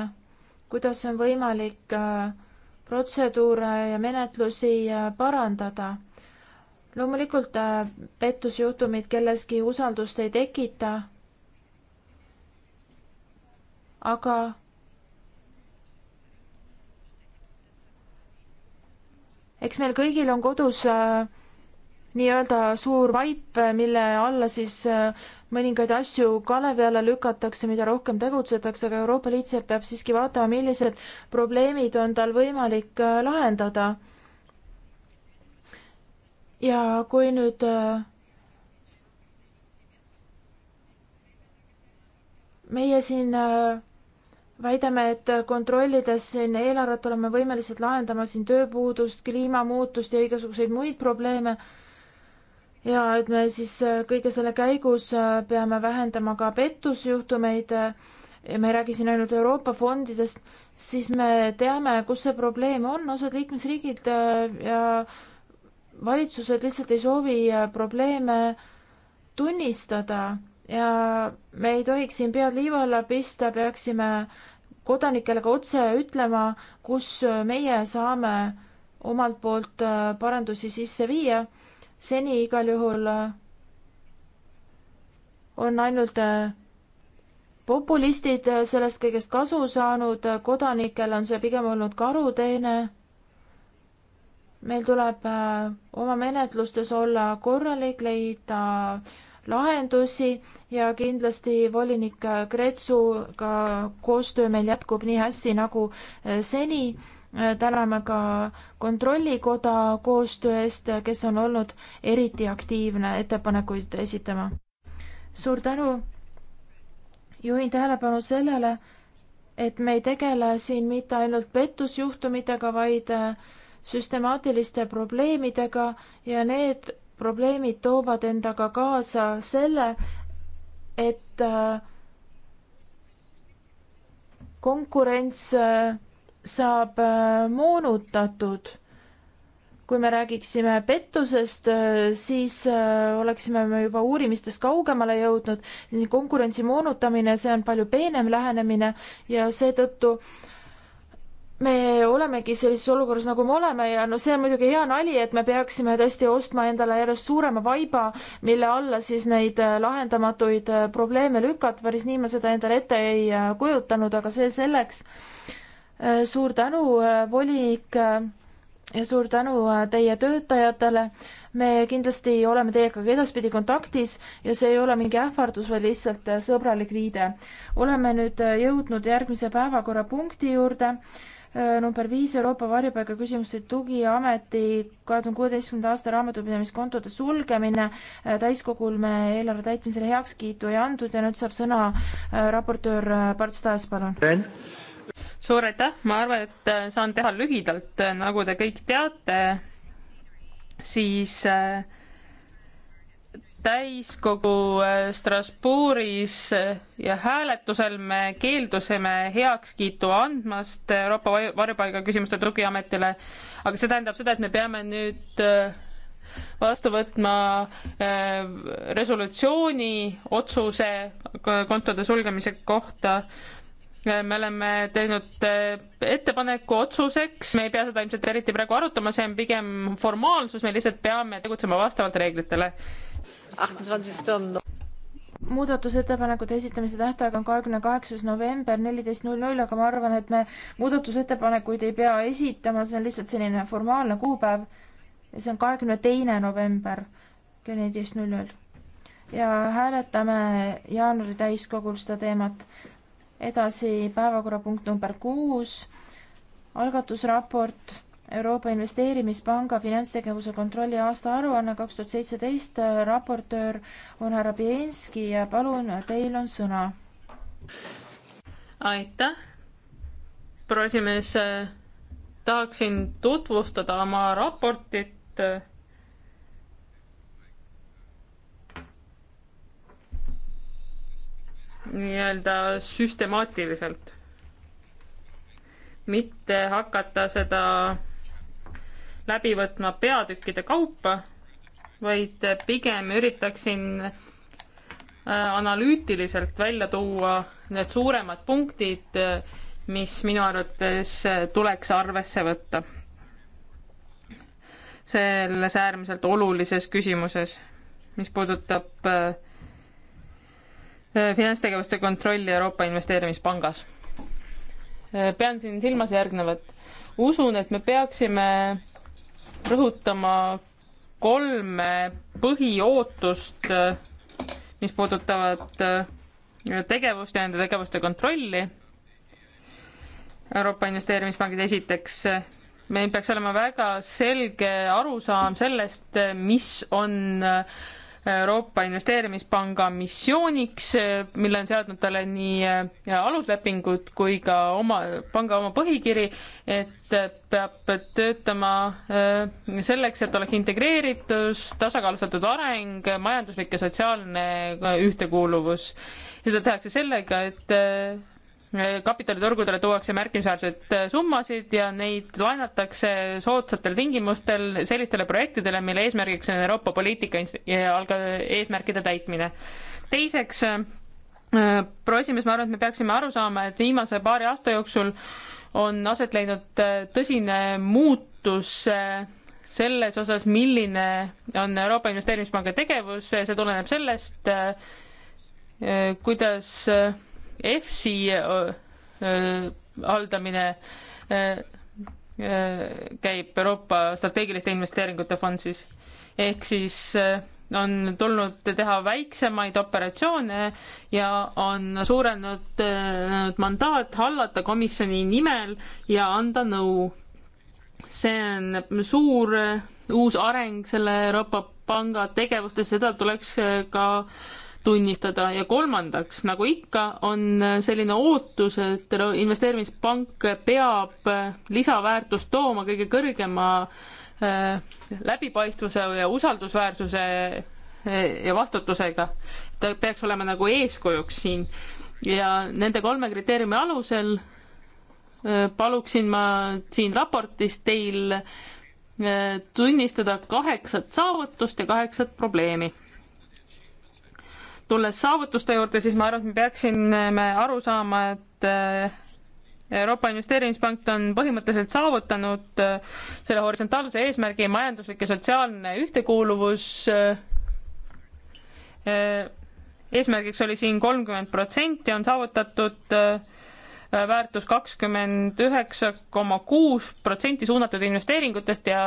kuidas on võimalik äh, protseduure ja menetlusi äh, parandada loomulikult äh, pettusjuhtumid kelleski usaldust ei tekita, aga eks meil kõigil on kodus äh, nii-öelda suur vaip, mille alla siis äh, mõningaid asju kalevi alla lükatakse, mida rohkem tegutsetakse, aga Euroopa Liit peab siiski vaatama, millised probleemid on tal võimalik äh, lahendada ja kui nüüd äh, meie siin äh, väidame, et kontrollides siin eelarvet oleme võimelised lahendama siin tööpuudust, kliimamuutust ja igasuguseid muid probleeme. ja et me siis äh, kõige selle käigus peame vähendama ka pettusjuhtumeid ja me ei räägi siin ainult Euroopa fondidest, siis me teame, kus see probleem on, osad liikmesriigid ja valitsused lihtsalt ei soovi äh, probleeme tunnistada ja me ei tohiks siin pead liiva alla pista, peaksime kodanikele ka otse ütlema, kus äh, meie saame omalt poolt äh, parandusi sisse viia. seni igal juhul on ainult populistid sellest kõigest kasu saanud, kodanikel on see pigem olnud karuteene meil tuleb äh, oma menetlustes olla korralik, leida lahendusi ja kindlasti volinik Kretsuga koostöö meil jätkub nii hästi nagu äh, seni. Äh, täname ka Kontrollikoda koostöö eest, kes on olnud eriti aktiivne ettepanekuid esitama. suur tänu. juhin tähelepanu sellele, et me ei tegele siin mitte ainult pettusjuhtumitega, vaid süstemaatiliste probleemidega ja need probleemid toovad endaga kaasa selle, et äh, konkurents äh, saab äh, moonutatud. kui me räägiksime pettusest, siis oleksime me juba uurimistest kaugemale jõudnud. konkurentsi moonutamine, see on palju peenem lähenemine ja seetõttu äh, me olemegi sellises olukorras, nagu me oleme ja no see on muidugi hea nali, et me peaksime tõesti ostma endale järjest suurema vaiba, mille alla siis neid äh, lahendamatuid äh, probleeme lükata, päris nii ma seda endale ette ei äh, kujutanud, aga see selleks. suur tänu, volinik ja suur tänu teie töötajatele. me kindlasti oleme teiega ka edaspidi kontaktis ja see ei ole mingi ähvardus, vaid lihtsalt sõbralik viide. oleme nüüd jõudnud järgmise päevakorrapunkti juurde Äh, number viis Euroopa varjupaiga küsimuste tugiameti kahe tuhande kuueteistkümnenda aasta raamatupidamiskontode sulgemine. Äh, täiskogul me eelarve täitmisele heakskiitu ei andnud ja nüüd saab sõna äh, raportöör Parts Taas, palun. suur aitäh, ma arvan, et saan teha lühidalt, nagu te kõik teate, siis äh, täiskogu äh, Strasbourgis äh, ja hääletusel me keeldusime heakskiitu andmast Euroopa Varjupaiga küsimuste tugiametile, aga see tähendab seda, et me peame nüüd äh, vastu võtma resolutsiooni otsuse kontode sulgemise kohta me oleme teinud ettepaneku otsuseks, me ei pea seda ilmselt eriti praegu arutama, see on pigem formaalsus, me lihtsalt peame tegutsema vastavalt reeglitele muudatusettepanekute esitamise tähtaeg on kahekümne kaheksas november neliteist null null, aga ma arvan, et me muudatusettepanekuid ei pea esitama, see on lihtsalt selline formaalne kuupäev. ja see on kahekümne teine november kell neliteist null null. ja hääletame jaanuari täiskogul seda teemat. edasi päevakorrapunkt number kuus, algatusraport Euroopa Investeerimispanga finantstegevuse kontrolli aastaaruanne kaks tuhat seitseteist, äh, raportöör on härra Bienski ja palun, teil on sõna. aitäh, proua esimees, äh, tahaksin tutvustada oma raportit. Äh, nii-öelda süstemaatiliselt, mitte hakata seda läbi võtma peatükkide kaupa, vaid pigem üritaksin äh, analüütiliselt välja tuua need suuremad punktid, äh, mis minu arvates äh, tuleks arvesse võtta selles äärmiselt olulises küsimuses, mis puudutab äh, finantstegevuste kontrolli Euroopa Investeerimispangas äh,. pean siin silmas järgnevat. usun, et me peaksime rõhutama kolme põhiootust, mis puudutavad äh, tegevust ja nende tegevuste kontrolli. Euroopa Investeerimispangid esiteks, äh, meil peaks olema väga selge arusaam sellest, äh, mis on Euroopa Investeerimispanga missiooniks, eh, mille on seadnud talle nii eh, aluslepingud kui ka oma, panga oma põhikiri, et eh, peab töötama selleks, et oleks integreeritus, tasakaalustatud areng, majanduslik ja sotsiaalne ühtekuuluvus. seda tehakse sellega, et kapitaliturgudele tuuakse märkimisväärseid äh, summasid ja neid laenatakse soodsatel tingimustel sellistele projektidele, mille eesmärgiks on Euroopa poliitika ja eesmärkide täitmine. teiseks, äh, proua esimees, ma arvan, et me peaksime aru saama, et viimase paari aasta jooksul on aset leidnud äh, tõsine muutus selles osas, milline on Euroopa Investeerimispanga tegevus, see tuleneb sellest, kuidas EFSI haldamine käib Euroopa strateegiliste investeeringute fond siis, ehk siis on tulnud teha väiksemaid operatsioone ja on suurenenud mandaat hallata komisjoni nimel ja anda nõu. see on suur uus areng selle Euroopa Panga tegevustes, seda tuleks ka äh, tunnistada ja kolmandaks, nagu ikka, on selline ootus, et investeerimispank peab lisaväärtust tooma kõige kõrgema eh, läbipaistvuse ja usaldusväärsuse eh, ja vastutusega. ta peaks olema nagu eeskujuks siin ja nende kolme kriteeriumi alusel eh, paluksin ma siin raportis teil tunnistada kaheksat saavutust ja kaheksat probleemi tulles saavutuste juurde, siis ma arvan, et me peaksime aru saama, et äh, Euroopa Investeerimispank on põhimõtteliselt saavutanud äh, selle horisontaalse eesmärgi majanduslik ja sotsiaalne ühtekuuluvus. Äh, eesmärgiks oli siin kolmkümmend protsenti on saavutatud väärtus kakskümmend üheksa koma kuus protsenti suunatud investeeringutest ja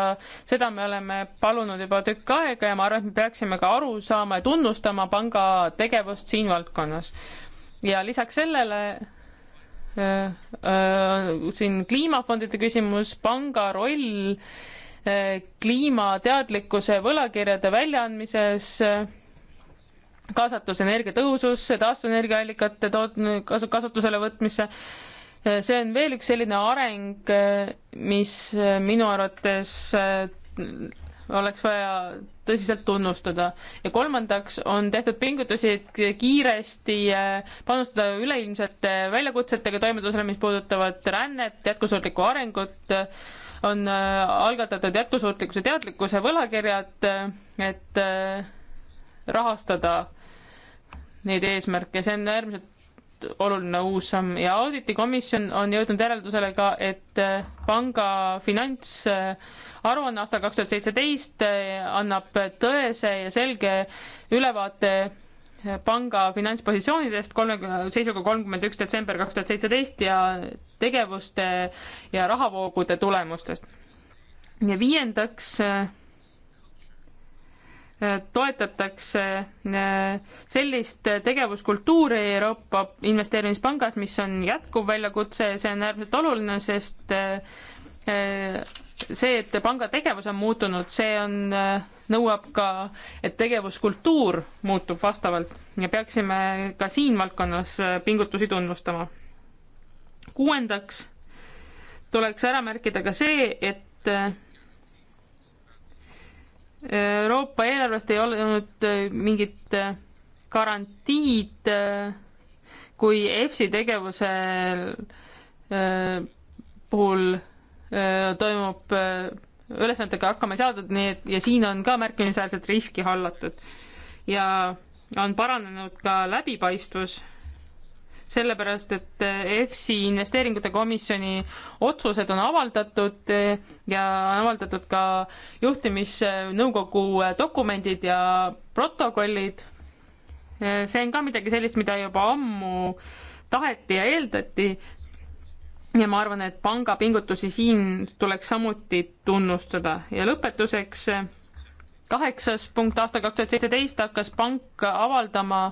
seda me oleme palunud juba tükk aega ja ma arvan, et me peaksime ka aru saama ja tunnustama panga tegevust siin valdkonnas. ja lisaks sellele äh, äh, siin kliimafondide küsimus, panga roll äh, kliimateadlikkuse võlakirjade väljaandmises äh, kaasatus energiatõhususse, taastuvenergiaallikate toot-, kasutusele võtmisse, see on veel üks selline areng, mis minu arvates äh, oleks vaja tõsiselt tunnustada. ja kolmandaks on tehtud pingutusi, et kiiresti äh, panustada üleilmsete väljakutsetega toimetusele, mis puudutavad rännet, jätkusuutlikku arengut, on äh, algatatud jätkusuutlikkuse teadlikkuse võlakirjad, et rahastada neid eesmärke, see on äärmiselt oluline uus samm ja auditikomisjon on jõudnud järeldusele ka, et eh, panga finantsaruanne aastal kaks tuhat seitseteist eh, annab tõese ja selge ülevaate eh, panga finantspositsioonidest kolmekümne, seisuga kolmkümmend üks detsember kaks tuhat seitseteist ja tegevuste ja rahavoogude tulemustest. ja viiendaks toetatakse äh, sellist tegevuskultuuri Euroopa Investeerimispangas, mis on jätkuv väljakutse ja see on äärmiselt oluline, sest äh, äh, see, et panga tegevus on muutunud, see on, nõuab ka, et tegevuskultuur muutub vastavalt ja peaksime ka siin valdkonnas pingutusi tunnustama. kuuendaks tuleks ära märkida ka see, et Euroopa eelarvest ei olnud äh, mingit äh, garantiid, äh, kui EFSI tegevuse puhul toimub ülesannetega hakkama ei saadud, nii et ja siin on ka märkimisväärselt riski hallatud. ja on paranenud ka läbipaistvus sellepärast et eh, EFSI investeeringute komisjoni otsused on avaldatud eh, ja on avaldatud ka juhtimisnõukogu eh, dokumendid ja protokollid. see on ka midagi sellist, mida juba ammu taheti ja eeldati. ja ma arvan, et panga pingutusi siin tuleks samuti tunnustada ja lõpetuseks kaheksas punkt aastal kaks tuhat seitseteist hakkas pank avaldama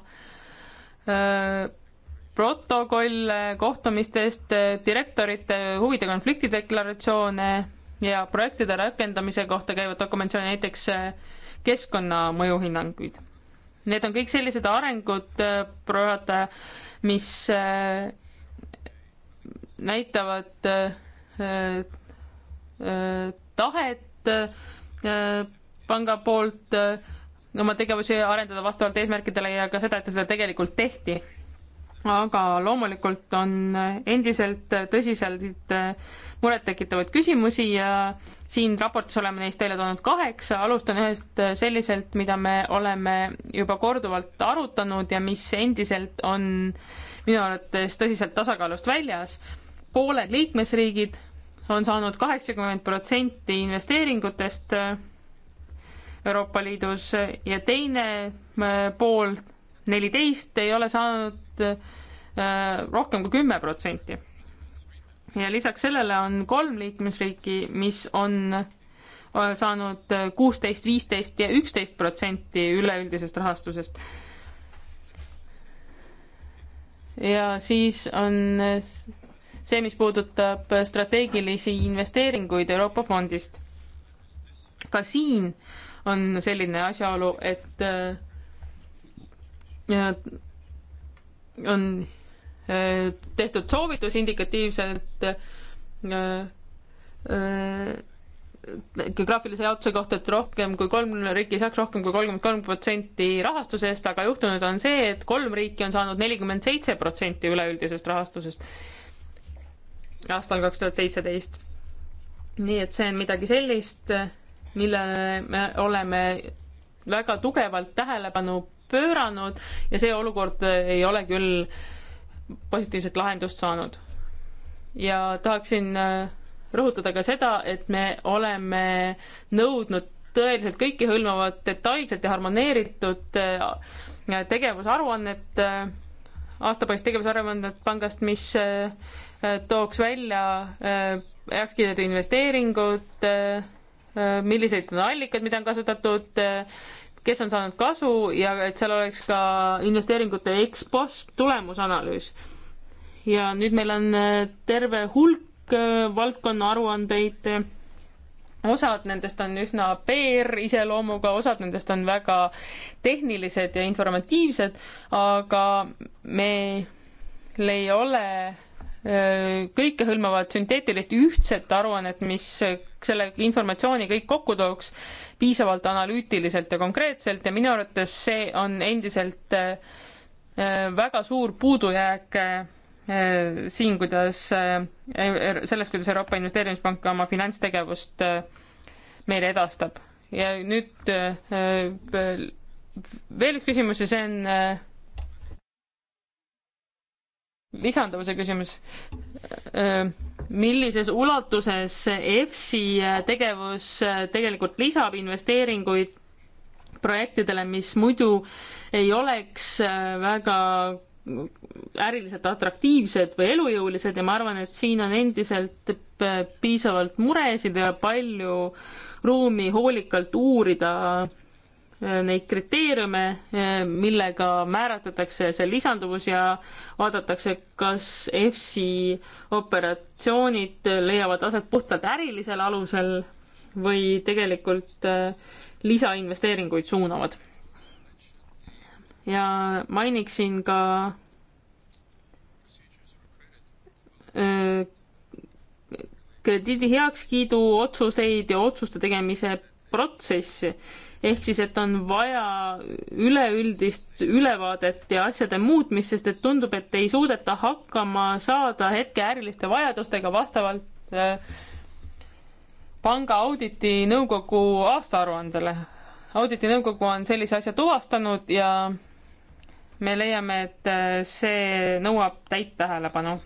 öö, protokolle kohtumistest, direktorite huvide konflikti deklaratsioone ja projektide rakendamise kohta käivat dokumentatsiooni, näiteks eh, keskkonna mõjuhinnanguid. Need on kõik sellised arengud, eh, proua juhataja, mis eh, näitavad tahet panga poolt oma tegevusi arendada vastavalt eesmärkidele ja ka seda, et seda tegelikult tehti aga loomulikult on endiselt tõsiselt murettekitavaid küsimusi ja siin raportis oleme neist teile toonud kaheksa, alustan ühest selliselt, mida me oleme juba korduvalt arutanud ja mis endiselt on minu arvates tõsiselt tasakaalust väljas. pooled liikmesriigid on saanud kaheksakümmend protsenti investeeringutest Euroopa Liidus ja teine pool neliteist ei ole saanud Äh, rohkem kui kümme protsenti. ja lisaks sellele on kolm liikmesriiki, mis on äh, saanud äh, kuusteist, viisteist ja üksteist protsenti üleüldisest rahastusest. ja siis on see, mis puudutab strateegilisi investeeringuid Euroopa Fondist. ka siin on selline asjaolu, et on äh, tehtud soovitus indikatiivselt äh, äh, graafilise jaotuse kohta, et rohkem kui kolm riiki saaks rohkem kui kolmkümmend kolm protsenti rahastusest, aga juhtunud on see, et kolm riiki on saanud nelikümmend seitse protsenti üleüldisest rahastusest aastal kaks tuhat seitseteist. nii et see on midagi sellist, millele me oleme väga tugevalt tähelepanu pööranud ja see olukord ei ole küll positiivset lahendust saanud. ja tahaksin äh, rõhutada ka seda, et me oleme nõudnud tõeliselt kõikehõlmavat, detailset ja harmoneeritud äh, tegevusaruannet, äh, aastapoist tegevusaruannet pangast, mis tooks välja heaks kiidetud investeeringud, millised on allikad, mida on kasutatud, kes on saanud kasu ja et seal oleks ka investeeringute ekspost tulemusanalüüs. ja nüüd meil on äh, terve hulk äh, valdkonna aruandeid, osad nendest on üsna PR-iseloomuga, osad nendest on väga tehnilised ja informatiivsed, aga meil ei ole kõikehõlmavat sünteetilist ühtset aruannet, mis selle informatsiooni kõik kokku tooks piisavalt analüütiliselt ja konkreetselt ja minu arvates see on endiselt äh, väga suur puudujääk äh, siin, kuidas, äh, selles, kuidas Euroopa Investeerimispank oma finantstegevust meile edastab. ja nüüd veel üks küsimus ja see on lisanduvuse küsimus. Äh, millises ulatuses EFSI tegevus tegelikult lisab investeeringuid projektidele, mis muidu ei oleks äh, väga äriliselt atraktiivsed või elujõulised ja ma arvan, et siin on endiselt piisavalt muresid ja palju ruumi hoolikalt uurida neid kriteeriume, millega määratletakse see lisanduvus ja vaadatakse, kas EFSI operatsioonid leiavad aset puhtalt ärilisel alusel või tegelikult äh, lisainvesteeringuid suunavad. ja mainiksin ka äh, krediidi heakskiidu otsuseid ja otsuste tegemise protsessi ehk siis, et on vaja üleüldist ülevaadet ja asjade muutmist, sest et tundub, et ei suudeta hakkama saada hetke äriliste vajadustega vastavalt äh, panga auditi nõukogu aastaaruandele. auditi nõukogu on sellise asja tuvastanud ja me leiame, et äh, see nõuab täit tähelepanu.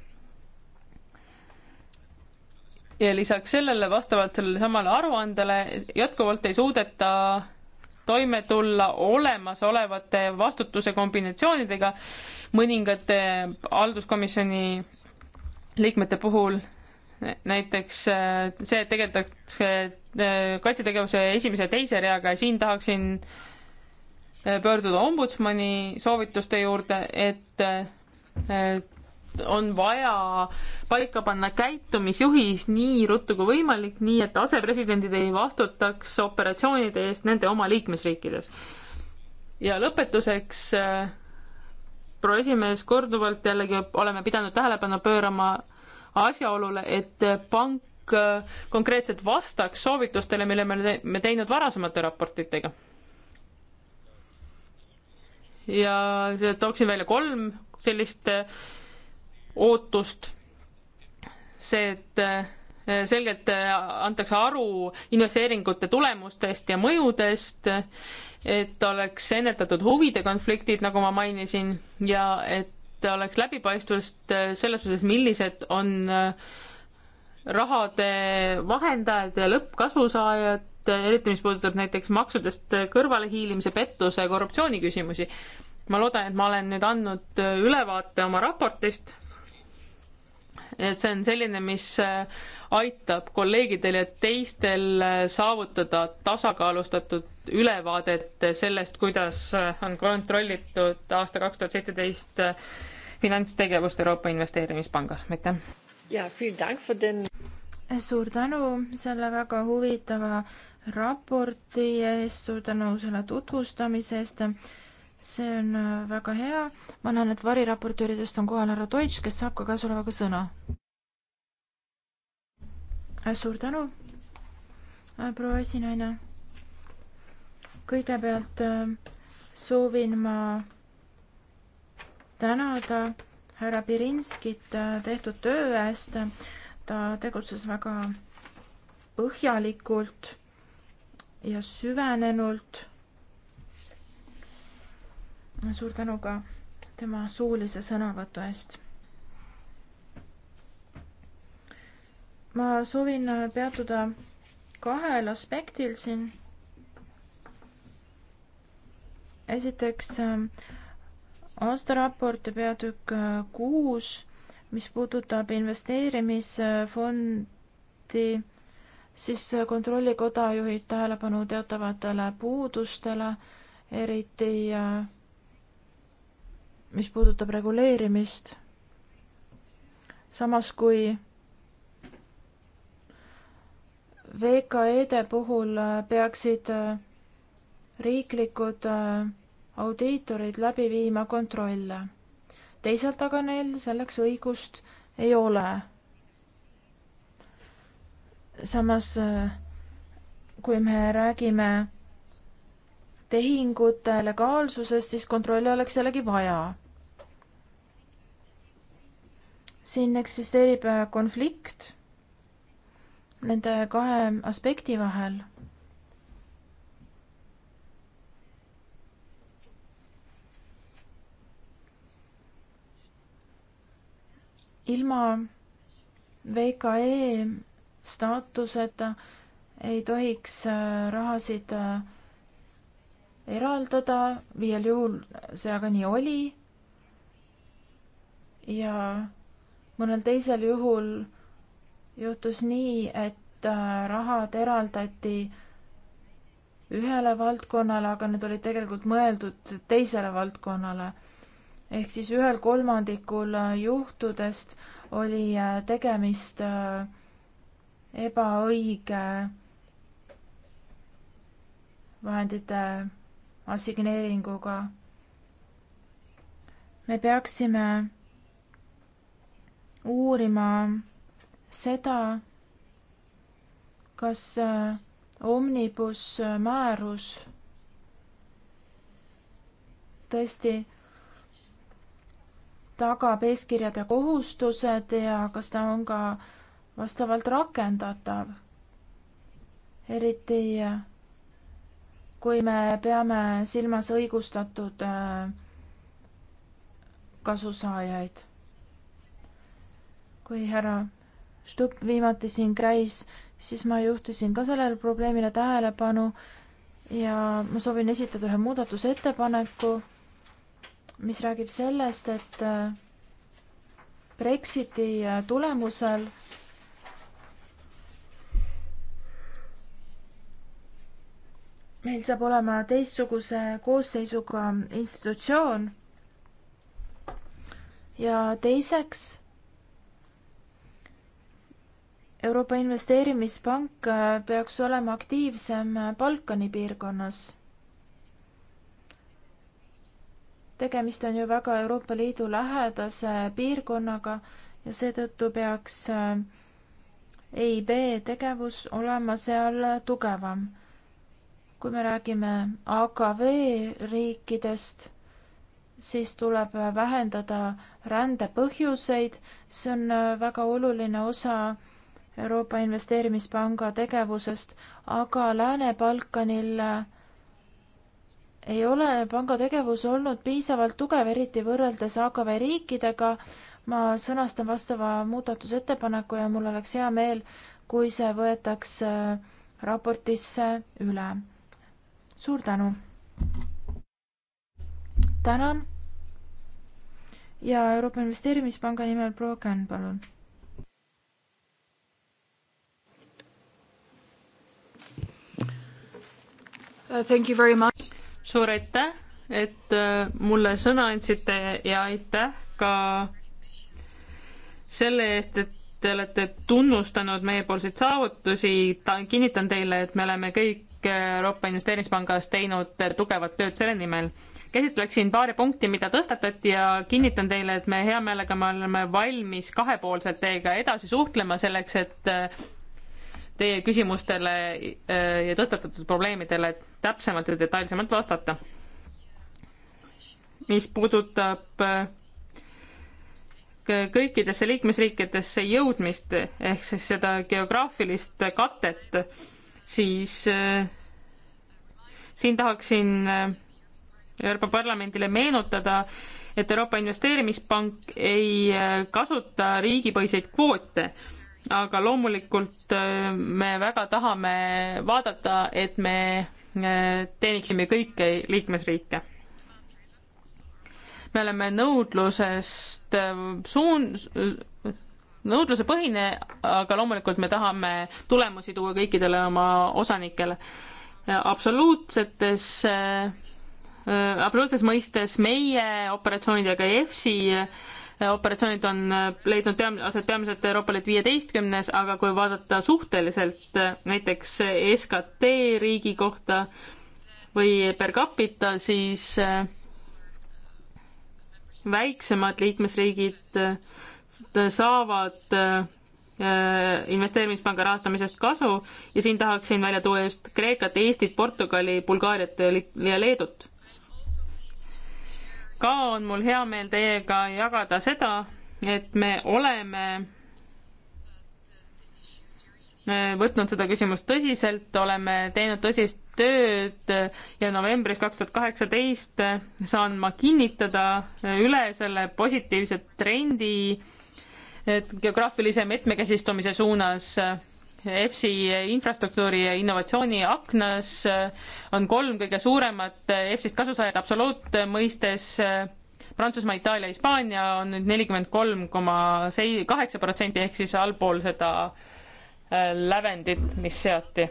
ja lisaks sellele, vastavalt sellele samale aruandele, jätkuvalt ei suudeta toime tulla olemasolevate vastutuse kombinatsioonidega mõningate halduskomisjoni liikmete puhul näiteks äh, see, et tegeldakse äh, kaitsetegevuse esimese ja teise reaga ja siin tahaksin äh, pöörduda ombudsmani soovituste juurde, et on vaja paika panna käitumisjuhis nii ruttu kui võimalik, nii et asepresidendid ei vastutaks operatsioonide eest nende oma liikmesriikides. ja lõpetuseks proesimees korduvalt jällegi oleme pidanud tähelepanu pöörama asjaolule, et pank konkreetselt vastaks soovitustele, mille me oleme teinud varasemate raportitega. ja tooksin välja kolm sellist ootust, see, et eh, selgelt eh, antakse aru investeeringute tulemustest ja mõjudest, et oleks ennetatud huvide konfliktid, nagu ma mainisin, ja et oleks läbipaistvust eh, selles osas, millised on rahade vahendajad ja lõppkasusaajad, eriti mis puudutab näiteks maksudest kõrvalehiilimise, pettuse ja korruptsiooni küsimusi. ma loodan, et ma olen nüüd andnud ülevaate oma raportist et see on selline, mis äh, aitab kolleegidel ja teistel äh, saavutada tasakaalustatud ülevaadet sellest, kuidas äh, on kontrollitud aasta kaks tuhat seitseteist finantstegevust Euroopa Investeerimispangas, aitäh! suur tänu selle väga huvitava raporti eest, suur tänu selle tutvustamise eest see on äh, väga hea. ma näen, et variraportööridest on kohal härra Deutsch, kes saab ka käesolevaga sõna. Äh, suur tänu, äh, proua esinaine. kõigepealt soovin ma tänada härra Pirinskit tehtud töö eest. ta tegutses väga põhjalikult ja süvenenult suur tänu ka tema suulise sõnavõtu eest. ma soovin peatuda kahel aspektil siin. esiteks aastaraport ja peatükk kuus, mis puudutab investeerimisfondi, siis kontrollikoda juhib tähelepanu teatavatele puudustele, eriti äh, mis puudutab reguleerimist, samas kui VKE-de e puhul äh, peaksid äh, riiklikud äh, audiitorid läbi viima kontrolle. teisalt aga neil selleks õigust ei ole. samas kui me räägime tehingute legaalsusest, siis kontrolli oleks jällegi vaja siin eksisteerib äh, konflikt nende kahe aspekti vahel. ilma VKE staatuseta ei tohiks äh, rahasid äh, eraldada, viiel juhul see aga nii oli ja mõnel teisel juhul juhtus nii, et äh, rahad eraldati ühele valdkonnale, aga need olid tegelikult mõeldud teisele valdkonnale. ehk siis ühel kolmandikul äh, juhtudest oli äh, tegemist ebaõige vahendite assigneeringuga. me peaksime uurima seda, kas äh, Omnibus äh, määrus tõesti tagab eeskirjade kohustused ja kas ta on ka vastavalt rakendatav. eriti äh, kui me peame silmas õigustatud kasusaajaid kui härra Stubb viimati siin käis, siis ma juhtisin ka sellele probleemile tähelepanu ja ma soovin esitada ühe muudatusettepaneku, mis räägib sellest, et äh, Brexiti äh, tulemusel meil saab olema teistsuguse koosseisuga institutsioon ja teiseks Euroopa Investeerimispank äh, peaks olema aktiivsem äh, Balkani piirkonnas. tegemist on ju väga Euroopa Liidu lähedase piirkonnaga ja seetõttu peaks äh, EIB tegevus olema seal tugevam. kui me räägime AKV riikidest, siis tuleb vähendada rände põhjuseid, see on väga oluline osa Euroopa Investeerimispanga tegevusest, aga Lääne-Balkanil ei ole panga tegevus olnud piisavalt tugev, eriti võrreldes AKV riikidega. ma sõnastan vastava muudatusettepaneku ja mul oleks hea meel, kui see võetaks äh, raportisse üle. suur tänu! tänan! ja Euroopa Investeerimispanga nimel proua Känn, palun Uh, suur aitäh, et uh, mulle sõna andsite ja aitäh ka selle eest, et te olete tunnustanud meiepoolseid saavutusi. kinnitan teile, et me oleme kõik Euroopa Investeerimispangas teinud tugevat tööd selle nimel. käsitleksin paari punkti, mida tõstatati ja kinnitan teile, et me hea meelega, me oleme valmis kahepoolselt teiega edasi suhtlema selleks, et teie küsimustele äh, ja tõstatatud probleemidele täpsemalt ja detailsemalt vastata. mis puudutab äh, kõikidesse liikmesriikidesse jõudmist ehk siis seda geograafilist katet, siis äh, siin tahaksin Euroopa Parlamendile meenutada, et Euroopa Investeerimispank ei kasuta riigipõhiseid kvoote aga loomulikult äh, me väga tahame vaadata, et me äh, teeniksime kõiki liikmesriike. me oleme nõudlusest äh, suun-, nõudluse põhine, aga loomulikult me tahame tulemusi tuua kõikidele oma osanikele. absoluutsetes absoluutses mõistes meie operatsioonidega EFSI operatsioonid on äh, leidnud peam-, aset peamiselt Euroopa Liit viieteistkümnes, aga kui vaadata suhteliselt äh, näiteks SKT riigi kohta või per capita, siis äh, väiksemad liikmesriigid saavad investeerimispanga rahastamisest kasu ja siin tahaksin välja tuua just Kreekat, Eestit, Portugali, Bulgaariat ja Leedut ka on mul hea meel teiega jagada seda, et me oleme äh, võtnud seda küsimust tõsiselt, oleme teinud tõsist tööd ja novembris kaks tuhat kaheksateist saan ma kinnitada äh, üle selle positiivse trendi geograafilise mitmekesistumise suunas äh, EFSI infrastruktuuri ja innovatsiooni aknas äh, on kolm kõige suuremat äh, EFSI-st kasusaajat absoluutmõistes. Äh, Prantsusmaa, Itaalia, Hispaania on nüüd nelikümmend kolm koma sei-, kaheksa protsenti ehk siis allpool seda lävendit, mis seati.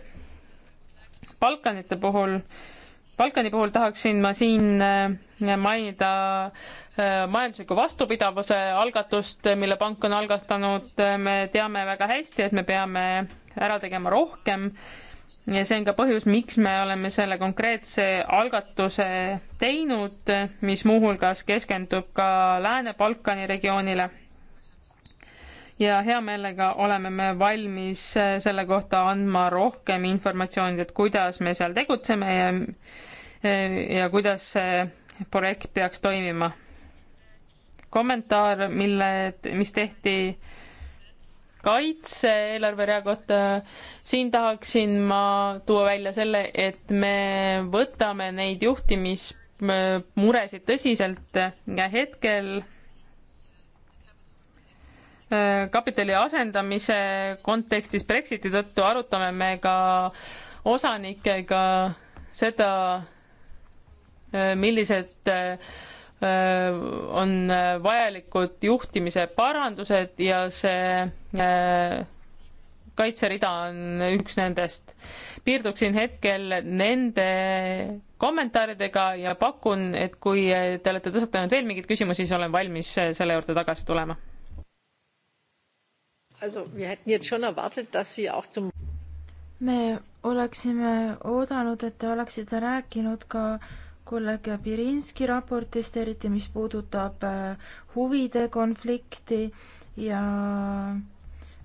Balkanite puhul Balkani puhul tahaksin ma siin äh, mainida äh, majandusliku vastupidavuse algatust, mille pank on algatanud. me teame väga hästi, et me peame ära tegema rohkem ja see on ka põhjus, miks me oleme selle konkreetse algatuse teinud, mis muuhulgas keskendub ka Lääne-Balkani regioonile. ja hea meelega oleme me valmis äh, selle kohta andma rohkem informatsiooni, et kuidas me seal tegutseme ja Eh, ja kuidas see projekt peaks toimima. kommentaar, mille, mis tehti kaitse-eelarve rea kohta, siin tahaksin ma tuua välja selle, et me võtame neid juhtimismuresid tõsiselt ja hetkel eh, kapitali asendamise kontekstis Brexiti tõttu arutame me ka osanikega seda, millised äh, äh, on vajalikud juhtimise parandused ja see äh, kaitserida on üks nendest. piirduksin hetkel nende kommentaaridega ja pakun, et kui te olete tõstatanud veel mingeid küsimusi, siis olen valmis selle juurde tagasi tulema. me oleksime oodanud, et te oleksite rääkinud ka kolleeg Pirinski raportist, eriti mis puudutab äh, huvide konflikti ja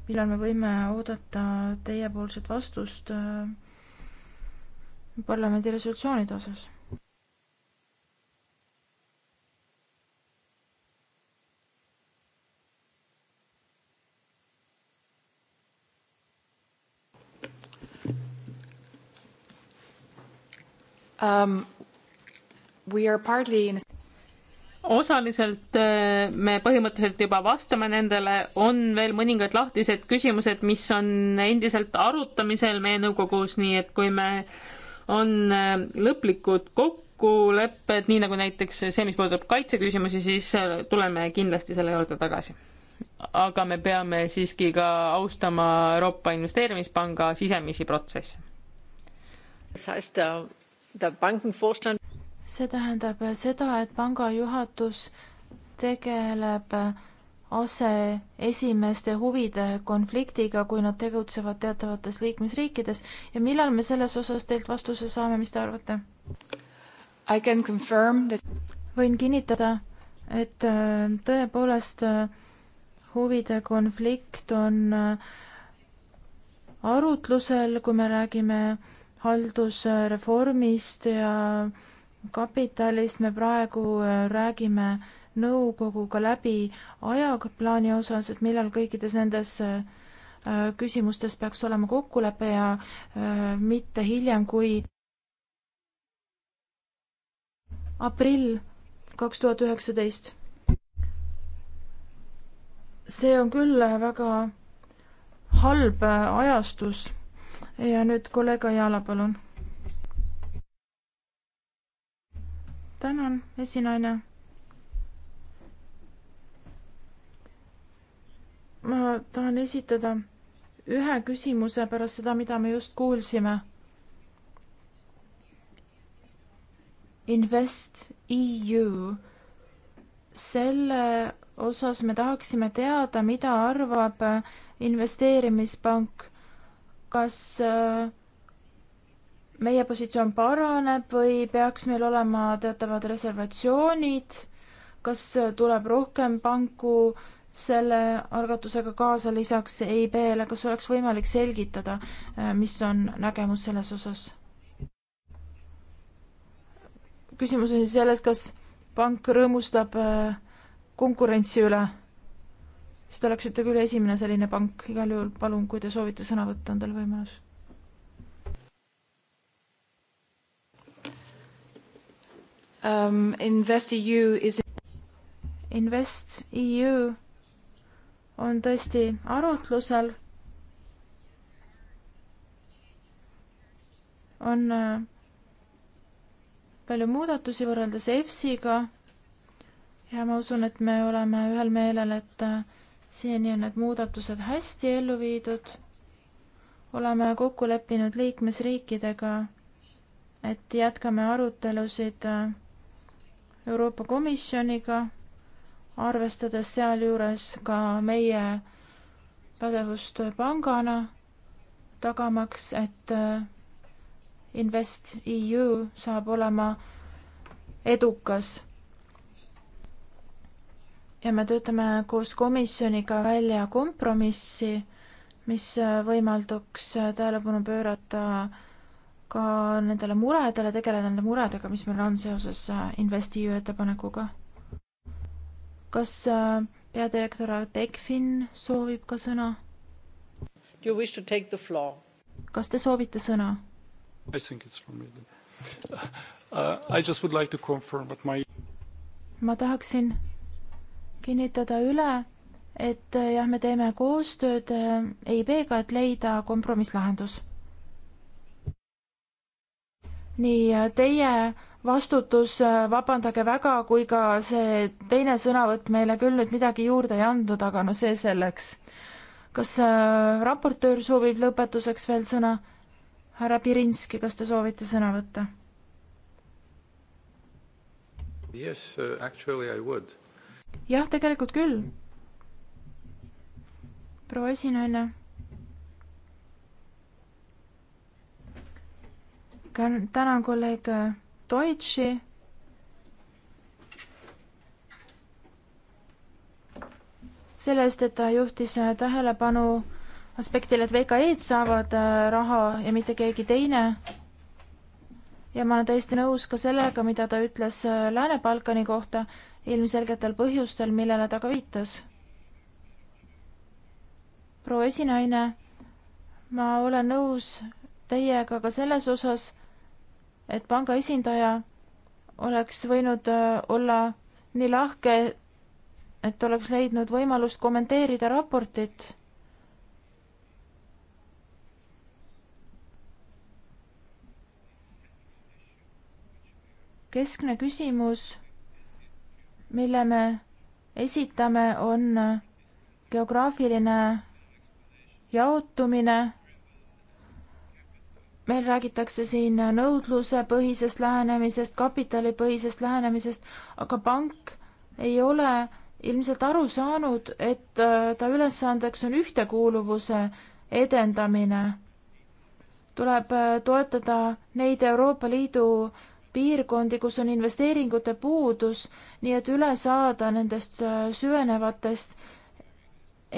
millal me võime oodata teiepoolset vastust äh, parlamendi resolutsioonide osas? Um, In... osaliselt eh, me põhimõtteliselt juba vastame nendele, on veel mõningad lahtised küsimused, mis on endiselt arutamisel meie nõukogus, nii et kui me on eh, lõplikud kokkulepped, nii nagu näiteks see, mis puudutab kaitseküsimusi, siis eh, tuleme kindlasti selle juurde tagasi. aga me peame siiski ka austama Euroopa Investeerimispanga sisemisi protsesse see tähendab seda, et panga juhatus tegeleb aseesimeeste huvide konfliktiga, kui nad tegutsevad teatavates liikmesriikides ja millal me selles osas teilt vastuse saame, mis te arvate? That... võin kinnitada, et äh, tõepoolest äh, huvide konflikt on äh, arutlusel, kui me räägime haldusreformist ja äh, kapitalist me praegu äh, räägime nõukoguga läbi ajaplaani osas, et millal kõikides nendes äh, äh, küsimustes peaks olema kokkulepe ja mitte hiljem kui aprill kaks tuhat üheksateist. see on küll väga halb ajastus ja nüüd kolleeg Ajala, palun tänan, esinaine. ma tahan esitada ühe küsimuse pärast seda, mida me just kuulsime. Invest EU, selle osas me tahaksime teada, mida arvab investeerimispank, kas äh, meie positsioon paraneb või peaks meil olema teatavad reservatsioonid, kas tuleb rohkem panku selle algatusega kaasa lisaks EIB-le, kas oleks võimalik selgitada, äh, mis on nägemus selles osas? küsimus on siis selles, kas pank rõõmustab äh, konkurentsi üle? siis te oleksite küll esimene selline pank, igal juhul palun, kui te soovite sõna võtta, on teil võimalus um, InvestEU is InvestEU on tõesti arutlusel. on äh, palju muudatusi võrreldes EFSiga ja ma usun, et me oleme ühel meelel, et äh, siiani on need muudatused hästi ellu viidud. oleme kokku leppinud liikmesriikidega, et jätkame arutelusid äh, Euroopa Komisjoniga, arvestades sealjuures ka meie pädevust pangana, tagamaks, et äh, InvestEU saab olema edukas. ja me töötame koos komisjoniga välja kompromissi, mis äh, võimalduks äh, tähelepanu pöörata ka nendele muredele, tegeleda nende muredega, mis meil on seoses äh, Investiu ettepanekuga. kas äh, peadirektoraat ECFIN soovib ka sõna? Do you wish to take the floor? kas te soovite sõna? I think it's from me uh,. I just would like to confirm what my ma tahaksin kinnitada üle, et äh, jah, me teeme koostööd EIB-ga, et leida kompromisslahendus nii teie vastutus, äh, vabandage väga, kui ka see teine sõnavõtt meile küll nüüd midagi juurde ei andnud, aga no see selleks. kas äh, raportöör soovib lõpetuseks veel sõna? härra Pirinski, kas te soovite sõna võtta? Yes, actually I would. jah, tegelikult küll. proua esinaine tänan kolleeg Deutschi. selle eest, et ta juhtis tähelepanu aspektile, et VKE-d saavad äh, raha ja mitte keegi teine. ja ma olen täiesti nõus ka sellega, mida ta ütles äh, Lääne-Balkani kohta ilmselgetel põhjustel, millele ta ka viitas. proua esinaine, ma olen nõus teiega ka selles osas et panga esindaja oleks võinud äh, olla nii lahke, et oleks leidnud võimalust kommenteerida raportit. keskne küsimus, mille me esitame, on geograafiline jaotumine meil räägitakse siin nõudlusepõhisest lähenemisest, kapitalipõhisest lähenemisest, aga pank ei ole ilmselt aru saanud, et äh, ta ülesandeks on ühtekuuluvuse edendamine. tuleb äh, toetada neid Euroopa Liidu piirkondi, kus on investeeringute puudus, nii et üle saada nendest äh, süvenevatest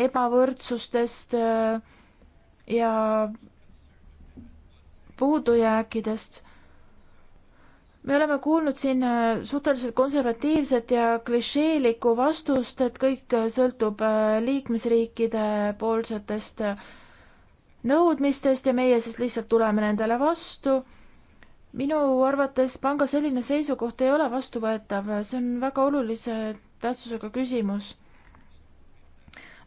ebavõrdsustest ja puudujääkidest. me oleme kuulnud siin äh, suhteliselt konservatiivset ja klišeelikku vastust, et kõik sõltub äh, liikmesriikide poolsetest äh, nõudmistest ja meie siis lihtsalt tuleme nendele vastu. minu arvates panga selline seisukoht ei ole vastuvõetav, see on väga olulise tähtsusega küsimus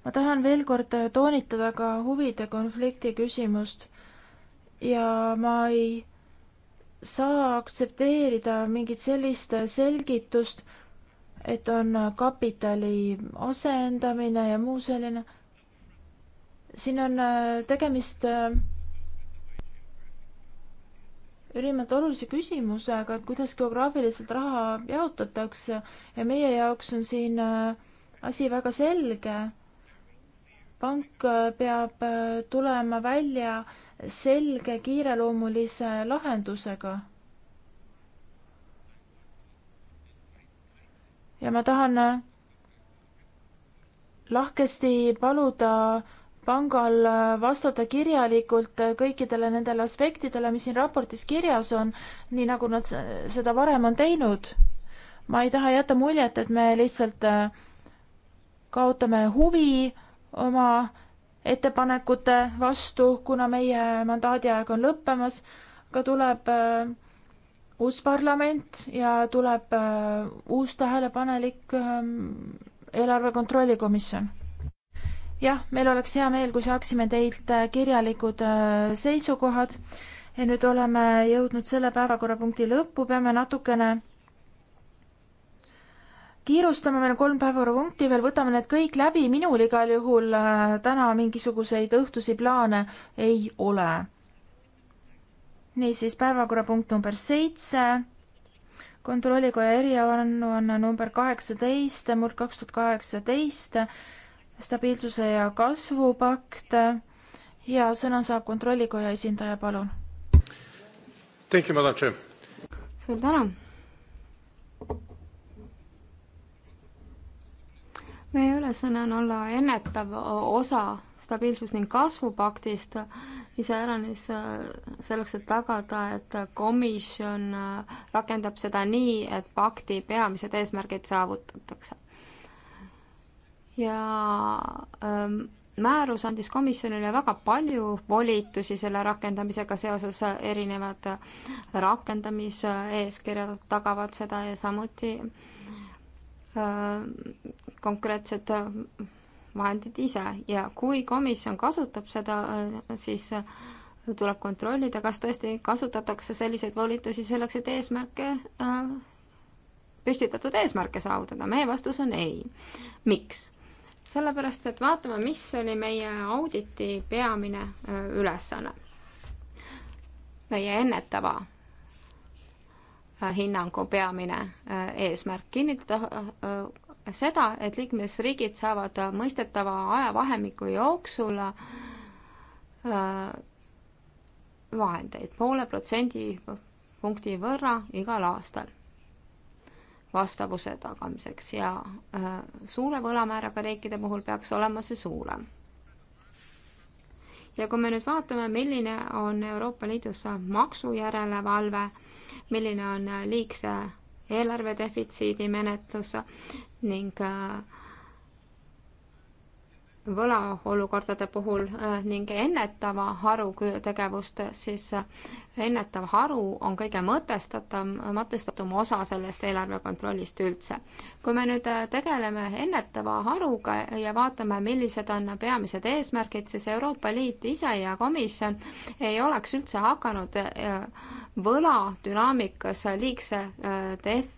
ma tahan veel kord toonitada ka huvide konflikti küsimust ja ma ei saa aktsepteerida mingit sellist selgitust, et on kapitali asendamine ja muu selline. siin on äh, tegemist äh, ülimalt olulise küsimusega, et kuidas geograafiliselt raha jaotatakse ja meie jaoks on siin äh, asi väga selge. pank peab tulema välja selge kiireloomulise lahendusega. ja ma tahan lahkesti paluda pangal vastata kirjalikult kõikidele nendele aspektidele, mis siin raportis kirjas on, nii nagu nad seda varem on teinud. ma ei taha jätta muljet, et me lihtsalt äh, kaotame huvi oma ettepanekute vastu, kuna meie mandaadi aeg on lõppemas, aga tuleb äh, uus parlament ja tuleb äh, uus tähelepanelik äh, eelarve kontrolli komisjon. jah, meil oleks hea meel, kui saaksime teilt äh, kirjalikud äh, seisukohad ja nüüd oleme jõudnud selle päevakorrapunkti lõppu, peame natukene kiirustame, meil on kolm päevakorrapunkti veel, võtame need kõik läbi, minul igal juhul äh, täna mingisuguseid õhtusi plaane ei ole. niisiis, päevakorrapunkt number seitse, kontrollikoja eriannuanne number kaheksateist, murd kaks tuhat kaheksateist, stabiilsuse ja kasvupakt ja sõna saab kontrollikoja esindaja, palun. Thank you, madam chair. suur tänu meie ülesanne on olla ennetav osa stabiilsus- ning kasvupaktist, iseäranis äh, selleks, et tagada, et komisjon äh, rakendab seda nii, et pakti peamised eesmärgid saavutatakse. ja ähm, määrus andis komisjonile väga palju volitusi selle rakendamisega seoses, erinevad rakendamiseeskirjad äh, tagavad seda ja samuti konkreetsed äh, vahendid ise ja kui komisjon kasutab seda, äh, siis äh, tuleb kontrollida, kas tõesti kasutatakse selliseid volitusi selleks, et eesmärke, püstitatud eesmärke saavutada. meie vastus on ei. miks? sellepärast, et vaatame, mis oli meie auditi peamine ülesanne. meie ennetava hinnangu peamine eesmärk kinnitada seda, et liikmesriigid saavad mõistetava ajavahemiku jooksul äh, vahendeid poole protsendipunkti võrra igal aastal vastavuse tagamiseks ja äh, suure võlamääraga riikide puhul peaks olema see suurem. ja kui me nüüd vaatame, milline on Euroopa Liidus maksujärelevalve, milline on liigse eelarve defitsiidi menetlus ning äh, võlaolukordade puhul äh, ning ennetava haru tegevust, siis äh, ennetav haru on kõige mõtestatum, mõtestatum osa sellest eelarvekontrollist üldse. kui me nüüd äh, tegeleme ennetava haruga ja vaatame, millised on peamised eesmärgid, siis Euroopa Liit ise ja komisjon ei oleks üldse hakanud võla dünaamikas liigse def-,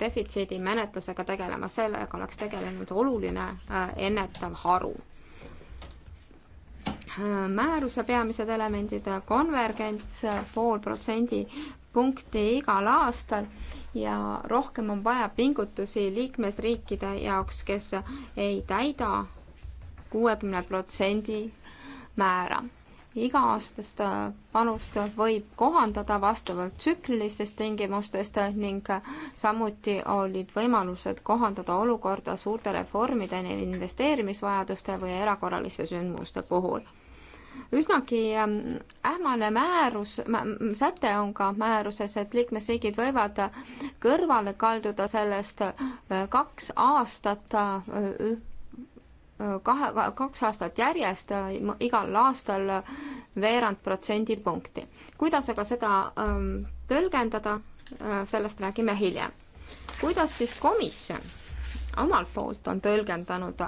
defitsiidi menetlusega tegelema, sellega oleks tegelenud oluline äh, ennetav haru. Äh, määruse peamised elemendid, äh, konvergents pool protsendi punkti igal aastal ja rohkem on vaja pingutusi liikmesriikide jaoks, kes ei täida kuuekümne protsendi määra iga-aastast äh, panust võib kohandada vastavalt tsüklilistest tingimustest ning äh, samuti olid võimalused kohandada olukorda suurte reformide, investeerimisvajaduste või erakorraliste sündmuste puhul. üsnagi ähm, ähmane määrus mä,, säte on ka määruses, et liikmesriigid võivad kõrvale kalduda sellest äh, kaks aastat kahe, kaks aastat järjest äh, igal aastal veerand protsendipunkti. kuidas aga seda ähm, tõlgendada, äh, sellest räägime hiljem. kuidas siis komisjon omalt poolt on tõlgendanud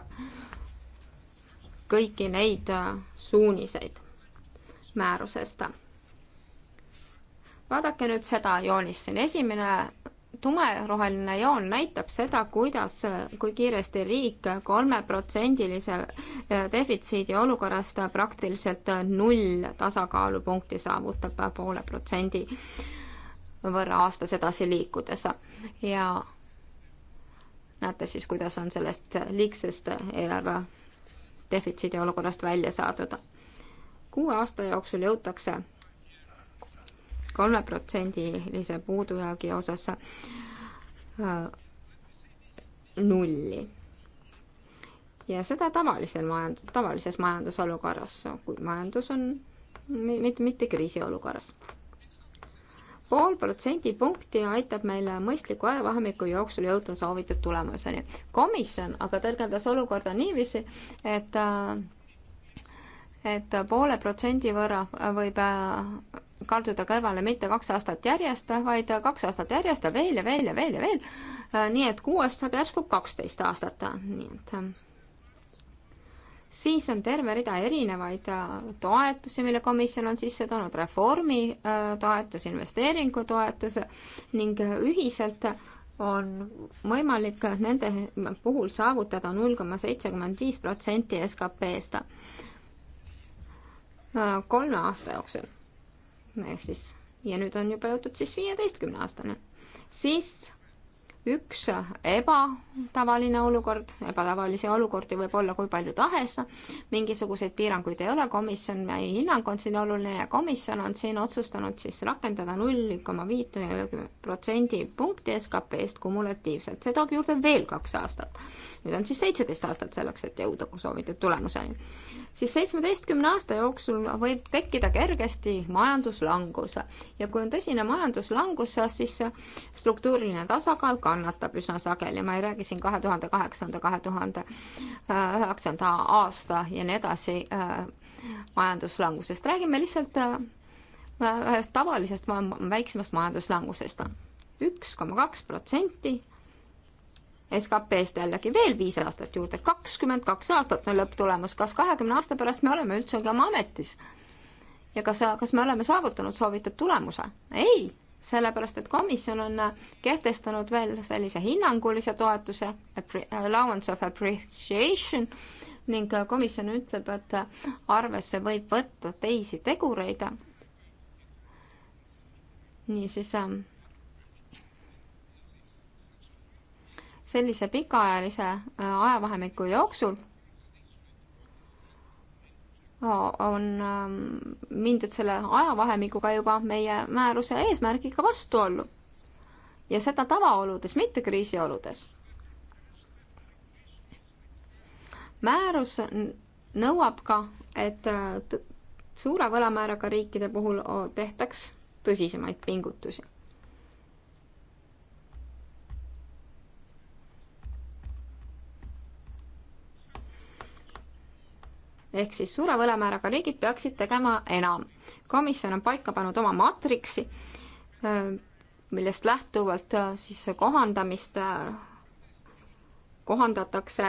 kõiki neid äh, suuniseid määrusest? vaadake nüüd seda joonist siin, esimene tumeroheline joon näitab seda, kuidas, kui kiiresti riik kolmeprotsendilise eh, defitsiidi olukorrast praktiliselt null tasakaalupunkti saavutab poole protsendi võrra aastas edasi liikudes ja näete siis, kuidas on sellest liigsest eelarve defitsiidi olukorrast välja saadud. kuue aasta jooksul jõutakse kolmeprotsendilise puudujäägi osas äh, nulli. ja seda tavalisel majand-, tavalises majandusolukorras, kui majandus on mitte, mitte kriisiolukorras. pool protsendipunkti aitab meile mõistliku ajavahemiku jooksul jõuda soovitud tulemuseni. komisjon aga tõlgendas olukorda niiviisi, et äh, et poole protsendi võrra võib äh, kalduda kõrvale mitte kaks aastat järjest, vaid kaks aastat järjest ja veel ja veel ja veel ja veel. nii et kuuest saab järsku kaksteist aastat, nii et. siis on terve rida erinevaid äh, toetusi, mille komisjon on sisse toonud, reformi äh, toetus, investeeringutoetus ning ühiselt on võimalik nende puhul saavutada null koma seitsekümmend viis protsenti SKP-st äh, kolme aasta jooksul ehk siis ja nüüd on juba jõutud siis viieteistkümne aastane, siis üks ebatavaline olukord, ebatavalisi olukordi võib olla kui palju tahes, mingisuguseid piiranguid ei ole, komisjon, meie hinnang on siin oluline ja komisjon on siin otsustanud siis rakendada null koma viit protsendi punkti SKP-st kumulatiivselt, see toob juurde veel kaks aastat. nüüd on siis seitseteist aastat selleks, et jõuda soovitud tulemuseni siis seitsmeteistkümne aasta jooksul võib tekkida kergesti majanduslangus. ja kui on tõsine majanduslangus, siis struktuuriline tasakaal kannatab üsna sageli, ma ei räägi siin kahe tuhande äh, kaheksanda, kahe tuhande üheksanda aasta ja nii edasi äh, majanduslangusest, räägime lihtsalt äh, ühest tavalisest väiksemast majanduslangusest. üks koma kaks protsenti SKP-st jällegi veel viis aastat juurde, kakskümmend kaks aastat on lõpptulemus, kas kahekümne aasta pärast me oleme üldse oma ametis? ja kas, kas me oleme saavutanud soovitud tulemuse? ei, sellepärast et komisjon on kehtestanud veel sellise hinnangulise toetuse, allowance of appreciation, ning komisjon ütleb, et arvesse võib võtta teisi tegureid. niisiis ähm, sellise pikaajalise äh, ajavahemiku jooksul on ähm, mindud selle ajavahemikuga juba meie määruse eesmärgiga vastuollu. ja seda tavaoludes, mitte kriisioludes. määrus nõuab ka, et äh, suure võlamääraga riikide puhul tehtaks tõsisemaid pingutusi ehk siis suure võlamääraga riigid peaksid tegema enam. komisjon on paika pannud oma maatriksi, millest lähtuvalt siis kohandamist kohandatakse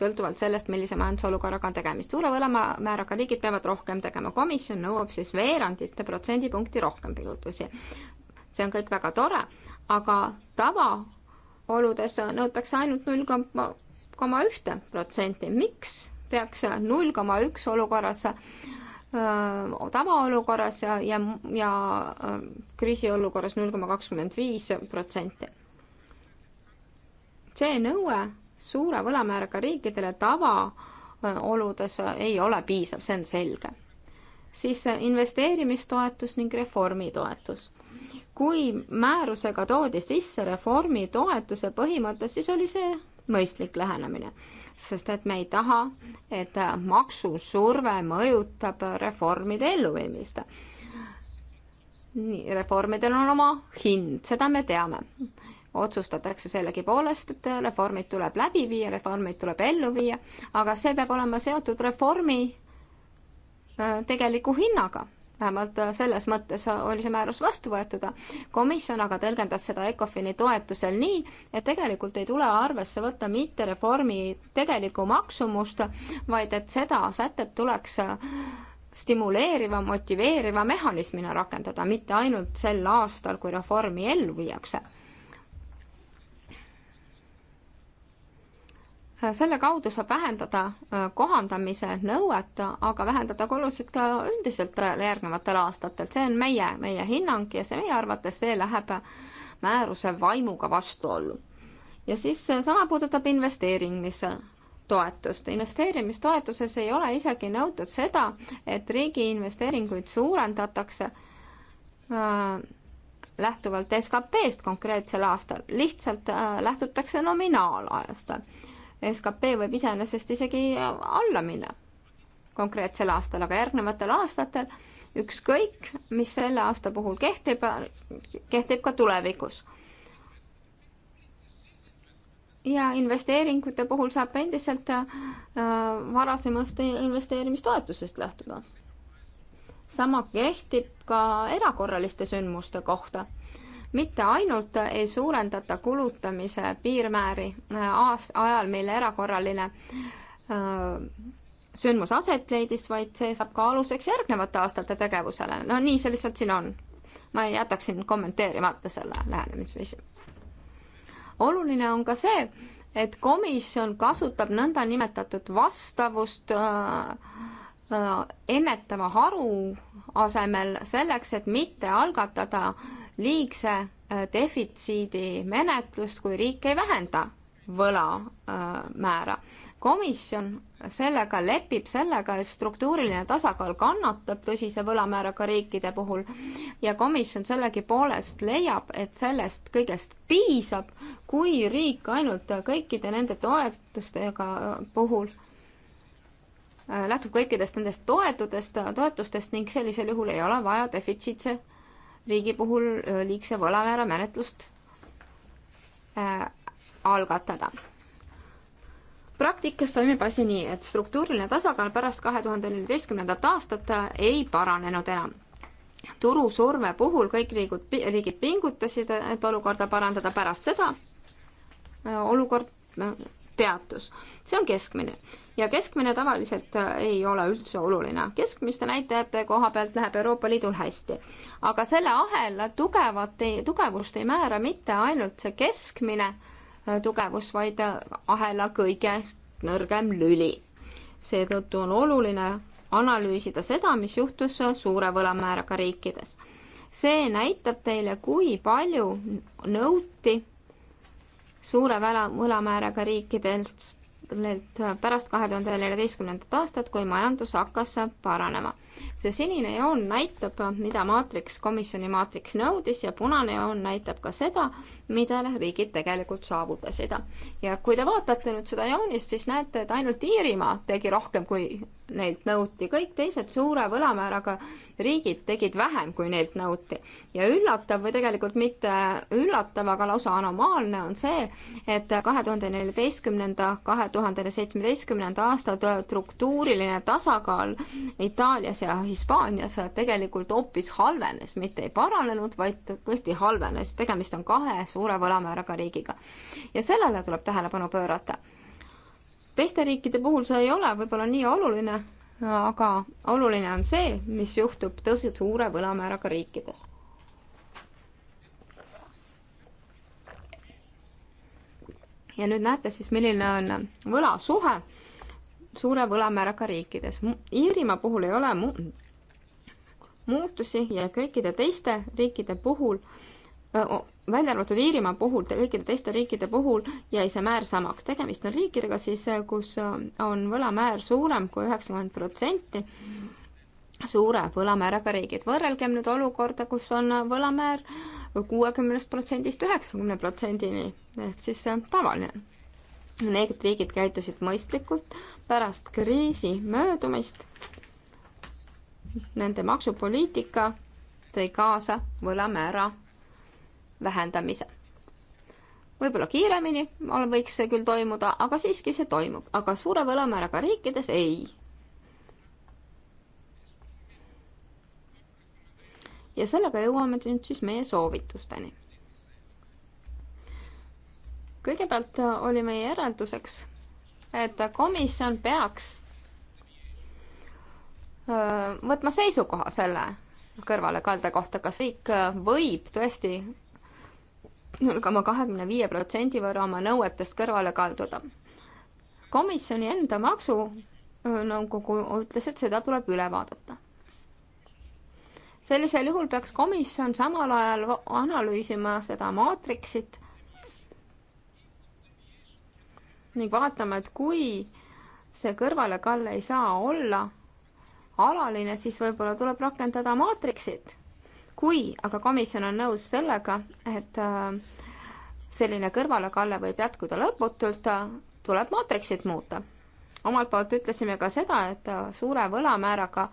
sõltuvalt sellest, millise majandusolukorraga on tegemist. suure võlamääraga riigid peavad rohkem tegema, komisjon nõuab siis veerandite protsendipunkti rohkem pingutusi. see on kõik väga tore, aga tavaoludes nõutakse ainult null koma ühte protsenti, miks peaks null koma üks olukorras tavaolukorras ja, ja, ja kriisiolukorras null koma kakskümmend viis protsenti. see nõue suure võlamääraga riikidele tavaoludes ei ole piisav, see on selge. siis investeerimistoetus ning reformitoetus. kui määrusega toodi sisse reformitoetuse põhimõte, siis oli see mõistlik lähenemine, sest et me ei taha, et maksusurve mõjutab reformide elluviimist. nii, reformidel on oma hind, seda me teame. otsustatakse sellegipoolest, et reformid tuleb läbi viia, reformid tuleb ellu viia, aga see peab olema seotud reformi äh, tegeliku hinnaga vähemalt äh, selles mõttes äh, oli see määrus vastu võetud. komisjon aga tõlgendas seda ECOFIN-i toetusel nii, et tegelikult ei tule arvesse võtta mitte reformi tegelikku maksumust, vaid et seda sätet tuleks äh, stimuleeriva, motiveeriva mehhanismina rakendada, mitte ainult sel aastal, kui reformi ellu viiakse Äh, selle kaudu saab vähendada äh, kohandamise nõuet, aga vähendada kulusid ka üldiselt äh, järgnevatel aastatel, see on meie, meie hinnang ja see meie arvates, see läheb määruse vaimuga vastuollu. ja siis sama puudutab investeerimise toetust. investeerimistoetuses ei ole isegi nõutud seda, et riigi investeeringuid suurendatakse äh, lähtuvalt SKP-st konkreetsel aastal, lihtsalt äh, lähtutakse nominaalajast skp võib iseenesest isegi alla minna konkreetsel aastal, aga järgnevatel aastatel ükskõik, mis selle aasta puhul kehtib, kehtib ka tulevikus. ja investeeringute puhul saab endiselt äh, varasemast investeerimistoetusest lähtuda. sama kehtib ka erakorraliste sündmuste kohta mitte ainult ei suurendata kulutamise piirmääri äh, aast-, ajal, mil erakorraline öö, äh, sündmus aset leidis, vaid see saab ka aluseks järgnevate aastate tegevusele. no nii see lihtsalt siin on. ma jätaksin kommenteerimata selle lähenemisviisi. oluline on ka see, et komisjon kasutab nõndanimetatud vastavust öö, äh, öö, ennetava haru asemel selleks, et mitte algatada öö, liigse äh, defitsiidi menetlust, kui riik ei vähenda võlamäära. Äh, komisjon sellega lepib, sellega, et struktuuriline tasakaal kannatab tõsise võlamääraga riikide puhul ja komisjon sellegipoolest leiab, et sellest kõigest piisab, kui riik ainult kõikide nende toetustega äh, puhul lähtub kõikidest nendest toetudest, toetustest ning sellisel juhul ei ole vaja defitsiitse riigi puhul liigse võlamäära menetlust äh, algatada. praktikas toimib asi nii, et struktuuriline tasakaal pärast kahe tuhande neljateistkümnendat aastat ei paranenud enam turusurve puhul kõik riigud, riigid pingutasid, et olukorda parandada, pärast seda olukord peatus. see on keskmine ja keskmine tavaliselt äh, ei ole üldse oluline. keskmiste näitajate koha pealt läheb Euroopa Liidul hästi. aga selle ahela tugevat ei, tugevust ei määra mitte ainult see keskmine äh, tugevus, vaid äh, ahela kõige nõrgem lüli. seetõttu on oluline analüüsida seda, mis juhtus suure võlamääraga riikides. see näitab teile, kui palju nõuti suure võla, võlamääraga riikidelt neilt pärast kahe tuhande neljateistkümnendat aastat, kui majandus hakkas paranema. see sinine joon näitab, mida maatriks, komisjoni maatriks nõudis ja punane joon näitab ka seda, mida riigid tegelikult saavutasid. ja kui te vaatate nüüd seda joonist, siis näete, et ainult Iirimaa tegi rohkem kui neilt nõuti, kõik teised suure võlamääraga riigid tegid vähem, kui neilt nõuti. ja üllatav või tegelikult mitte üllatav, aga lausa anomaalne on see, et kahe tuhande neljateistkümnenda, kahe tuhande seitsmeteistkümnenda aasta struktuuriline tasakaal Itaalias ja Hispaanias tegelikult hoopis halvenes, mitte ei paranenud, vaid tõesti halvenes, tegemist on kahe suure võlamääraga riigiga. ja sellele tuleb tähelepanu pöörata teiste riikide puhul see ei ole võib-olla nii oluline, aga oluline on see, mis juhtub tõsi-, suure võlamääraga riikides. ja nüüd näete siis, milline on võlasuhe suure võlamääraga riikides. Iirimaa puhul ei ole mu muutusi ja kõikide teiste riikide puhul äh, välja arvatud Iirimaa puhul, kõikide teiste riikide puhul jäi see määr samaks. tegemist on riikidega siis, kus on võlamäär suurem kui üheksakümmend protsenti, suure võlamääraga riigid. võrrelgem nüüd olukorda, kus on võlamäär kuuekümnest protsendist üheksakümne protsendini, ehk siis tavaline. Need riigid käitusid mõistlikult pärast kriisi möödumist. Nende maksupoliitika tõi kaasa võlamäära vähendamise. võib-olla kiiremini võiks see küll toimuda, aga siiski see toimub, aga suure võlamääraga riikides ei. ja sellega jõuame nüüd siis meie soovitusteni. kõigepealt oli meie järelduseks, et komisjon peaks võtma seisukoha selle kõrvalekalde kohta, kas riik võib tõesti null koma kahekümne viie protsendi võrra oma nõuetest kõrvale kalduda. komisjoni enda maksunõukogu ütles, et seda tuleb üle vaadata. sellisel juhul peaks komisjon samal ajal analüüsima seda maatriksit ning vaatama, et kui see kõrvalekalle ei saa olla alaline, siis võib-olla tuleb rakendada maatriksit kui aga komisjon on nõus sellega, et äh, selline kõrvalekalle võib jätkuda lõputult, äh, tuleb maatriksit muuta. omalt poolt ütlesime ka seda, et äh, suure võlamääraga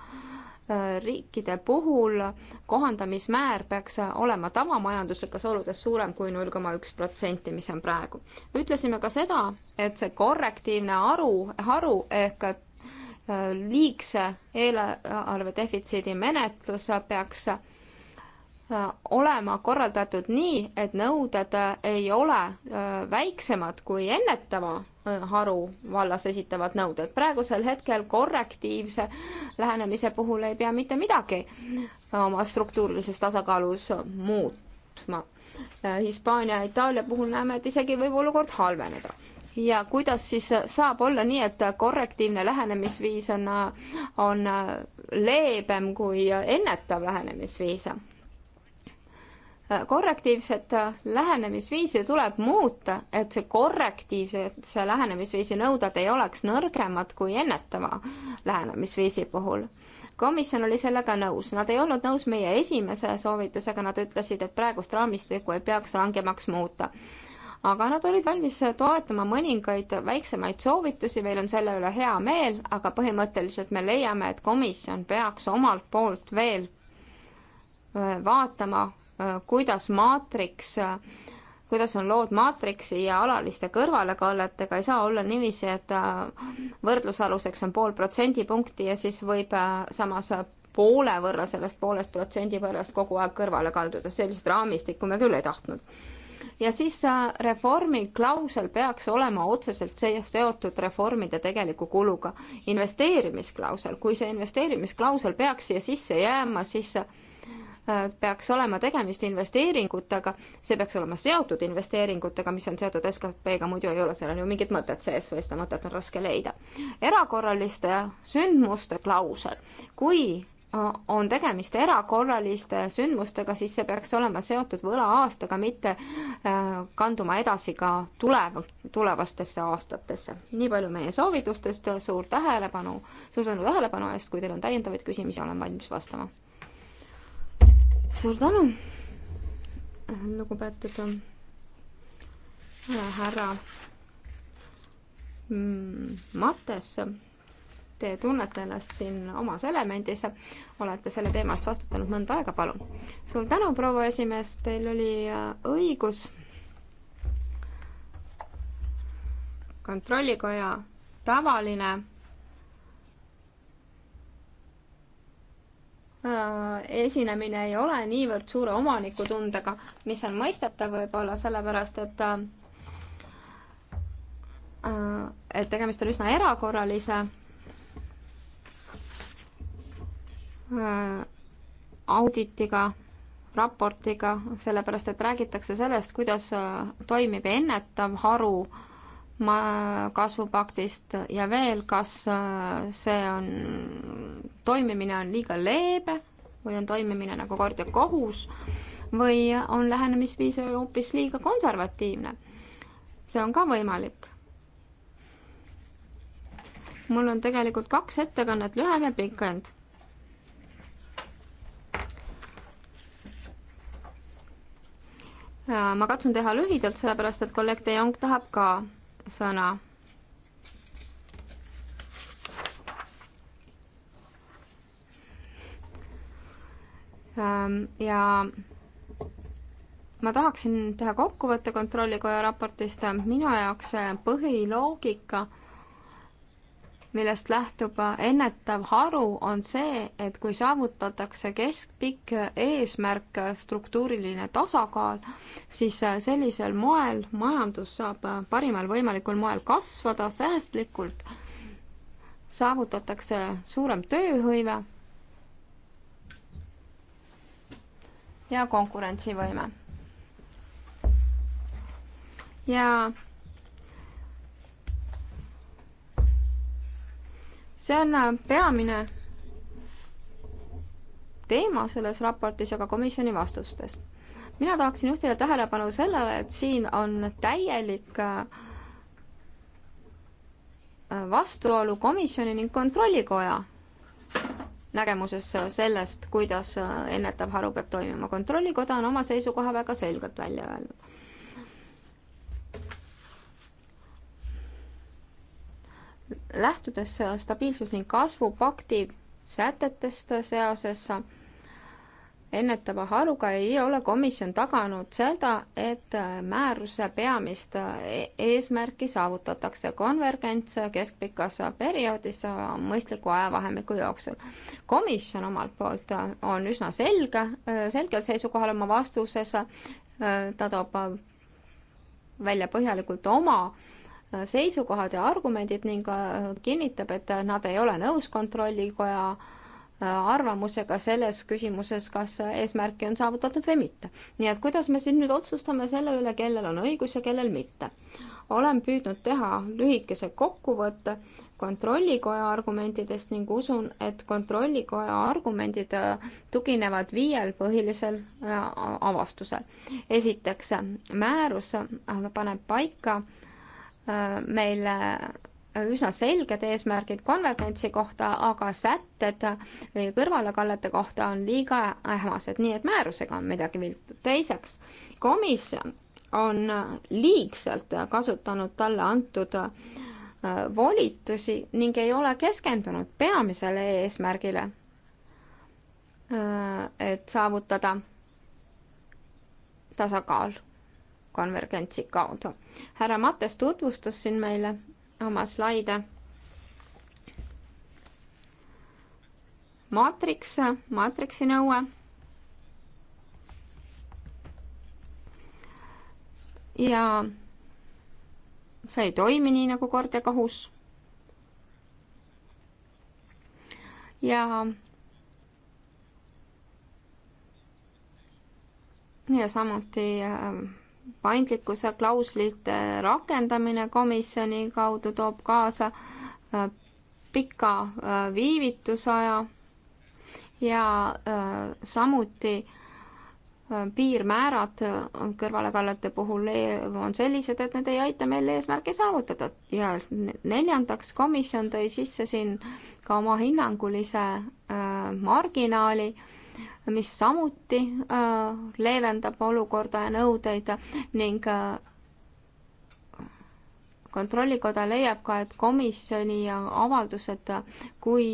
riikide puhul kohandamismäär peaks olema tavamajanduslikes oludes suurem kui null koma üks protsenti, mis on praegu. ütlesime ka seda, et see korrektiivne aru, haru ehk liigse eelarve defitsiidi menetlus peaks olema korraldatud nii, et nõuded äh, ei ole äh, väiksemad kui ennetava äh, haru vallas esitavad nõuded. praegusel hetkel korrektiivse lähenemise puhul ei pea mitte midagi oma struktuurilises tasakaalus muutma. Hispaania ja Itaalia puhul näeme, et isegi võib olukord halveneda ja kuidas siis saab olla nii, et korrektiivne lähenemisviis on, on leebem kui ennetav lähenemisviis? korrektiivset lähenemisviisi tuleb muuta, et see korrektiivse lähenemisviisi nõuded ei oleks nõrgemad kui ennetava lähenemisviisi puhul. komisjon oli sellega nõus, nad ei olnud nõus meie esimese soovitusega, nad ütlesid, et praegust raamistikku ei peaks rangemaks muuta aga nad olid valmis toetama mõningaid väiksemaid soovitusi, meil on selle üle hea meel, aga põhimõtteliselt me leiame, et komisjon peaks omalt poolt veel vaatama, Äh, kuidas maatriks, äh, kuidas on lood maatriksi ja alaliste kõrvalekalletega, ei saa olla niiviisi, et äh, võrdlusaluseks on pool protsendipunkti ja siis võib samas poole võrra sellest poolest protsendi võrrast kogu aeg kõrvale kalduda, sellist raamistikku me küll ei tahtnud ja siis reformi klausel peaks olema otseselt seotud reformide tegeliku kuluga. investeerimisklausel, kui see investeerimisklausel peaks siia sisse jääma, siis Äh, peaks olema tegemist investeeringutega, see peaks olema seotud investeeringutega, mis on seotud SKP-ga, muidu ei ole sellel ju mingit mõtet sees või seda mõtet on raske leida. erakorraliste sündmuste klausel, kui äh, on tegemist erakorraliste sündmustega, siis see peaks olema seotud võlaaastaga, mitte äh, kanduma edasi ka tulev, tulevastesse aastatesse. nii palju meie soovitustest, suur tähelepanu, suur tänu tähelepanu eest, kui teil on täiendavaid küsimusi, olen valmis vastama suur tänu, lugupeetud äh, härra Mattes. Te tunnete ennast siin omas elemendis, olete selle teema eest vastutanud mõnda aega, palun. suur tänu, proua esimees, teil oli äh, õigus. kontrollikoja tavaline Äh, esinemine ei ole niivõrd suure omanikutundega, mis on mõistetav võib-olla sellepärast, et äh, äh, et tegemist on üsna erakorralise auditiga, raportiga, sellepärast et räägitakse sellest, kuidas toimib ennetav haru kasvupaktist ja veel, kas äh, see on, toimimine on liiga leebe või on toimimine nagu kord ja kohus või on lähenemisviis hoopis liiga konservatiivne. see on ka võimalik. mul on tegelikult kaks ettekannet, lühem ja pikend äh, ma katsun teha lühidalt, sellepärast et kolleeg De Jong tahab ka sõna. Ehm, ja ma tahaksin teha kokkuvõtte Kontrollikoja raportist, minu jaoks põhiloogika millest lähtub ennetav haru, on see, et kui saavutatakse keskpikk eesmärk, struktuuriline tasakaal, siis sellisel moel majandus saab parimal võimalikul moel kasvada säästlikult, saavutatakse suurem tööhõive ja konkurentsivõime. ja see on äh, peamine teema selles raportis ja ka komisjoni vastustes. mina tahaksin juhtida tähelepanu sellele, et siin on täielik äh, vastuolu komisjoni ning kontrollikoja nägemuses sellest, kuidas äh, ennetav haru peab toimima. kontrollikoda on oma seisukoha väga selgelt välja öelnud. lähtudes stabiilsus- ning kasvupakti sätetest seoses ennetava haruga ei ole komisjon taganud seda, et määruse peamist e-, eesmärki saavutatakse konvergents keskpikas perioodis mõistliku ajavahemiku jooksul. komisjon omalt poolt on üsna selge, selgel seisukohal oma vastuses, ta toob välja põhjalikult oma Äh, seisukohad ja argumendid ning äh, kinnitab, et nad ei ole nõus Kontrollikoja äh, arvamusega selles küsimuses, kas eesmärki on saavutatud või mitte. nii et kuidas me siin nüüd otsustame selle üle, kellel on õigus ja kellel mitte? olen püüdnud teha lühikese kokkuvõtte Kontrollikoja argumentidest ning usun, et Kontrollikoja argumendid tuginevad viiel põhilisel avastusel. esiteks, määrus paneb paika äh, meil äh, üsna selged eesmärgid konvergentsi kohta, aga sätted kõrvalekallete kohta on liiga ähmased, nii et määrusega on midagi viltu. teiseks, komisjon on liigselt kasutanud talle antud äh, volitusi ning ei ole keskendunud peamisele eesmärgile, äh, et saavutada tasakaal konvergentsi kaudu. härra Mattes tutvustas siin meile oma slaide. maatriks, maatriksi nõue. ja see ei toimi nii nagu kord ja kohus. ja ja samuti äh, paindlikkuse klauslite äh, rakendamine komisjoni kaudu toob kaasa äh, pika äh, viivitusaja ja samuti piirmäärad kõrvalekallete puhul on sellised, et need ei aita meil eesmärke saavutada ja neljandaks, komisjon tõi sisse siin ka oma hinnangulise marginaali äh, mis samuti äh, leevendab olukorda ja nõudeid ning äh, kontrollikoda leiab ka, et komisjoni avaldused, kui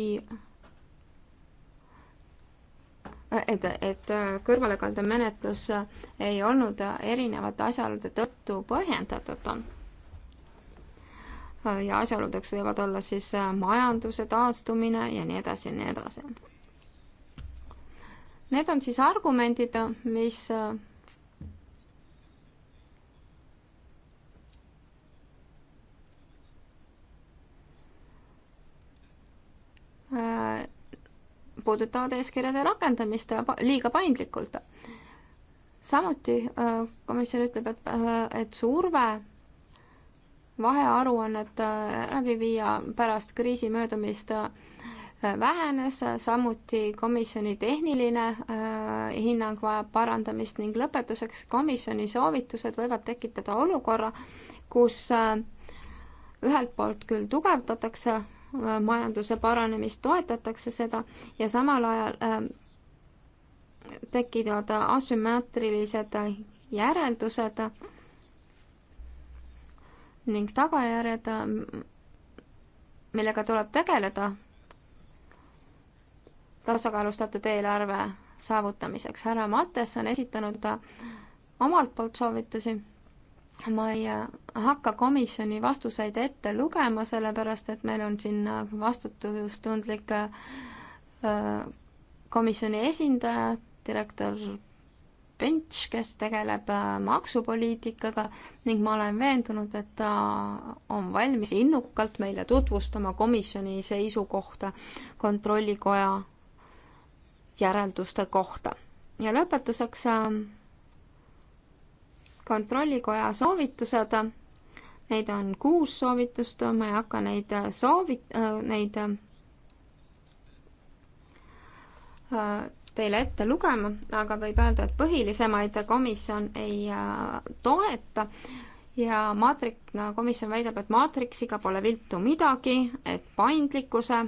et, et kõrvalekalde menetlus ei olnud erinevate asjaolude tõttu põhjendatud. ja asjaoludeks võivad olla siis majanduse taastumine ja nii edasi ja nii edasi Need on siis argumendid, mis äh, puudutavad eeskirjade rakendamist liiga paindlikult. samuti äh, komisjon ütleb, et, äh, et surve vahearuannet läbi viia pärast kriisi möödumist vähenes, samuti komisjoni tehniline äh, hinnang vajab parandamist ning lõpetuseks komisjoni soovitused võivad tekitada olukorra, kus äh, ühelt poolt küll tugevdatakse äh, majanduse paranemist, toetatakse seda ja samal ajal tekivad asümmeetrilised järeldused ning tagajärjed, millega tuleb tegeleda tasakaalustatud eelarve saavutamiseks. härra Mattes on esitanud omalt poolt soovitusi. ma ei äh, hakka komisjoni vastuseid ette lugema, sellepärast et meil on siin äh, vastutustundlik äh, komisjoni esindaja, direktor Bench, kes tegeleb maksupoliitikaga ning ma olen veendunud, et ta on valmis innukalt meile tutvustama komisjoni seisukohta kontrollikoja järelduste kohta. ja lõpetuseks ähm, kontrollikoja soovitused. Neid on kuus soovitust, ma ei hakka neid äh, soovi-, äh, neid äh, teile ette lugema, aga võib öelda, et põhilisemaid komisjon ei toeta ja maatrik-, komisjon väidab, et maatriksiga pole viltu midagi, et paindlikkuse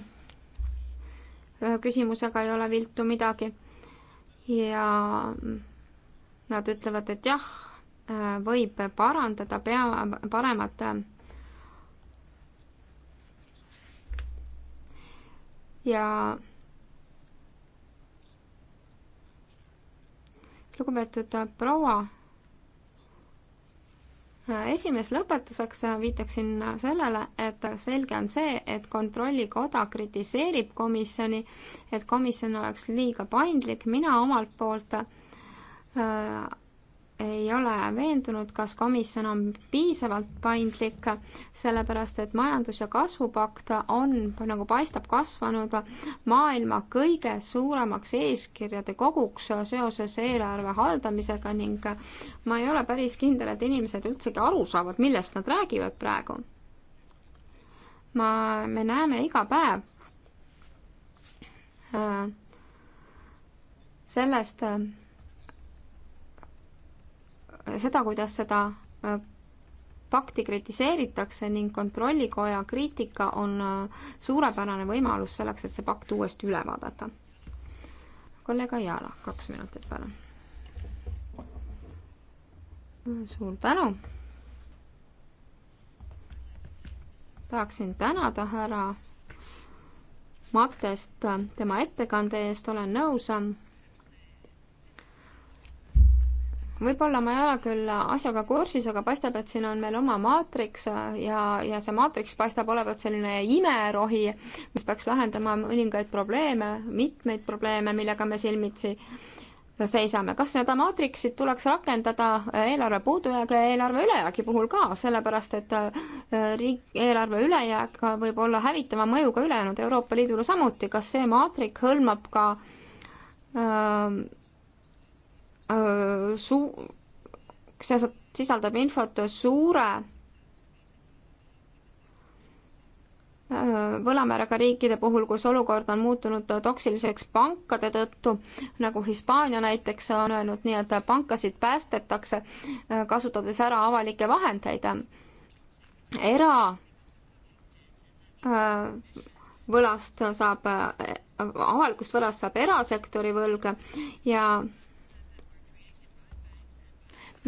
küsimusega ei ole viltu midagi. ja nad ütlevad, et jah, võib parandada pea, paremat ja lugupeetud proua esimees, lõpetuseks viitaksin sellele, et selge on see, et Kontrollikoda kritiseerib komisjoni, et komisjon oleks liiga paindlik, mina omalt poolt äh, ei ole veendunud, kas komisjon on piisavalt paindlik, sellepärast et majandus- ja kasvupakt on, nagu paistab, kasvanud maailma kõige suuremaks eeskirjade koguks seoses eelarve haldamisega ning ma ei ole päris kindel, et inimesed üldsegi aru saavad, millest nad räägivad praegu. ma, me näeme iga päev äh, sellest äh, seda, kuidas seda äh, pakti kritiseeritakse ning Kontrollikoja kriitika on äh, suurepärane võimalus selleks, et see pakt uuesti üle vaadata. kolleeg Ajala, kaks minutit, palun. suur tänu. tahaksin tänada härra Martest äh, tema ettekande eest, olen nõus võib-olla ma ei ole küll asjaga kursis, aga paistab, et siin on meil oma maatriks ja, ja see maatriks paistab olevat selline imerohi, mis peaks lahendama mõningaid probleeme, mitmeid probleeme, millega me silmitsi seisame. kas seda maatriksit tuleks rakendada eelarve puudujäägi ja eelarve ülejäägi puhul ka, sellepärast et äh, riik, eelarve ülejääk võib olla hävitava mõjuga ülejäänud Euroopa Liidule samuti, kas see maatrik hõlmab ka öö, äh, suu-, see sisaldab infot suure võlamääraga riikide puhul, kus olukord on muutunud toksiliseks pankade tõttu, nagu Hispaania näiteks on öelnud, nii et pankasid päästetakse, kasutades ära avalikke vahendeid. era võlast saab, avalikust võlast saab erasektori võlg ja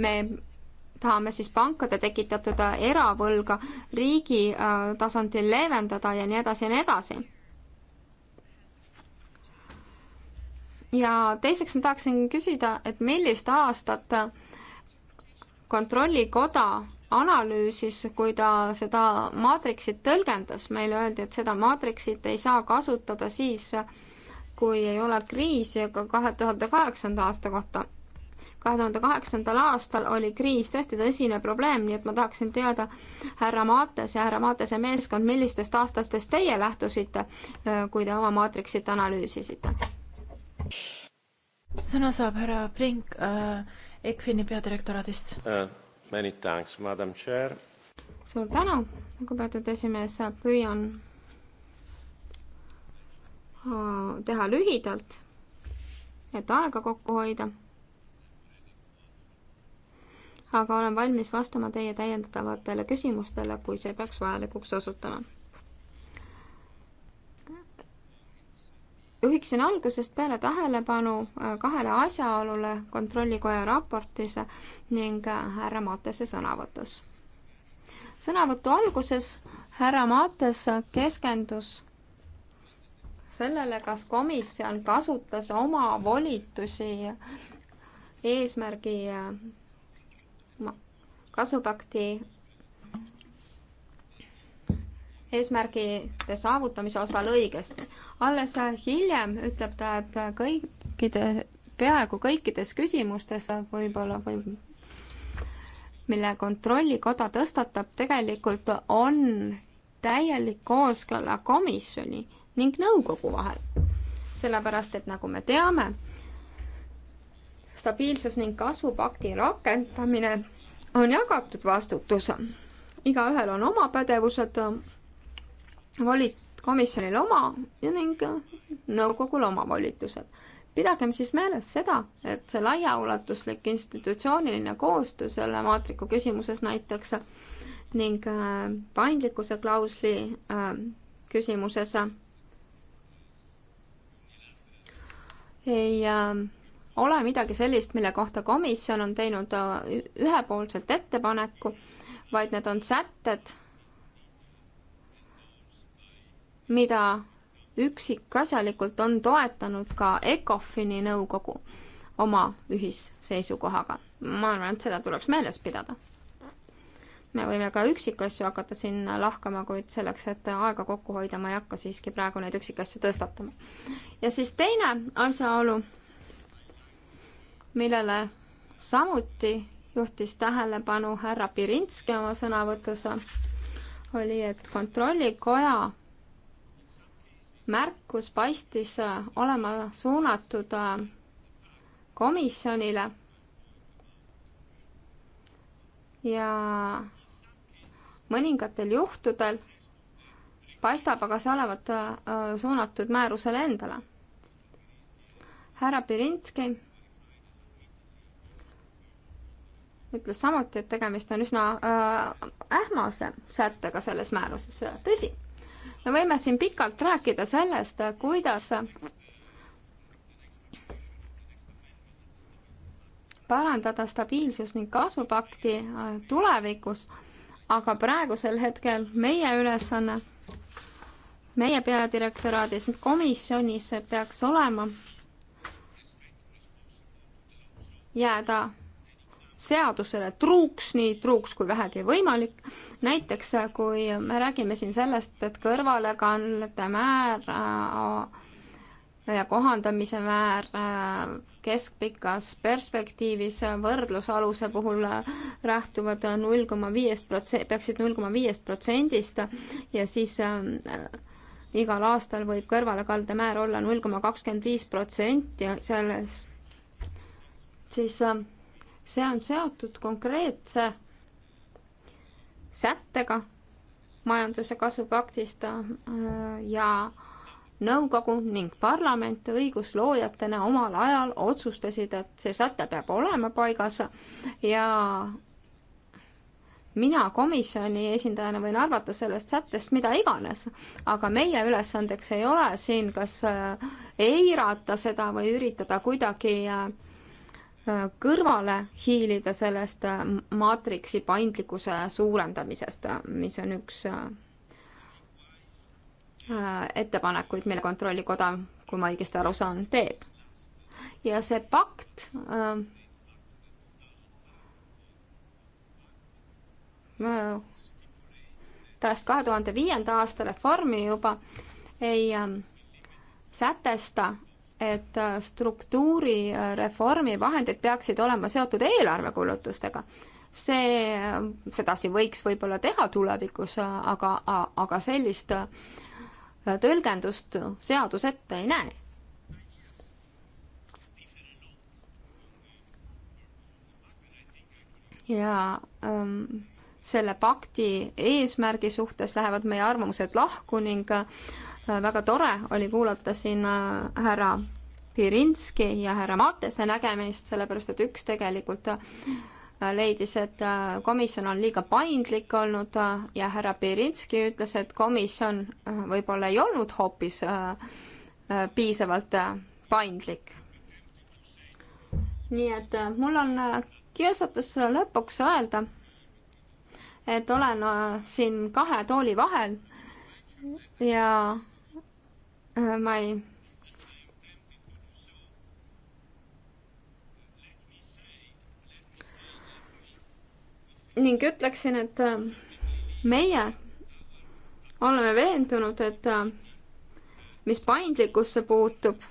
me tahame siis pankade tekitatud äh, eravõlga riigi äh, tasandil leevendada ja nii edasi ja nii edasi. ja teiseks ma tahaksin küsida, et millist aastat kontrollikoda analüüsis, kui ta seda maatriksit tõlgendas, meile öeldi, et seda maatriksit ei saa kasutada siis, kui ei ole kriisi, aga kahe tuhande kaheksanda aasta kohta kahe tuhande kaheksandal aastal oli kriis tõesti tõsine probleem, nii et ma tahaksin teada, härra Maates ja härra Maatese meeskond, millistest aastatest teie lähtusite, kui te oma maatriksit analüüsisite? sõna saab härra Brink äh, ECFIN-i peadirektoraadist uh,. Many thanks, madam chair. suur tänu, lugupeetud esimees, püüan äh, teha lühidalt, et aega kokku hoida aga olen valmis vastama teie täiendavatele küsimustele, kui see peaks vajalikuks osutuma. juhiksin algusest peale tähelepanu äh, kahele asjaolule Kontrollikoja raportis ning äh, härra Matese sõnavõtus. sõnavõtu alguses härra Mates keskendus sellele, kas komisjon kasutas oma volitusi eesmärgi äh, kasupakti eesmärgide saavutamise osal õigesti. alles hiljem ütleb ta, et kõikide, peaaegu kõikides küsimustes võib-olla või mille Kontrollikoda tõstatab, tegelikult on täielik kooskõla komisjoni ning nõukogu vahel. sellepärast, et nagu me teame, stabiilsus ning kasvupakti rakendamine on jagatud vastutus, igaühel on oma pädevused, volit-, komisjonil oma ja ning nõukogul oma volitused. pidagem siis meeles seda, et see laiaulatuslik institutsiooniline koostöö selle maatriku küsimuses näiteks ning äh, paindlikkuse klausli äh, küsimuses ei äh, ole midagi sellist, mille kohta komisjon on teinud äh, ühepoolselt ettepaneku, vaid need on sätted, mida üksikasjalikult on toetanud ka ECOFIN-i nõukogu oma ühisseisukohaga. ma arvan, et seda tuleks meeles pidada. me võime ka üksikasju hakata siin lahkama, kuid selleks, et aega kokku hoida, ma ei hakka siiski praegu neid üksikasju tõstatama. ja siis teine asjaolu millele samuti juhtis tähelepanu härra Pirinski oma sõnavõtus, oli, et Kontrollikoja märkus paistis olema suunatud komisjonile ja mõningatel juhtudel paistab aga see olevat suunatud määrusele endale. härra Pirinski ütles samuti, et tegemist on üsna äh, ähmase sättega selles määruses, tõsi. me võime siin pikalt rääkida sellest, kuidas parandada stabiilsus ning kasvupakti äh, tulevikus, aga praegusel hetkel meie ülesanne meie peadirektoraadis, komisjonis peaks olema jääda seadusele truuks, nii truuks kui vähegi võimalik. näiteks äh, kui me räägime siin sellest, et kõrvalekannete määr äh, ja kohandamise määr äh, keskpikas perspektiivis võrdlusaluse puhul lähtuvad null koma viiest protsenti, peaksid null koma viiest protsendist ja siis igal aastal võib kõrvalekalde määr olla null koma kakskümmend viis protsenti sellest, siis see on seotud konkreetse sättega majanduse kasvupaktist äh, ja nõukogu ning parlament õigusloojatena omal ajal otsustasid, et see säte peab olema paigas ja mina komisjoni esindajana võin arvata sellest sättest mida iganes, aga meie ülesandeks ei ole siin kas äh, eirata seda või üritada kuidagi äh, Äh, kõrvale hiilida sellest äh, maatriksi paindlikkuse suurendamisest, äh, mis on üks ettepanekuid, mille Kontrollikoda, kui ma õigesti aru saan, teeb. ja see pakt äh, pärast kahe tuhande viienda aasta reformi juba ei äh, sätesta et äh, struktuurireformi vahendid peaksid olema seotud eelarvekulutustega. see, äh, sedasi võiks võib-olla teha tulevikus, äh, aga, aga sellist tõlgendust seadus ette ei näe. ja ähm, selle pakti eesmärgi suhtes lähevad meie arvamused lahku ning äh, väga tore oli kuulata siin äh, härra Pirinski ja härra Matese nägemist, sellepärast et üks tegelikult äh, leidis, et äh, komisjon on liiga paindlik olnud ja härra Pirinski ütles, et komisjon võib-olla ei olnud hoopis piisavalt paindlik. nii et mul on kiusatus lõpuks öelda, et olen siin kahe tooli vahel ja Äh, ma ei ning ütleksin, et äh, meie oleme veendunud, et äh, mis paindlikkusse puutub,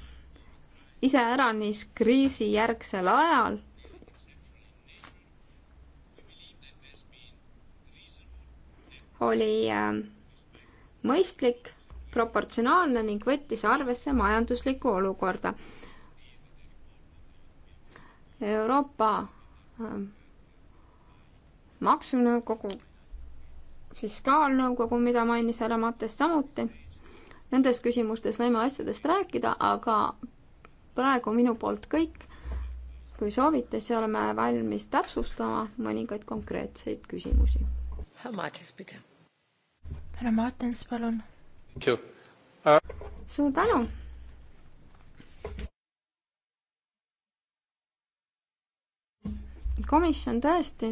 iseäranis kriisijärgsel ajal, oli mõistlik proportsionaalne ning võttis arvesse majanduslikku olukorda. Euroopa ähm, maksunõukogu, fiskaalnõukogu, mida mainis härra Mattes samuti, nendes küsimustes võime asjadest rääkida, aga praegu minu poolt kõik. kui soovite, siis oleme valmis täpsustama mõningaid konkreetseid küsimusi. härra Martens, palun suur tänu! komisjon tõesti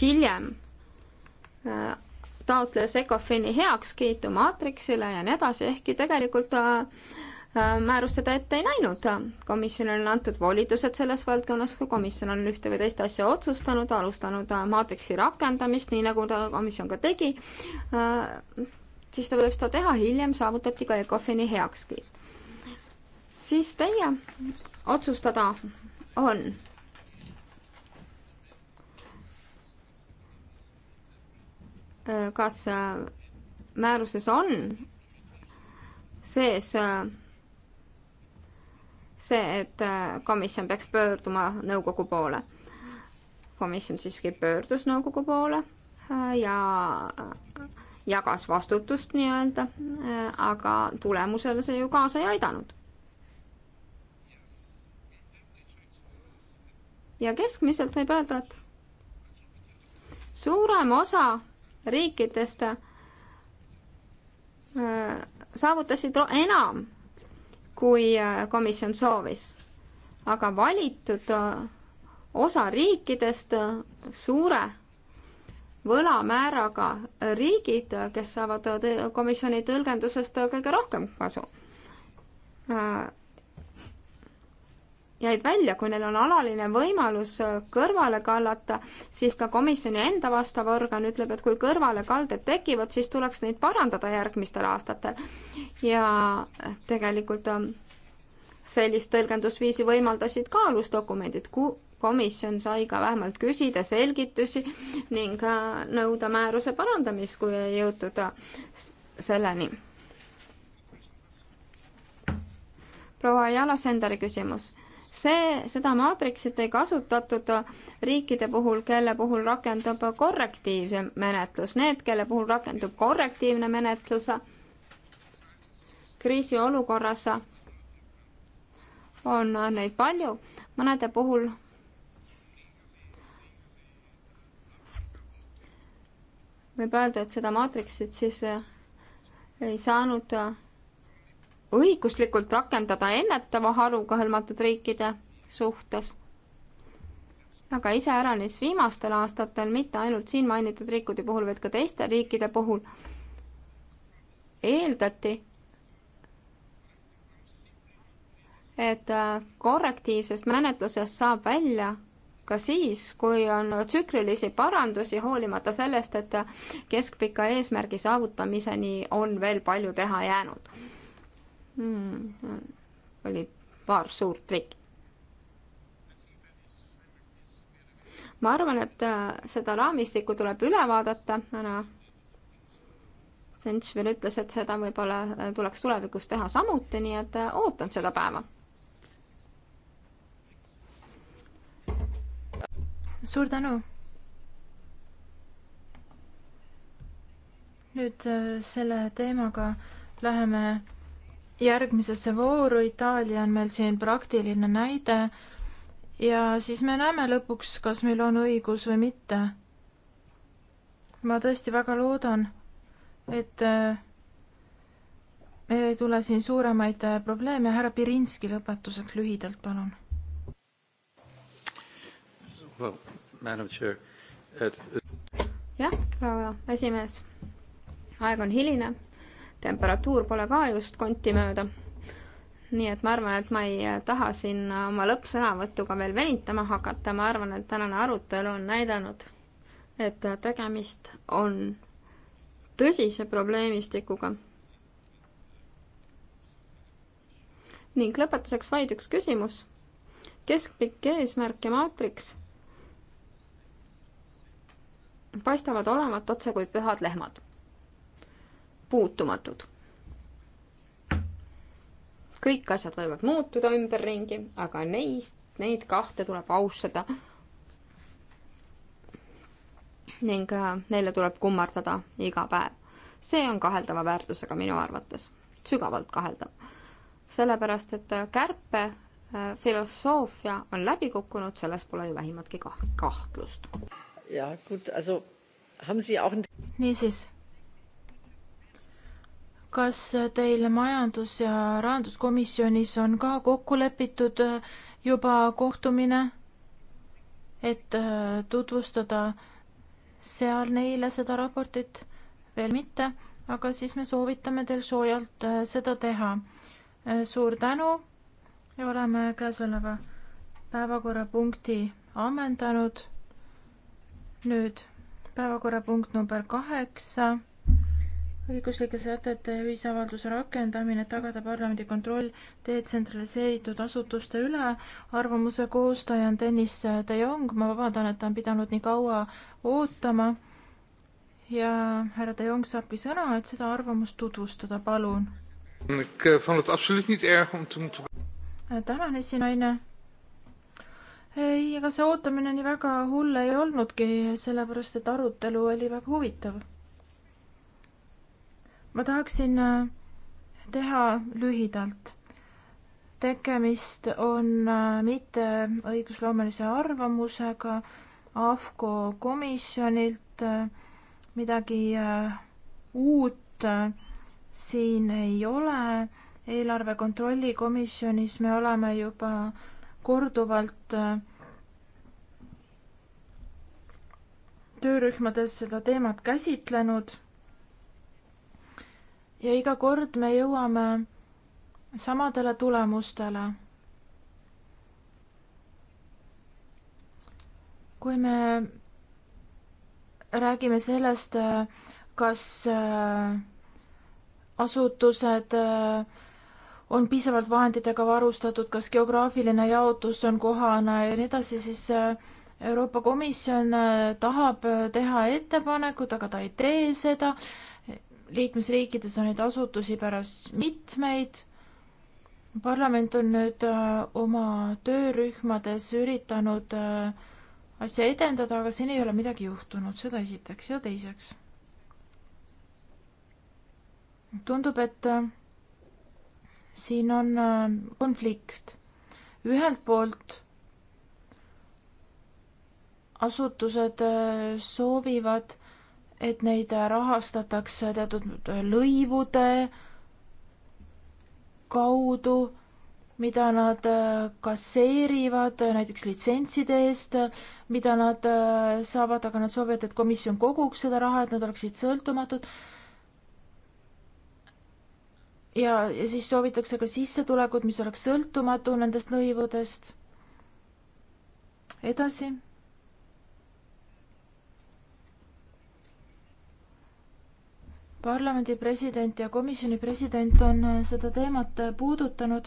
hiljem äh, taotles ECOFIN-i heakskiitu maatriksile ja nii edasi, ehkki tegelikult äh, Äh, määrus seda ette ei näinud. komisjonile on antud volitused selles valdkonnas, kui komisjon on ühte või teist asja otsustanud, alustanud äh, maatriksi rakendamist, nii nagu ta komisjon ka tegi, äh, siis ta võib seda teha, hiljem saavutati ka ECOFIN-i heakskiit. siis teie otsustada on. kas määruses on sees see, et äh, komisjon peaks pöörduma nõukogu poole. komisjon siiski pöördus nõukogu poole äh, ja äh, jagas vastutust nii-öelda, aga tulemusele see ju kaasa ei aidanud. ja keskmiselt võib öelda, et suurem osa riikidest saavutasid enam kui äh, komisjon soovis. aga valitud äh, osa riikidest äh, suure võlamääraga riigid, kes saavad komisjoni tõlgendusest kõige rohkem kasu jäid välja, kui neil on alaline võimalus äh, kõrvale kallata, siis ka komisjoni enda vastav organ ütleb, et kui kõrvalekalded tekivad, siis tuleks neid parandada järgmistel aastatel. ja tegelikult ähm, sellist tõlgendusviisi võimaldasid ka alusdokumendid, komisjon sai ka vähemalt küsida selgitusi ning äh, nõuda määruse parandamist, kui ei jõutud äh, selleni. proua Jala Senderi küsimus see, seda maatriksit ei kasutatud riikide puhul, kelle puhul rakendub korrektiivne menetlus. Need, kelle puhul rakendub korrektiivne menetlus kriisiolukorras, on neid palju, mõnede puhul võib öelda, et seda maatriksit siis ei saanud õiguslikult rakendada ennetava haruga hõlmatud riikide suhtes. aga iseäranis viimastel aastatel, mitte ainult siin mainitud riikide puhul, vaid ka teiste riikide puhul, eeldati, et äh, korrektiivsest menetlusest saab välja ka siis, kui on tsüklilisi parandusi, hoolimata sellest, et keskpika eesmärgi saavutamiseni on veel palju teha jäänud mm,. oli paar suurt trikki. ma arvan, et äh, seda raamistikku tuleb üle vaadata, härra Ventsvel ütles, et seda võib-olla äh, tuleks tulevikus teha samuti, nii et äh, ootan seda päeva. suur tänu. nüüd selle teemaga läheme järgmisesse vooru. Itaalia on meil siin praktiline näide ja siis me näeme lõpuks, kas meil on õigus või mitte. ma tõesti väga loodan, et meil äh, ei tule siin suuremaid äh, probleeme. härra Pirinski lõpetuseks lühidalt, palun. jah, proua esimees, aeg on hiline temperatuur pole ka just konti mööda. nii et ma arvan, et ma ei taha siin oma lõppsõnavõtuga veel venitama hakata, ma arvan, et tänane arutelu on näidanud, et tegemist on tõsise probleemistikuga. ning lõpetuseks vaid üks küsimus. keskpikk eesmärk ja maatriks paistavad olevat otse kui pühad lehmad puutumatud. kõik asjad võivad muutuda ümberringi, aga neist, neid kahte tuleb austada. ning äh, neile tuleb kummardada iga päev. see on kaheldava väärtusega minu arvates, sügavalt kaheldav. sellepärast, et äh, kärpe äh, filosoofia on läbi kukkunud, selles pole ju vähimatki kahtlust. niisiis kas teil majandus- ja rahanduskomisjonis on ka kokku lepitud äh, juba kohtumine, et äh, tutvustada seal neile seda raportit? veel mitte, aga siis me soovitame teil soojalt äh, seda teha. suur tänu ja oleme käesoleva päevakorrapunkti ammendanud. nüüd päevakorrapunkt number kaheksa õiguslike sätete ühisavalduse rakendamine, et tagada parlamendi kontroll detsentraliseeritud asutuste üle. arvamuse koostaja on Tõnis De Jong, ma vabandan, et ta on pidanud nii kaua ootama. ja härra De Jong saabki sõna, et seda arvamust tutvustada, palun. Eh, eh, tänan, esinaine. ei, ega see ootamine nii väga hull ei olnudki, sellepärast et arutelu oli väga huvitav ma tahaksin äh, teha lühidalt. tegemist on äh, mitte õigusloomelise arvamusega AFCO komisjonilt, äh, midagi uut siin ei ole. eelarve kontrolli komisjonis me oleme juba korduvalt töörühmades seda teemat käsitlenud ja iga kord me jõuame samadele tulemustele. kui me räägime sellest, kas äh, asutused äh, on piisavalt vahenditega varustatud, kas geograafiline jaotus on kohane ja nii edasi, siis äh, Euroopa Komisjon tahab teha ettepanekut, aga ta ei tee seda liikmesriikides on neid asutusi pärast mitmeid. parlament on nüüd äh, oma töörühmades üritanud äh, asja edendada, aga seni ei ole midagi juhtunud, seda esiteks ja teiseks. tundub, et äh, siin on konflikt. ühelt poolt asutused soovivad et neid rahastatakse teatud lõivude kaudu, mida nad kasseerivad näiteks litsentside eest, mida nad saavad, aga nad soovivad, et komisjon koguks seda raha, et nad oleksid sõltumatud. ja, ja siis soovitakse ka sissetulekut, mis oleks sõltumatu nendest lõivudest. edasi parlamendi president ja komisjoni president on äh, seda teemat äh, puudutanud,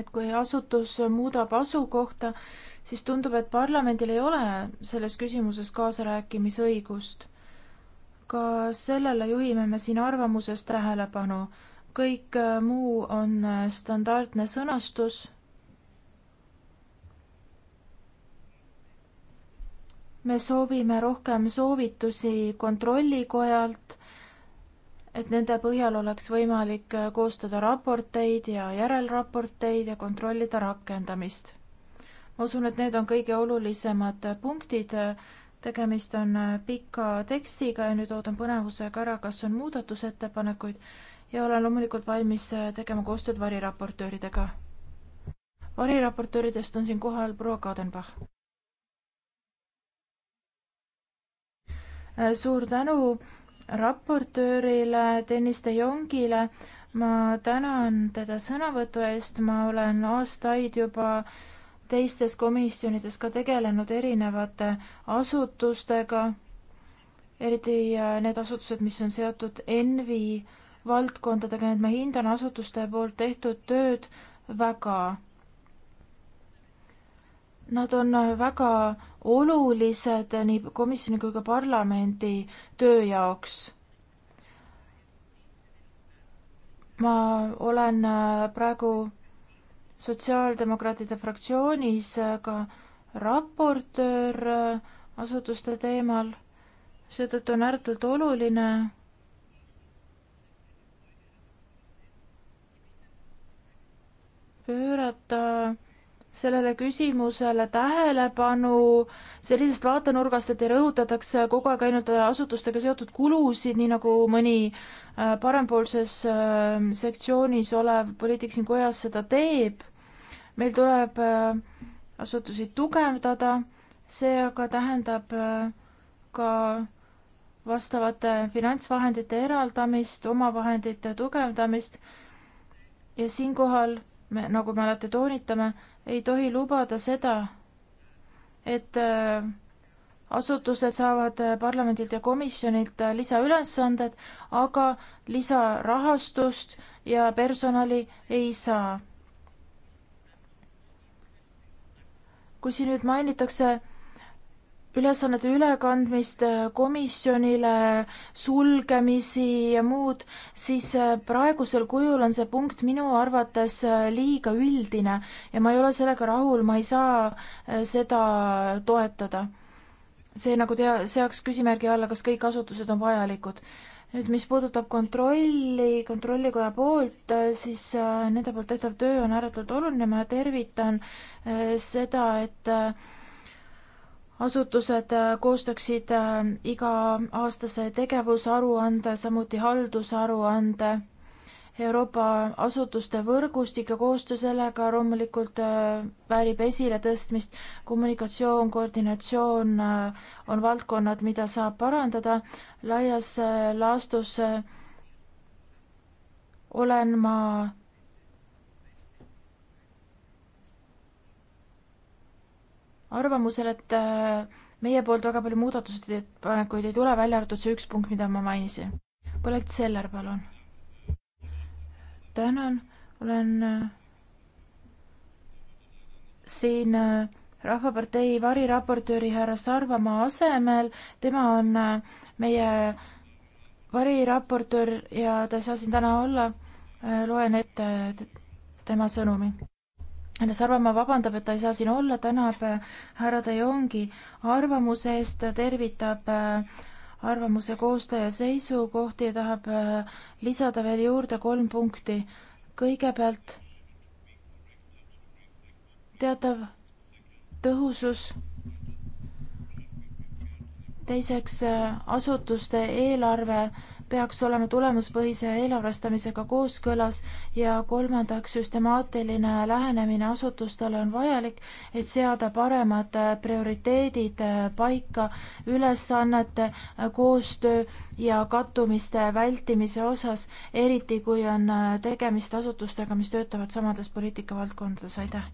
et kui asutus muudab asukohta, siis tundub, et parlamendil ei ole selles küsimuses kaasarääkimisõigust. ka sellele juhime me siin arvamuses tähelepanu. kõik äh, muu on standardne sõnastus. me soovime rohkem soovitusi kontrollikojalt et nende põhjal oleks võimalik äh, koostada raporteid ja järelraporteid ja kontrollida rakendamist. ma usun, et need on kõige olulisemad punktid. tegemist on äh, pika tekstiga ja nüüd ootan põnevusega ära, kas on muudatusettepanekuid ja olen loomulikult valmis äh, tegema koostööd variraportööridega. variraportööridest on siin kohal proua Kadenbach. suur tänu raportöörile Tõnis De Jongile. ma tänan teda sõnavõtu eest, ma olen aastaid juba teistes komisjonides ka tegelenud erinevate asutustega, eriti äh, need asutused, mis on seotud ENVI valdkondadega, nii et ma hindan asutuste poolt tehtud tööd väga Nad on äh, väga olulised äh, nii komisjoni kui ka parlamendi töö jaoks ma olen äh, praegu sotsiaaldemokraatide fraktsioonis ka raportöör asutuste teemal, seetõttu on ääretult oluline pöörata sellele küsimusele tähelepanu sellisest vaatenurgast, et ei rõhutataks kogu aeg ainult asutustega seotud kulusid, nii nagu mõni äh, parempoolses äh, sektsioonis olev poliitik siin kojas seda teeb. meil tuleb äh, asutusi tugevdada, see aga tähendab ka vastavate finantsvahendite eraldamist, omavahendite tugevdamist ja siinkohal me, nagu me alati toonitame, ei tohi lubada seda, et äh, asutused saavad äh, parlamendilt ja komisjonilt äh, lisaülesanded, aga lisarahastust ja personali ei saa. kui siin nüüd mainitakse ülesannete ülekandmist äh, komisjonile, sulgemisi ja muud, siis äh, praegusel kujul on see punkt minu arvates äh, liiga üldine ja ma ei ole sellega rahul, ma ei saa seda toetada. see nagu tea, seaks küsimärgi alla, kas kõik asutused on vajalikud. nüüd, mis puudutab kontrolli, kontrollikoja poolt, siis nende poolt tehtav töö on ääretult oluline, ma tervitan seda, et asutused äh, koostaksid äh, iga-aastase tegevusaruande, samuti haldusaruande. Euroopa asutuste võrgustik ja koostöö sellega loomulikult äh, väärib esiletõstmist. kommunikatsioon, koordinatsioon on valdkonnad, mida saab parandada. laias laastus olen ma arvamusel, et äh, meie poolt väga palju muudatusettepanekuid ei tule, välja arvatud see üks punkt, mida ma mainisin. kolleeg Zeller, palun. tänan, olen äh, siin äh, Rahvapartei variraportööri härra Sarvamaa asemel, tema on meie variraportöör ja ta ei saa siin täna olla, loen ette tema sõnumi härra Sarvamaa vabandab, et ta ei saa siin olla, tänab äh, härra De Jongi arvamuse eest, tervitab äh, arvamuse koostaja seisukohti ja tahab äh, lisada veel juurde kolm punkti. kõigepealt teatav tõhusus, teiseks asutuste eelarve peaks olema tulemuspõhise eelarvestamisega kooskõlas ja kolmandaks, süstemaatiline lähenemine asutustele on vajalik, et seada paremad prioriteedid paika ülesannete, koostöö ja kattumiste vältimise osas, eriti kui on tegemist asutustega, mis töötavad samades poliitikavaldkondades, aitäh!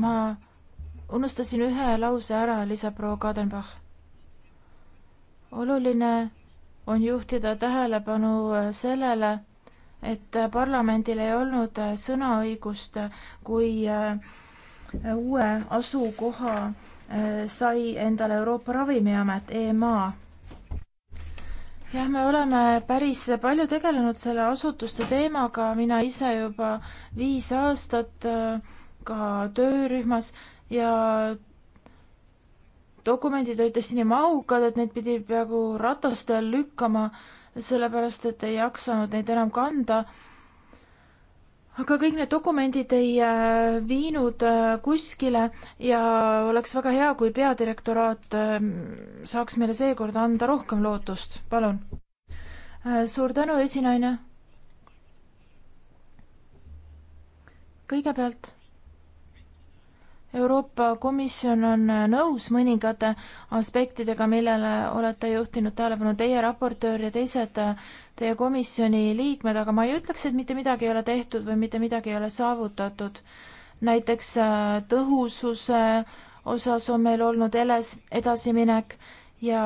ma unustasin ühe lause ära, lisab proua Kadenbach. oluline on juhtida tähelepanu sellele, et parlamendil ei olnud sõnaõigust, kui äh, uue asukoha äh, sai endale Euroopa Ravimiamet, EMA. jah, me oleme päris palju tegelenud selle asutuste teemaga, mina ise juba viis aastat äh, ka töörühmas ja dokumendid olid tõesti nii mahukad, et neid pidi peaaegu ratastel lükkama, sellepärast et ei jaksanud neid enam kanda. aga kõik need dokumendid ei äh, viinud äh, kuskile ja oleks väga hea, kui peadirektoraat ähm, saaks meile seekord anda rohkem lootust, palun. Äh, suur tänu, esinaine. kõigepealt Euroopa Komisjon on nõus mõningate aspektidega, millele olete juhtinud tähelepanu teie raportöör ja teised äh, teie komisjoni liikmed, aga ma ei ütleks, et mitte midagi ei ole tehtud või mitte midagi ei ole saavutatud. näiteks äh, tõhususe osas on meil olnud eles-, edasiminek ja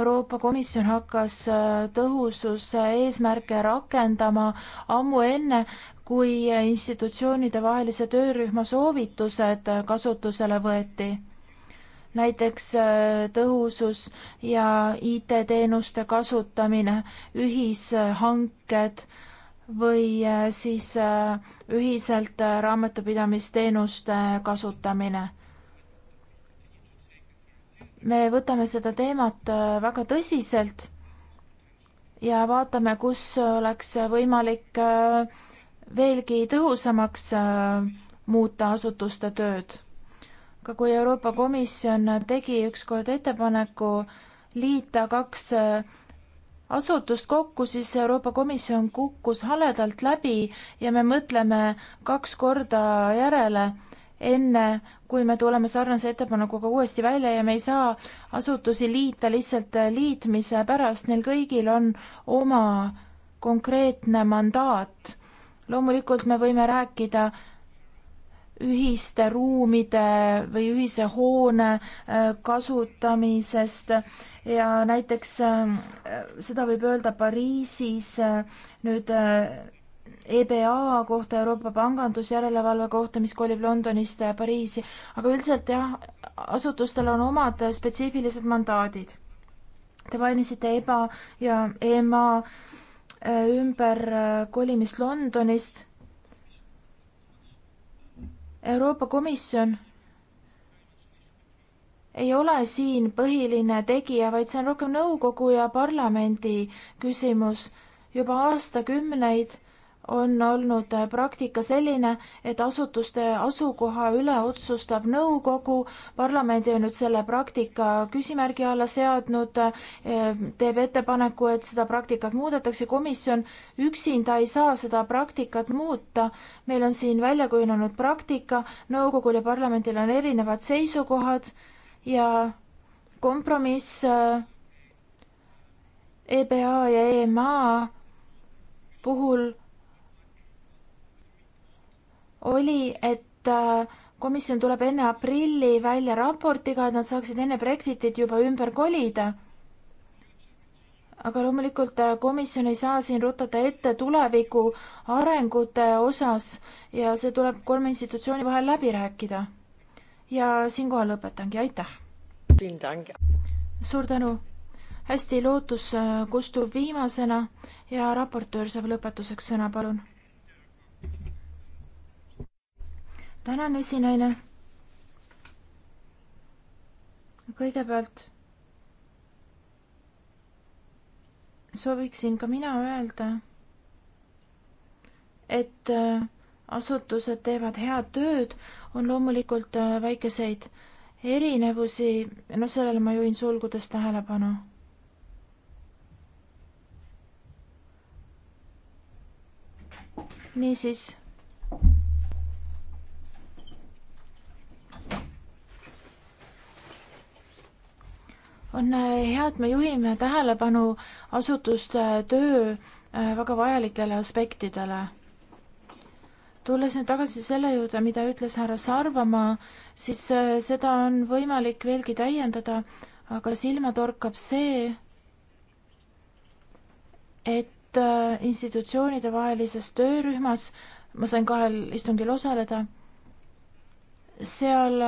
Euroopa Komisjon hakkas äh, tõhususe eesmärke rakendama ammu enne, kui institutsioonide vahelise töörühma soovitused kasutusele võeti, näiteks äh, tõhusus ja IT-teenuste kasutamine, ühishanked või äh, siis äh, ühiselt raamatupidamisteenuste kasutamine. me võtame seda teemat väga tõsiselt ja vaatame, kus oleks võimalik äh, veelgi tõhusamaks äh, muuta asutuste tööd. ka kui Euroopa Komisjon tegi ükskord ettepaneku liita kaks äh, asutust kokku, siis Euroopa Komisjon kukkus haledalt läbi ja me mõtleme kaks korda järele, enne kui me tuleme sarnase ettepanekuga uuesti välja ja me ei saa asutusi liita lihtsalt äh, liitmise pärast, neil kõigil on oma konkreetne mandaat loomulikult me võime rääkida ühiste ruumide või ühise hoone äh, kasutamisest ja näiteks äh, seda võib öelda Pariisis äh, nüüd EBA kohta, Euroopa Pangandusjärelevalve kohta, mis kolib Londonist Pariisi, aga üldiselt jah, asutustel on omad spetsiifilised mandaadid. Te mainisite EBA ja EMA Äh, ümberkolimist äh, Londonist. Euroopa Komisjon ei ole siin põhiline tegija, vaid see on rohkem nõukogu ja parlamendi küsimus. juba aastakümneid on olnud praktika selline, et asutuste asukoha üle otsustab nõukogu, parlamendi on nüüd selle praktika küsimärgi alla seadnud, teeb ettepaneku, et seda praktikat muudetakse, komisjon üksinda ei saa seda praktikat muuta. meil on siin välja kujunenud praktika, nõukogul ja parlamendil on erinevad seisukohad ja kompromiss äh, EBA ja EMA puhul oli, et äh, komisjon tuleb enne aprilli välja raportiga, et nad saaksid enne Brexitit juba ümber kolida. aga loomulikult äh, komisjon ei saa siin rutata ette tuleviku arengute osas ja see tuleb kolme institutsiooni vahel läbi rääkida. ja siinkohal lõpetangi, aitäh! suur tänu! hästi, lootus äh, kustub viimasena ja raportöör saab lõpetuseks sõna, palun tänan, esinaine. kõigepealt sooviksin ka mina öelda, et äh, asutused teevad head tööd, on loomulikult äh, väikeseid erinevusi, no sellele ma juhin sulgudes tähelepanu. niisiis on äh, hea, et me juhime tähelepanu asutuste töö äh, väga vajalikele aspektidele. tulles nüüd tagasi selle juurde, mida ütles härra Sarvamaa, siis äh, seda on võimalik veelgi täiendada, aga silma torkab see, et institutsioonide vahelises töörühmas, ma sain kahel istungil osaleda, seal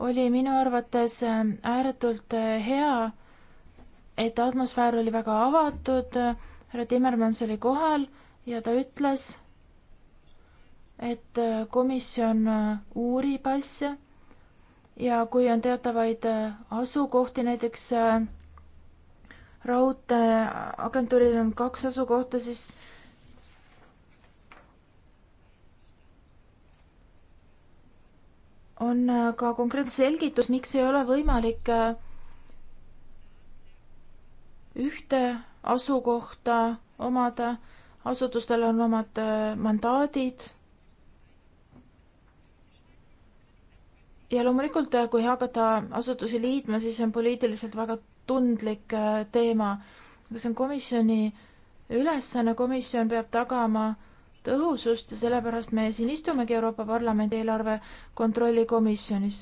oli minu arvates äh, ääretult äh, hea, et atmosfäär oli väga avatud, äh, härra Timmermans oli kohal ja ta ütles, et komisjon uurib asja ja kui on teatavaid asukohti, näiteks raudteeagentuuril on kaks asukohta, siis on äh, ka konkreetne selgitus, miks ei ole võimalik äh, ühte asukohta omada, asutustel on omad äh, mandaadid. ja loomulikult, kui hakata asutusi liitma, siis on poliitiliselt väga tundlik teema. aga see on komisjoni ülesanne, komisjon peab tagama äh, tõhusust ja sellepärast me siin istumegi Euroopa Parlamendi eelarve kontrolli komisjonis.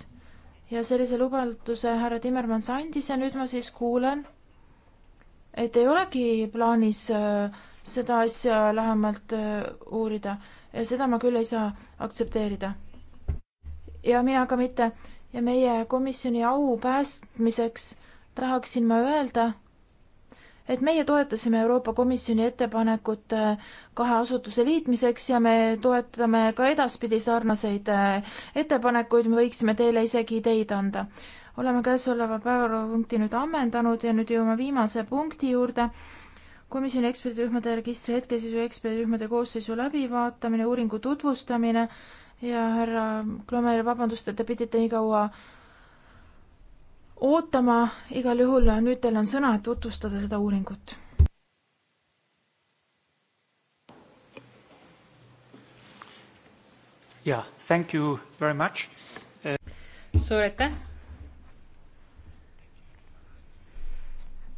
ja sellise lubaduse härra Timmermans andis ja nüüd ma siis kuulen, et ei olegi plaanis äh, seda asja lähemalt äh, uurida ja seda ma küll ei saa aktsepteerida. ja mina ka mitte ja meie komisjoni au päästmiseks tahaksin ma öelda, et meie toetasime Euroopa Komisjoni ettepanekut äh, kahe asutuse liitmiseks ja me toetame ka edaspidi sarnaseid äh, ettepanekuid, me võiksime teile isegi ideid anda. oleme käesoleva päevakorrapunkti nüüd ammendanud ja nüüd jõuame viimase punkti juurde. komisjoni eksperdirühmade registri hetkeseisu eksperdirühmade koosseisu läbivaatamine, uuringu tutvustamine ja härra Klomer, vabandust, et te pidite nii kaua ootama, igal juhul nüüd teil on sõna, et tutvustada seda uuringut. jaa, thank you very much uh.... suur aitäh.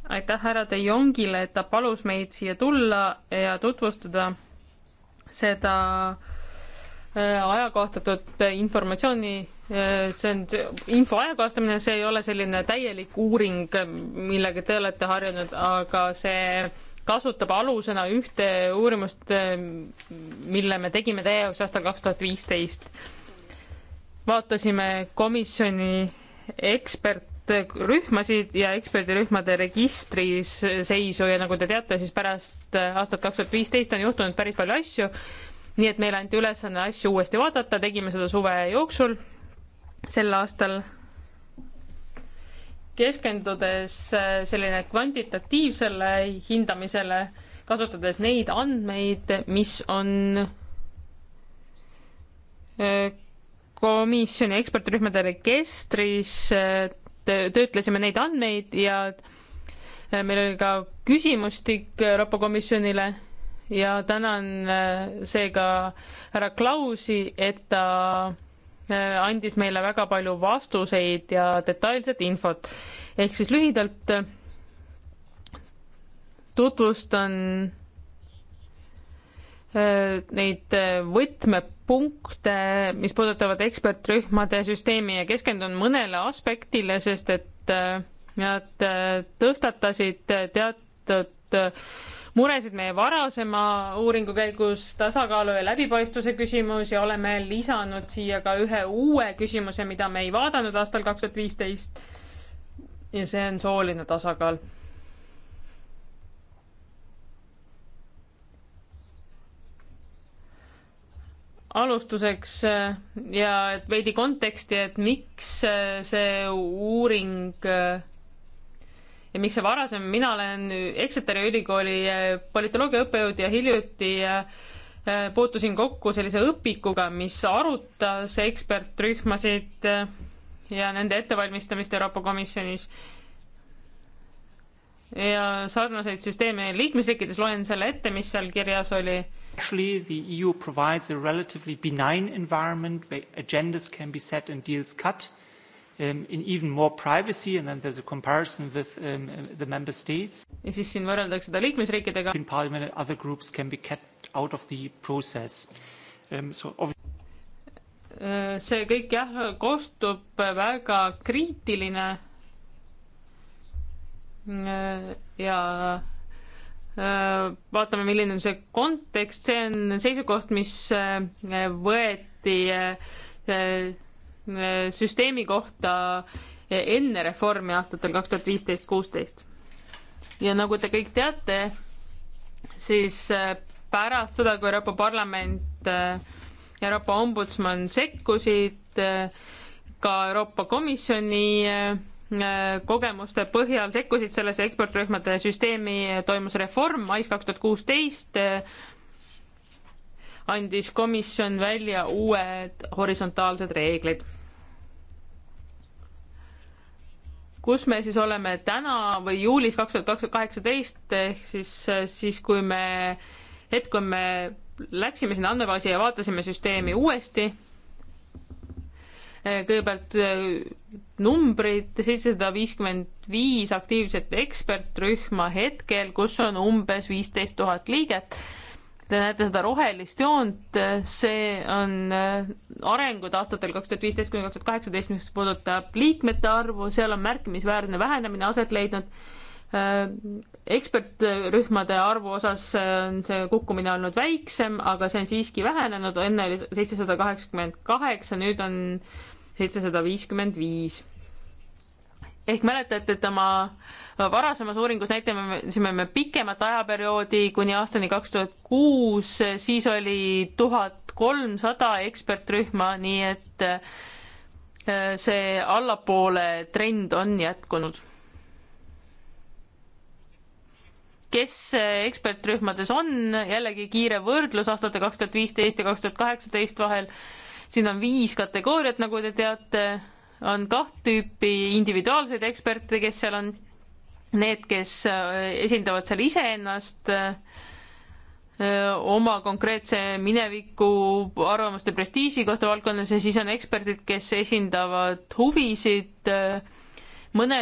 aitäh härra De Jongile, et ta palus meid siia tulla ja tutvustada seda äh, ajakohtatud informatsiooni Äh, see on info ajakohastamine, see ei ole selline täielik uuring, millega te olete harjunud, aga see kasutab alusena ühte uurimust, mille me tegime teie jaoks aastal kaks tuhat viisteist. vaatasime komisjoni ekspertrühmasid ja eksperdirühmade registris seisu ja nagu te teate, siis pärast aastat kaks tuhat viisteist on juhtunud päris palju asju, nii et meile anti ülesanne asju uuesti vaadata, tegime seda suve jooksul sel aastal keskendudes äh, selline kvantitatiivsele hindamisele, kasutades neid andmeid, mis on äh, komisjoni ekspertrühmade registris, äh, töötlesime neid andmeid ja meil oli ka küsimustik Euroopa Komisjonile ja tänan seega härra Klausi, et ta Äh, andis meile väga palju vastuseid ja detailset infot. ehk siis lühidalt äh, tutvustan äh, neid võtmepunkte, mis puudutavad ekspertrühmade süsteemi ja keskendun mõnele aspektile, sest et nad tõstatasid teatud muresid meie varasema uuringu käigus, tasakaalu ja läbipaistvuse küsimus ja oleme lisanud siia ka ühe uue küsimuse, mida me ei vaadanud aastal kaks tuhat viisteist. ja see on sooline tasakaal. alustuseks äh, ja veidi konteksti, et miks äh, see uuring äh, ja miks see varasem, mina olen Exeteri ülikooli eh, politoloogia õppejõud ja hiljuti eh, eh, puutusin kokku sellise õpikuga, mis arutas ekspertrühmasid ja nende ettevalmistamist Euroopa Komisjonis ja sarnaseid süsteeme liikmesriikides, loen selle ette, mis seal kirjas oli. Actually the EU provides a relatively benign environment where agendas can be set and deals cut um, in even more privacy and then there's a comparison with um, the member states. ja siis siin võrreldakse seda liikmesriikidega. In parliament and other groups can be kept out of the process um,. So äh, see kõik jah, koostub väga kriitiline. Äh, ja äh, vaatame, milline on see kontekst, see on seisukoht, mis võeti Äh, süsteemi kohta enne reformi aastatel kaks tuhat viisteist, kuusteist. ja nagu te kõik teate, siis äh, pärast seda, kui Euroopa Parlament, äh, Euroopa Ombudsman sekkusid, ka Euroopa Komisjoni kogemuste põhjal sekkusid sellesse ekspertrühmade süsteemi, toimus reform mais kaks tuhat kuusteist andis komisjon välja uued horisontaalsed reeglid. kus me siis oleme täna või juulis kaks tuhat kaheksateist ehk siis, siis kui me, hetk kui me läksime sinna andmebaasi ja vaatasime süsteemi uuesti, kõigepealt äh, numbrid, seitsesada viiskümmend viis aktiivset ekspertrühma hetkel, kus on umbes viisteist tuhat liiget Te näete seda rohelist joont, see on äh, arengud aastatel kaks tuhat viisteist kuni kaks tuhat kaheksateist, mis puudutab liikmete arvu, seal on märkimisväärne vähenemine aset leidnud. Äh, ekspertrühmade arvu osas äh, on see kukkumine olnud väiksem, aga see on siiski vähenenud, enne oli seitsesada kaheksakümmend kaheksa, nüüd on seitsesada viiskümmend viis ehk mäletate, et oma varasemas uuringus näitasime me pikemat ajaperioodi kuni aastani kaks tuhat kuus, siis oli tuhat kolmsada ekspertrühma, nii et äh, see allapoole trend on jätkunud. kes ekspertrühmades on, jällegi kiire võrdlus aastate kaks tuhat viisteist ja kaks tuhat kaheksateist vahel, siin on viis kategooriat, nagu te teate on kaht tüüpi individuaalseid eksperte, kes seal on. Need, kes äh, esindavad seal iseennast, äh, oma konkreetse mineviku arvamuste prestiiži kohta valdkonnas ja siis on eksperdid, kes esindavad huvisid öö, äh, mõne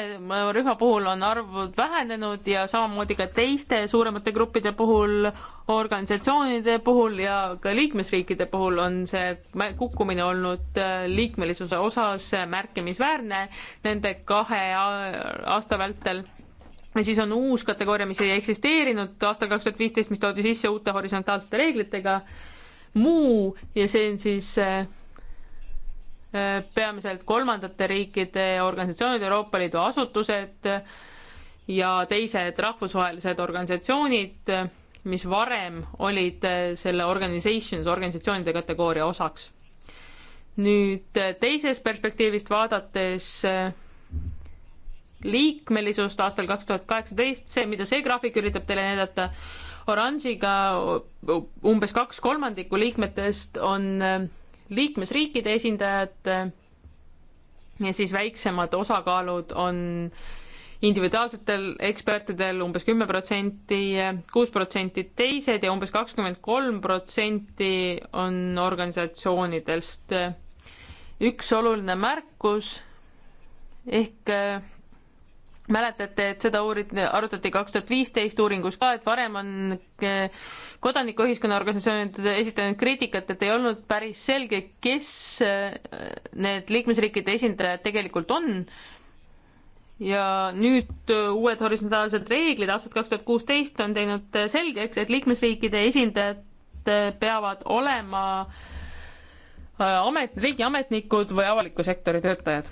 rühma puhul on arvud vähenenud ja samamoodi ka teiste suuremate gruppide puhul, organisatsioonide puhul ja ka liikmesriikide puhul on see kukkumine olnud äh, liikmelisuse osas märkimisväärne nende kahe aasta vältel ja siis on uus kategooria, mis ei eksisteerinud aastal kaks tuhat viisteist, mis toodi sisse uute horisontaalsete reeglitega, muu ja see on siis äh, peamiselt kolmandate riikide organisatsioonid, Euroopa Liidu asutused ja teised rahvusvahelised organisatsioonid, mis varem olid selle organizations, organisatsioonide kategooria osaks. nüüd teisest perspektiivist vaadates liikmelisust aastal kaks tuhat kaheksateist, see, mida see graafik üritab teile näidata, oranžiga umbes kaks kolmandikku liikmetest on liikmesriikide esindajad ja siis väiksemad osakaalud on individuaalsetel ekspertidel umbes kümme protsenti, kuus protsenti teised ja umbes kakskümmend kolm protsenti on organisatsioonidest. üks oluline märkus ehk mäletate, et seda uurit-, arutati kaks tuhat viisteist uuringus ka, et varem on eh, kodanikuühiskonna organisatsioonid esitanud kriitikat, et ei olnud päris selge, kes eh, need liikmesriikide esindajad tegelikult on. ja nüüd eh, uued horisontaalsed reeglid aastast kaks tuhat kuusteist on teinud selgeks, et liikmesriikide esindajad peavad olema amet, riigiametnikud või avaliku sektori töötajad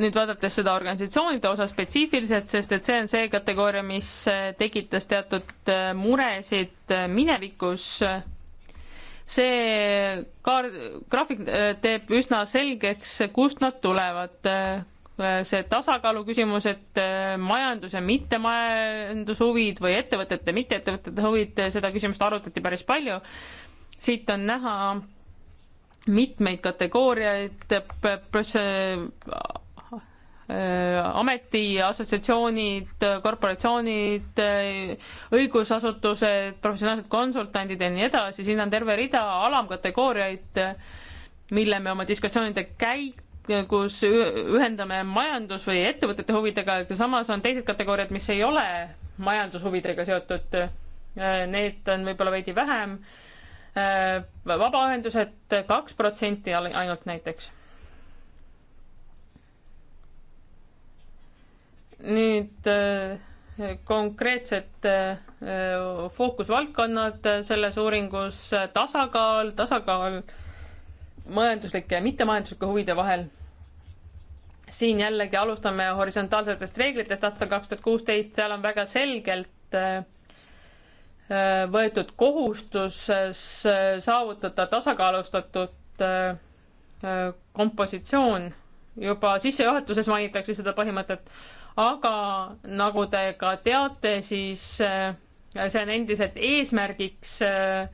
nüüd vaadates seda organisatsioonide osa spetsiifiliselt, sest et see on see kategooria, mis äh, tekitas teatud äh, muresid äh, minevikus, see kaar-, graafik teeb üsna selgeks, kust nad tulevad. see tasakaalu küsimus, et majandus ja mittemajandushuvid või ettevõtete, mitteettevõtete huvid, seda küsimust arutati päris palju. siit on näha mitmeid kategooriaid, Äh, ametiassotsiatsioonid, äh, korporatsioonid, äh, õigusasutused, professionaalsed konsultandid ja nii edasi, siin on terve rida alamkategooriaid, mille me oma diskussioonide käi-, kus ühendame majandus- või ettevõtete huvidega, aga samas on teised kategooriad, mis ei ole majandushuvidega seotud. Need on võib-olla veidi vähem, vabaühendused kaks protsenti ainult näiteks nüüd äh, konkreetsed äh, fookusvaldkonnad selles uuringus, tasakaal, tasakaal majanduslike ja mittemajanduslike huvide vahel. siin jällegi alustame horisontaalsetest reeglitest aastal kaks tuhat kuusteist, seal on väga selgelt äh, võetud kohustus saavutada tasakaalustatud kompositsioon. juba sissejuhatuses mainitakse seda põhimõtet aga nagu te ka teate, siis äh, see on endiselt eesmärgiks äh,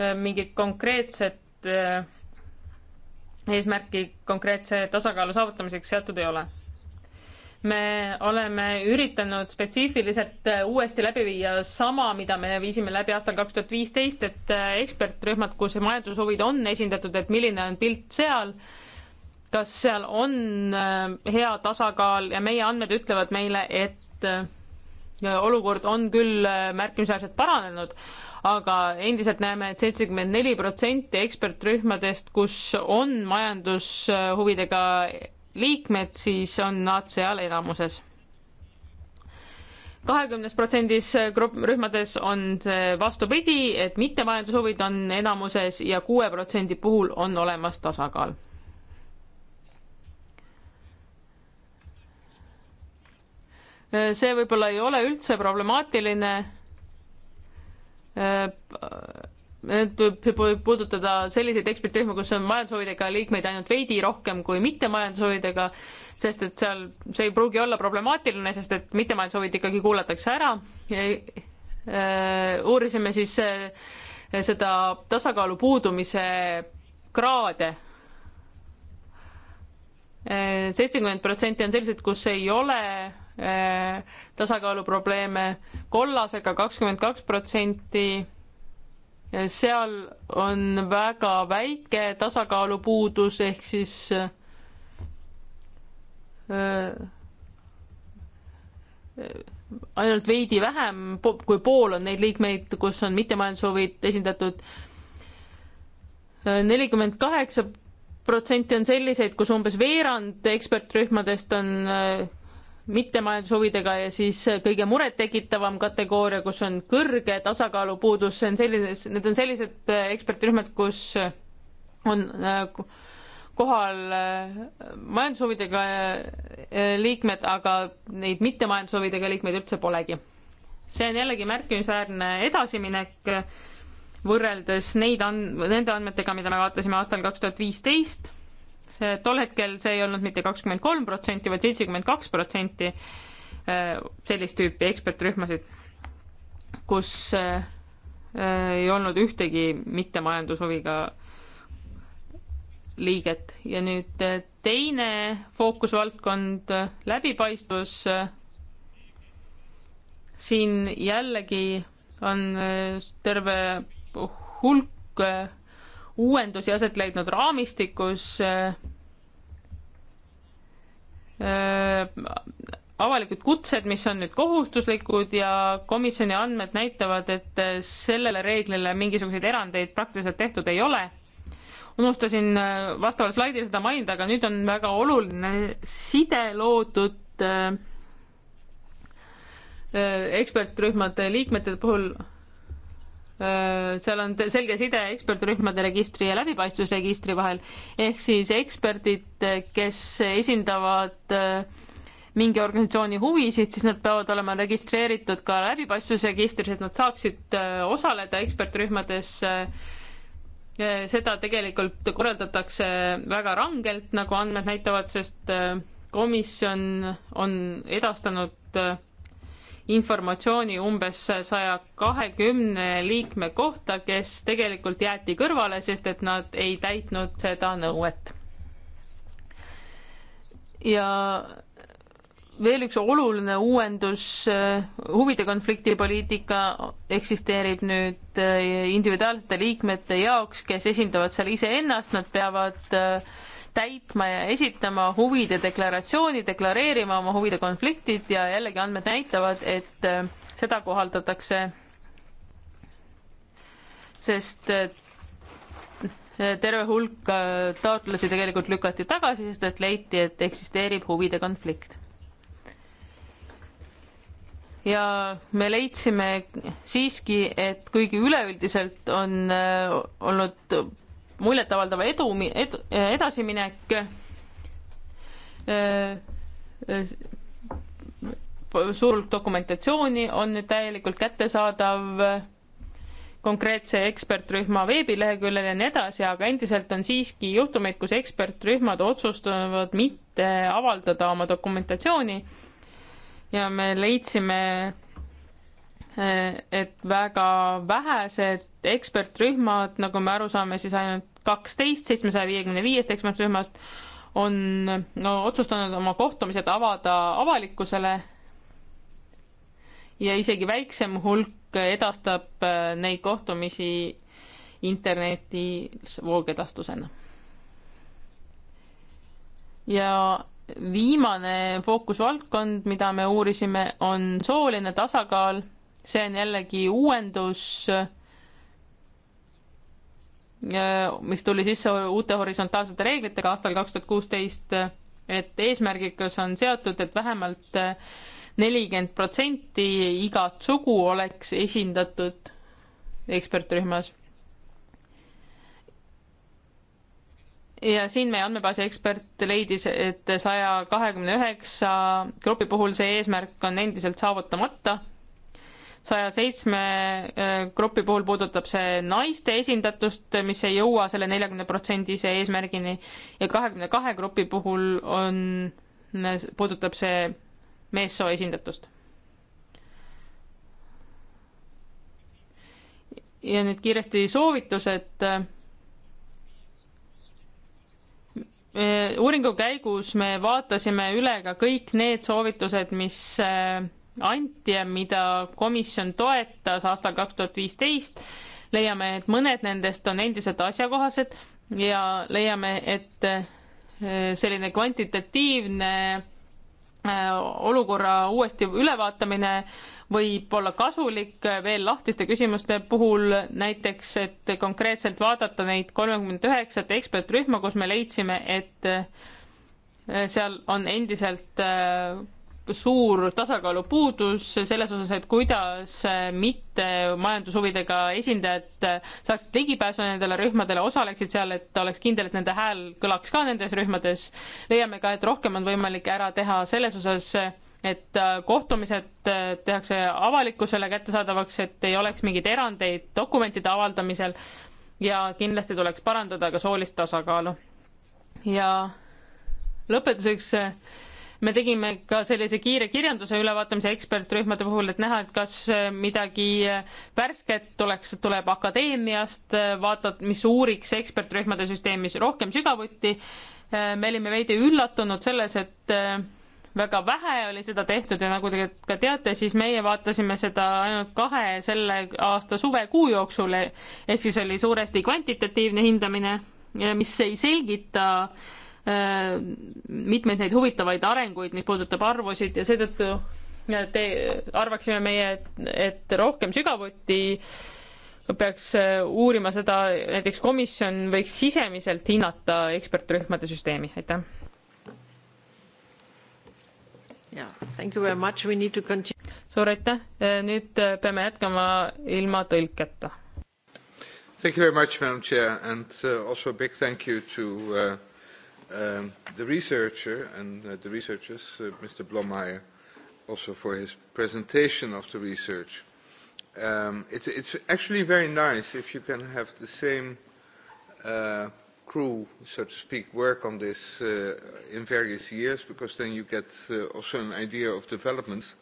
äh, mingit konkreetset eesmärki konkreetse tasakaalu saavutamiseks seatud ei ole me oleme üritanud spetsiifiliselt uuesti läbi viia sama, mida me viisime läbi aastal kaks tuhat viisteist, et ekspertrühmad, kus majandushuvid on esindatud, et milline on pilt seal kas seal on äh, hea tasakaal ja meie andmed ütlevad meile, et äh, olukord on küll äh, märkimisväärselt paranenud, aga endiselt näeme et, et seitsekümmend neli protsenti ekspertrühmadest, kus on majandushuvidega liikmed, siis on nad seal enamuses. kahekümnes protsendis rühmades on see vastupidi, et mittemajandushuvid on enamuses ja kuue protsendi puhul on olemas tasakaal see võib-olla ei ole üldse problemaatiline. Need võib puudutada selliseid ekspertrühmi, kus on majandushuvidega liikmeid ainult veidi rohkem kui mitte majandushuvidega, sest et seal see ei pruugi olla problemaatiline, sest et mitte majandushuvid ikkagi kuulatakse ära. Äh, uurisime siis äh, seda tasakaalu puudumise kraade äh, seitsekümmend protsenti on sellised, kus ei ole Äh, tasakaaluprobleeme, kollasega kakskümmend kaks protsenti, seal on väga väike tasakaalupuudus, ehk siis äh, ainult veidi vähem kui pool on neid liikmeid, kus on mittemajandushuvid esindatud. Äh, nelikümmend kaheksa protsenti on selliseid, kus umbes veerand ekspertrühmadest on mittemajandushuvidega ja siis kõige murettekitavam kategooria, kus on kõrge tasakaalu puudus, see on sellises, need on sellised ekspertrühmad, kus on äh, kohal äh, majandushuvidega äh, liikmed, aga neid mittemajandushuvidega liikmeid üldse polegi. see on jällegi märkimisväärne edasiminek võrreldes neid and-, nende andmetega, mida me vaatasime aastal kaks tuhat viisteist see tol hetkel see ei olnud mitte kakskümmend kolm protsenti, vaid seitsekümmend kaks protsenti äh, sellist tüüpi ekspertrühmasid, kus äh, äh, ei olnud ühtegi mittemajandushuviga liiget ja nüüd teine fookusvaldkond, läbipaistvus. siin jällegi on terve hulk uuendusi aset leidnud raamistikus äh, äh, avalikud kutsed, mis on nüüd kohustuslikud ja komisjoni andmed näitavad, et äh, sellele reeglile mingisuguseid erandeid praktiliselt tehtud ei ole. unustasin vastaval slaidil seda mainida, aga nüüd on väga oluline side loodud ekspertrühmade liikmete puhul Äh, seal on selge side ekspertrühmade registri ja läbipaistvusregistri vahel, ehk siis eksperdid, kes esindavad äh, mingi organisatsiooni huvisid, siis nad peavad olema registreeritud ka läbipaistvusregistris, et nad saaksid äh, osaleda ekspertrühmades. seda tegelikult korraldatakse väga rangelt, nagu andmed näitavad, sest komisjon on edastanud informatsiooni umbes saja kahekümne liikme kohta, kes tegelikult jäeti kõrvale, sest et nad ei täitnud seda nõuet. ja veel üks oluline uuendus, huvide konflikti poliitika eksisteerib nüüd individuaalsete liikmete jaoks, kes esindavad seal iseennast, nad peavad äh, täitma ja esitama huvide deklaratsiooni, deklareerima oma huvide konfliktid ja jällegi andmed näitavad, et äh, seda kohaldatakse. sest äh, terve hulk äh, taotlusi tegelikult lükati tagasi, sest et leiti, et eksisteerib huvide konflikt. ja me leidsime siiski, et kuigi üleüldiselt on olnud muljetavaldava edu ed,, eh, edasiminek eh, suur hulk dokumentatsiooni on nüüd täielikult kättesaadav konkreetse ekspertrühma veebileheküljel ja nii edasi, aga endiselt on siiski juhtumeid, kus ekspertrühmad otsustavad mitte avaldada oma dokumentatsiooni. ja me leidsime et väga vähesed ekspertrühmad, nagu me aru saame, siis ainult kaksteist seitsmesaja viiekümne viiest ekspertrühmast on no, otsustanud oma kohtumised avada avalikkusele. ja isegi väiksem hulk edastab äh, neid kohtumisi internetis voogedastusena. ja viimane fookusvaldkond, mida me uurisime, on sooline tasakaal see on jällegi uuendus, mis tuli sisse uute horisontaalsete reeglitega aastal kaks tuhat kuusteist, et eesmärgikas on seatud, et vähemalt nelikümmend protsenti igat sugu oleks esindatud ekspertrühmas. ja siin meie andmebaasi ekspert leidis, et saja kahekümne üheksa grupi puhul see eesmärk on endiselt saavutamata saja seitsme äh, grupi puhul puudutab see naiste esindatust, mis ei jõua selle neljakümne protsendise eesmärgini ja kahekümne kahe grupi puhul on, äh, puudutab see meessoo esindatust. ja nüüd kiiresti soovitused äh, uuringu käigus me vaatasime üle ka kõik need soovitused, mis anti ja mida komisjon toetas aastal kaks tuhat viisteist, leiame, et mõned nendest on endiselt asjakohased ja leiame, et eh, selline kvantitatiivne eh, olukorra uuesti ülevaatamine võib olla kasulik veel lahtiste küsimuste puhul, näiteks et konkreetselt vaadata neid kolmekümmet üheksat ekspertrühma, kus me leidsime, et eh, seal on endiselt suur tasakaalu puudus selles osas, et kuidas mitte majandushuvidega esindajad saaksid ligipääsu nendele rühmadele, osaleksid seal, et oleks kindel, et nende hääl kõlaks ka nendes rühmades. leiame ka, et rohkem on võimalik ära teha selles osas, et kohtumised tehakse avalikkusele kättesaadavaks, et ei oleks mingeid erandeid dokumentide avaldamisel ja kindlasti tuleks parandada ka soolist tasakaalu. ja lõpetuseks me tegime ka sellise kiire kirjanduse ülevaatamise ekspertrühmade puhul, et näha, et kas äh, midagi äh, värsket tuleks, tuleb akadeemiast, äh, vaatad, mis uuriks ekspertrühmade süsteemis rohkem sügavuti. me olime veidi üllatunud selles, et väga vähe oli seda tehtud ja nagu te ka teate, siis meie vaatasime seda ainult kahe selle aasta suvekuu jooksul, ehk siis oli suuresti kvantitatiivne hindamine, mis ei selgita äh, Äh, mitmeid neid huvitavaid arenguid, mis puudutab arvusid ja seetõttu äh, te, arvaksime meie, et rohkem sügavuti peaks äh, uurima seda, näiteks komisjon võiks sisemiselt hinnata ekspertrühmade süsteemi, aitäh. suur aitäh, nüüd peame jätkama ilma tõlketa. Thank you very much, Madam Chair and uh, also a big thank you to uh, um, the researcher and uh, the researchers, uh, Mr. Blommeyer, also for his presentation of the research. Um, it, it's actually very nice if you can have the same uh, crew, so to speak, work on this uh, in various years, because then you get uh, also an idea of developments.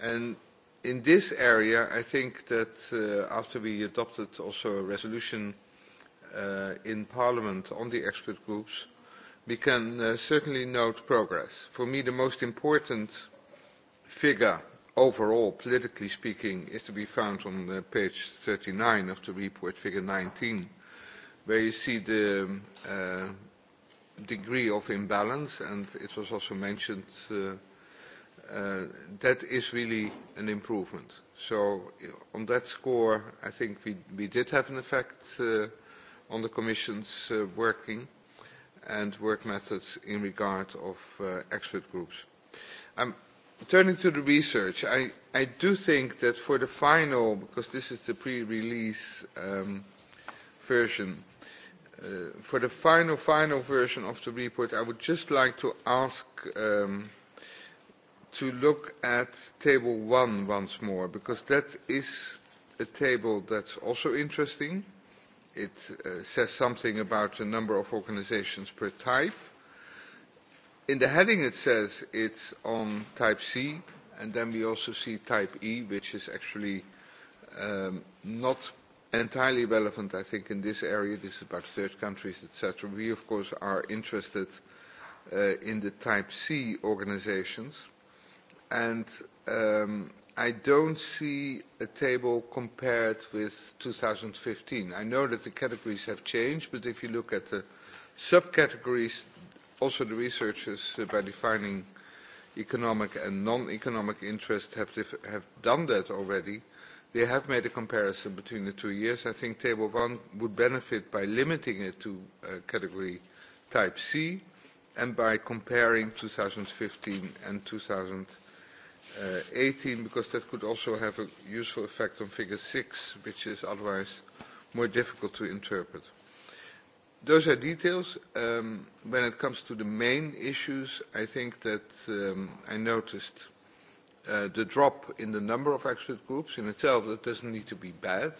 And in this area, I think that uh, after we adopted also a resolution uh, in Parliament on the expert groups, uh, we can uh, certainly note progress. For me, the most important figure overall, politically speaking, is to be found on uh, page 39 of the report, figure 19, where you see the um, uh, degree of imbalance, and it was also mentioned uh, uh, that is really an improvement. So on that score, I think we, we did have an effect uh, on the Commission's uh, working and work methods in regard of uh, expert groups. I'm um, turning to the research. I, I do think that for the final, because this is the pre-release um, version, uh, for the final, final version of the report, I would just like to ask um, to look at table one once more, because that is a table that's also interesting. It uh, says something about the number of organizations per type. In the heading it says it's on type C, and then we also see type E, which is actually um, not entirely relevant, I think, in this area. This is about third countries, etc. We, of course, are interested uh, in the type C organizations. And um, I don't see a table compared with 2015. I know that the categories have changed, but if you look at the subcategories, also the researchers, uh, by defining economic and non-economic interest, have, have done that already. They have made a comparison between the two years. I think Table 1 would benefit by limiting it to uh, category type C and by comparing 2015 and 2015 uh, 18 because that could also have a useful effect on figure 6 which is otherwise more difficult to interpret. Those are details. Um, when it comes to the main issues, I think that um, I noticed uh, the drop in the number of expert groups in itself. That doesn't need to be bad.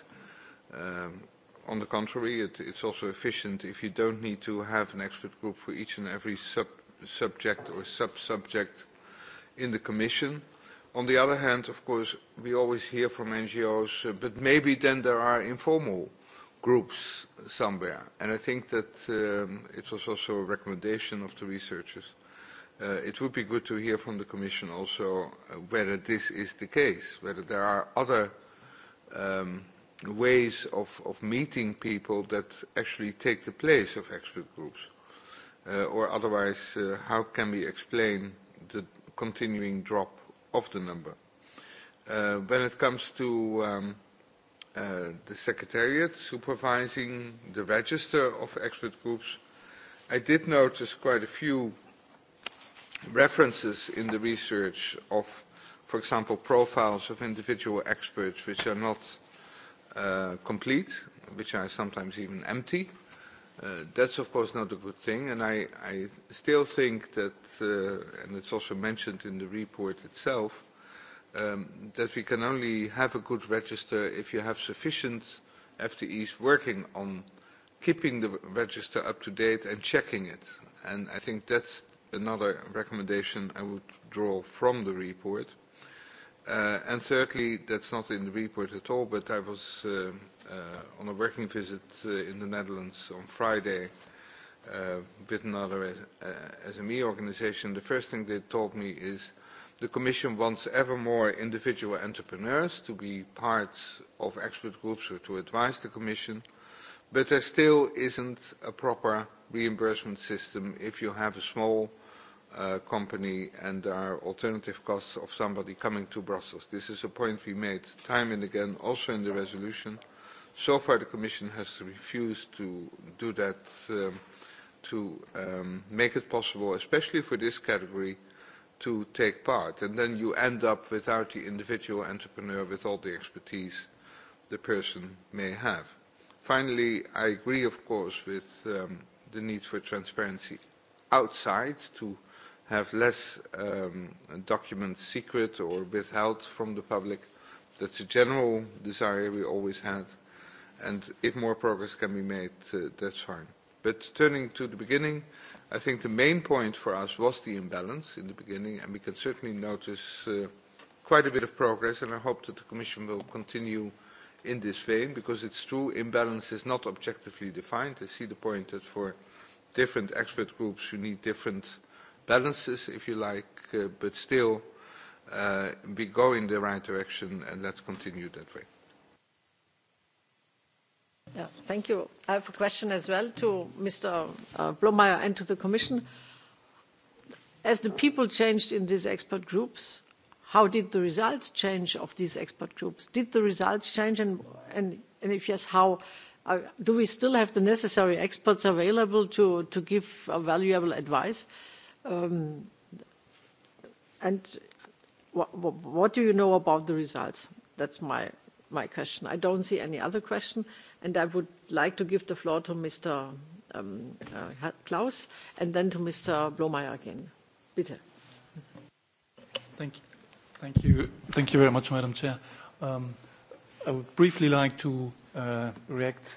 Um, on the contrary, it, it's also efficient if you don't need to have an expert group for each and every sub subject or sub-subject in the Commission. Uh, On the other hand, of course, we always hear from NGOs, uh, but maybe then there are informal groups somewhere. And I think that um, it was also a recommendation of the researchers. Uh, it would be good to hear from the Commission also uh, whether this is the case, whether there are other um, ways of, of meeting people that actually take the place of expert groups. Uh, or otherwise, uh, how can we explain the continuing drop of the number. Uh, when it comes to um, uh, the Secretariat supervising the register of expert groups, I did notice quite a few references in the research of, for example, profiles of individual experts which are not uh, complete, which are sometimes even empty. Uh, Uh, that's of course not a good thing, and I, I still think that, uh, and it's also mentioned in the report itself, um, that we can only have a good register if you have sufficient FTEs working on keeping the register up to date and checking it. And I think that's another recommendation I would draw from the report. Uh, Uh, and thirdly, that's not in the report at all, but I was uh, uh, on a working visit uh, in the Netherlands on Friday uh, with another uh, SME organization. The first thing they told me is the Commission wants ever more individual entrepreneurs to be part of expert groups or to advise the Commission, but there still isn't a proper reimbursement system if you have a small uh, uh, company and there are alternative costs of somebody coming to Brussels. This is a point we made time and again, also in the resolution. So far, the Commission has refused to do that, um, to um, make it possible, especially for this category, to take part. And then you end up without the individual entrepreneur with all the expertise the person may have. Finally, I agree, of course, with um, the need for transparency outside to have less um, documents secret or withheld from the public. That's a general desire we always had. And if more progress can be made, uh, that's fine. But turning to the beginning, I think the main point for us was the imbalance in the beginning, and we can certainly notice uh, quite a bit of progress, and I hope that the Commission will continue in this vein, because it's true, imbalance is not objectively defined. I see the point that for different expert groups, you need different balances, if you like, uh, but still uh, we go in the right direction and let's continue that way. Yeah, thank you. I have a question as well to Mr. Uh, Blomeyer and to the Commission. As the people changed in these expert groups, how did the results change of these expert groups? Did the results change and, and, and if yes, how? Uh, do we still have the necessary experts available to, to give uh, valuable advice? Uh, Um, and what, what do you know about the results? That's my, my question. I don't see any other question, and I would like to give the floor to Mr. Um, uh, Klaus and then to Mr. Blomeyer again. Bitte. Thank you. Thank you. Thank you very much, Madam Chair. Um, I would briefly like to uh, react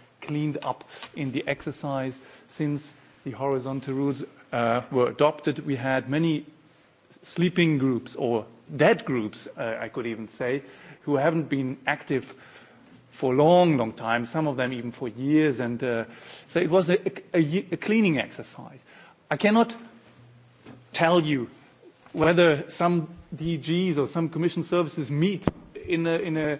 cleaned up in the exercise since the horizontal rules uh, were adopted. We had many sleeping groups or dead groups, uh, I could even say, who haven't been active for a long, long time, some of them even for years. And uh, so it was a, a, a cleaning exercise. I cannot tell you whether some DGs or some commission services meet in a, in a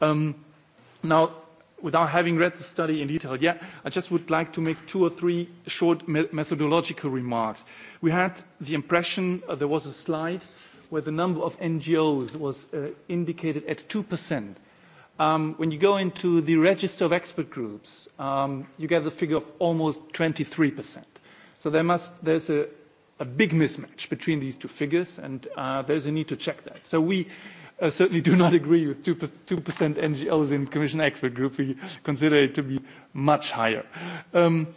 Um, now, without having read the study in detail yet, I just would like to make two or three short me methodological remarks. We had the impression uh, there was a slide where the number of NGOs was uh, indicated at 2%. Um, when you go into the register of expert groups, um, you get the figure of almost 23%. So there must, there's a, a big mismatch between these two figures, and uh, there's a need to check that. So we uh, certainly do not agree with 2%, 2% NGLs in Commission Expert Group. We consider it to be much higher. Um,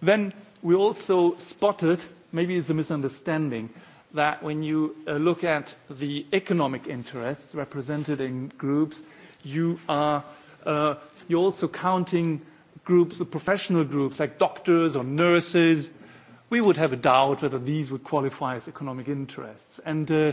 then we also spotted, maybe it's a misunderstanding, that when you uh, look at the economic interests represented in groups, you are uh, you're also counting groups, the professional groups like doctors or nurses. We would have a doubt whether these would qualify as economic interests. And uh,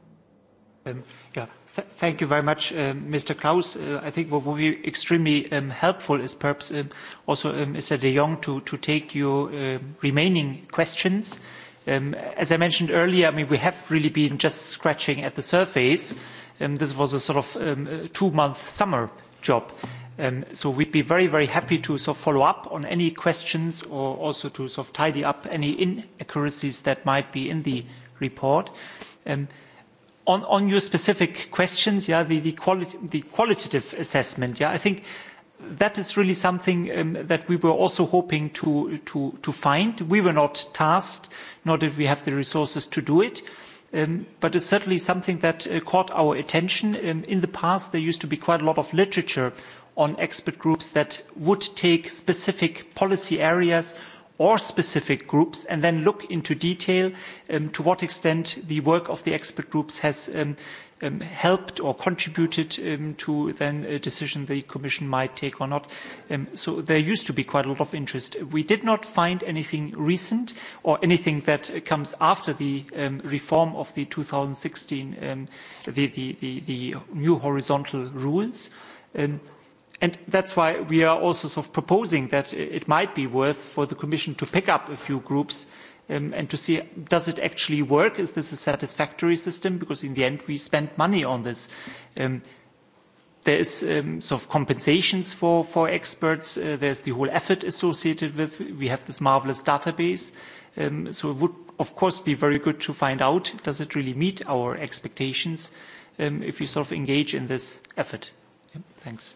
Um, yeah, th thank you very much, uh, um, Mr. Klaus. Uh, I think what would be extremely um, helpful is perhaps um, also um, Mr. de Jong to, to take your uh, remaining questions. Um, as I mentioned earlier, I mean, we have really been just scratching at the surface. Um, this was a sort of um, two-month summer job. Um, so we'd be very, very happy to sort of follow up on any questions or also to sort of tidy up any inaccuracies that might be in the report. Um, On, on your specific questions, yeah, the, the, quali the qualitative assessment, yeah, I think that is really something um, that we were also hoping to, to, to find. We were not tasked, nor did we have the resources to do it. Um, but it's certainly something that uh, caught our attention. Um, in the past, there used to be quite a lot of literature on expert groups that would take specific policy areas or specific groups and then look into detail um, to what extent the work of the expert groups has um, um, helped or contributed um, to then a decision the Commission might take or not. Um, so there used to be quite a lot of interest. We did not find anything recent or anything that comes after the um, reform of the 2016, um, the, the, the, the new horizontal rules. Um, And that's why we are also sort of proposing that it might be worth for the Commission to pick up a few groups um, and to see does it actually work? Is this a satisfactory system? Because in the end, we spend money on this. Um, there is um, sort of compensations for, for experts. Uh, there's the whole effort associated with. We have this marvelous database. Um, so it would, of course, be very good to find out does it really meet our expectations um, if we sort of engage in this effort. Yep, thanks.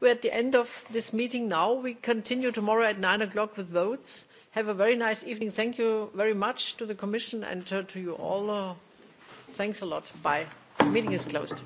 We're at the end of this meeting now. We continue tomorrow at 9 o'clock with votes. Have a very nice evening. Thank you very much to the Commission and to you all. Uh, thanks a lot. Bye. Meeting is closed.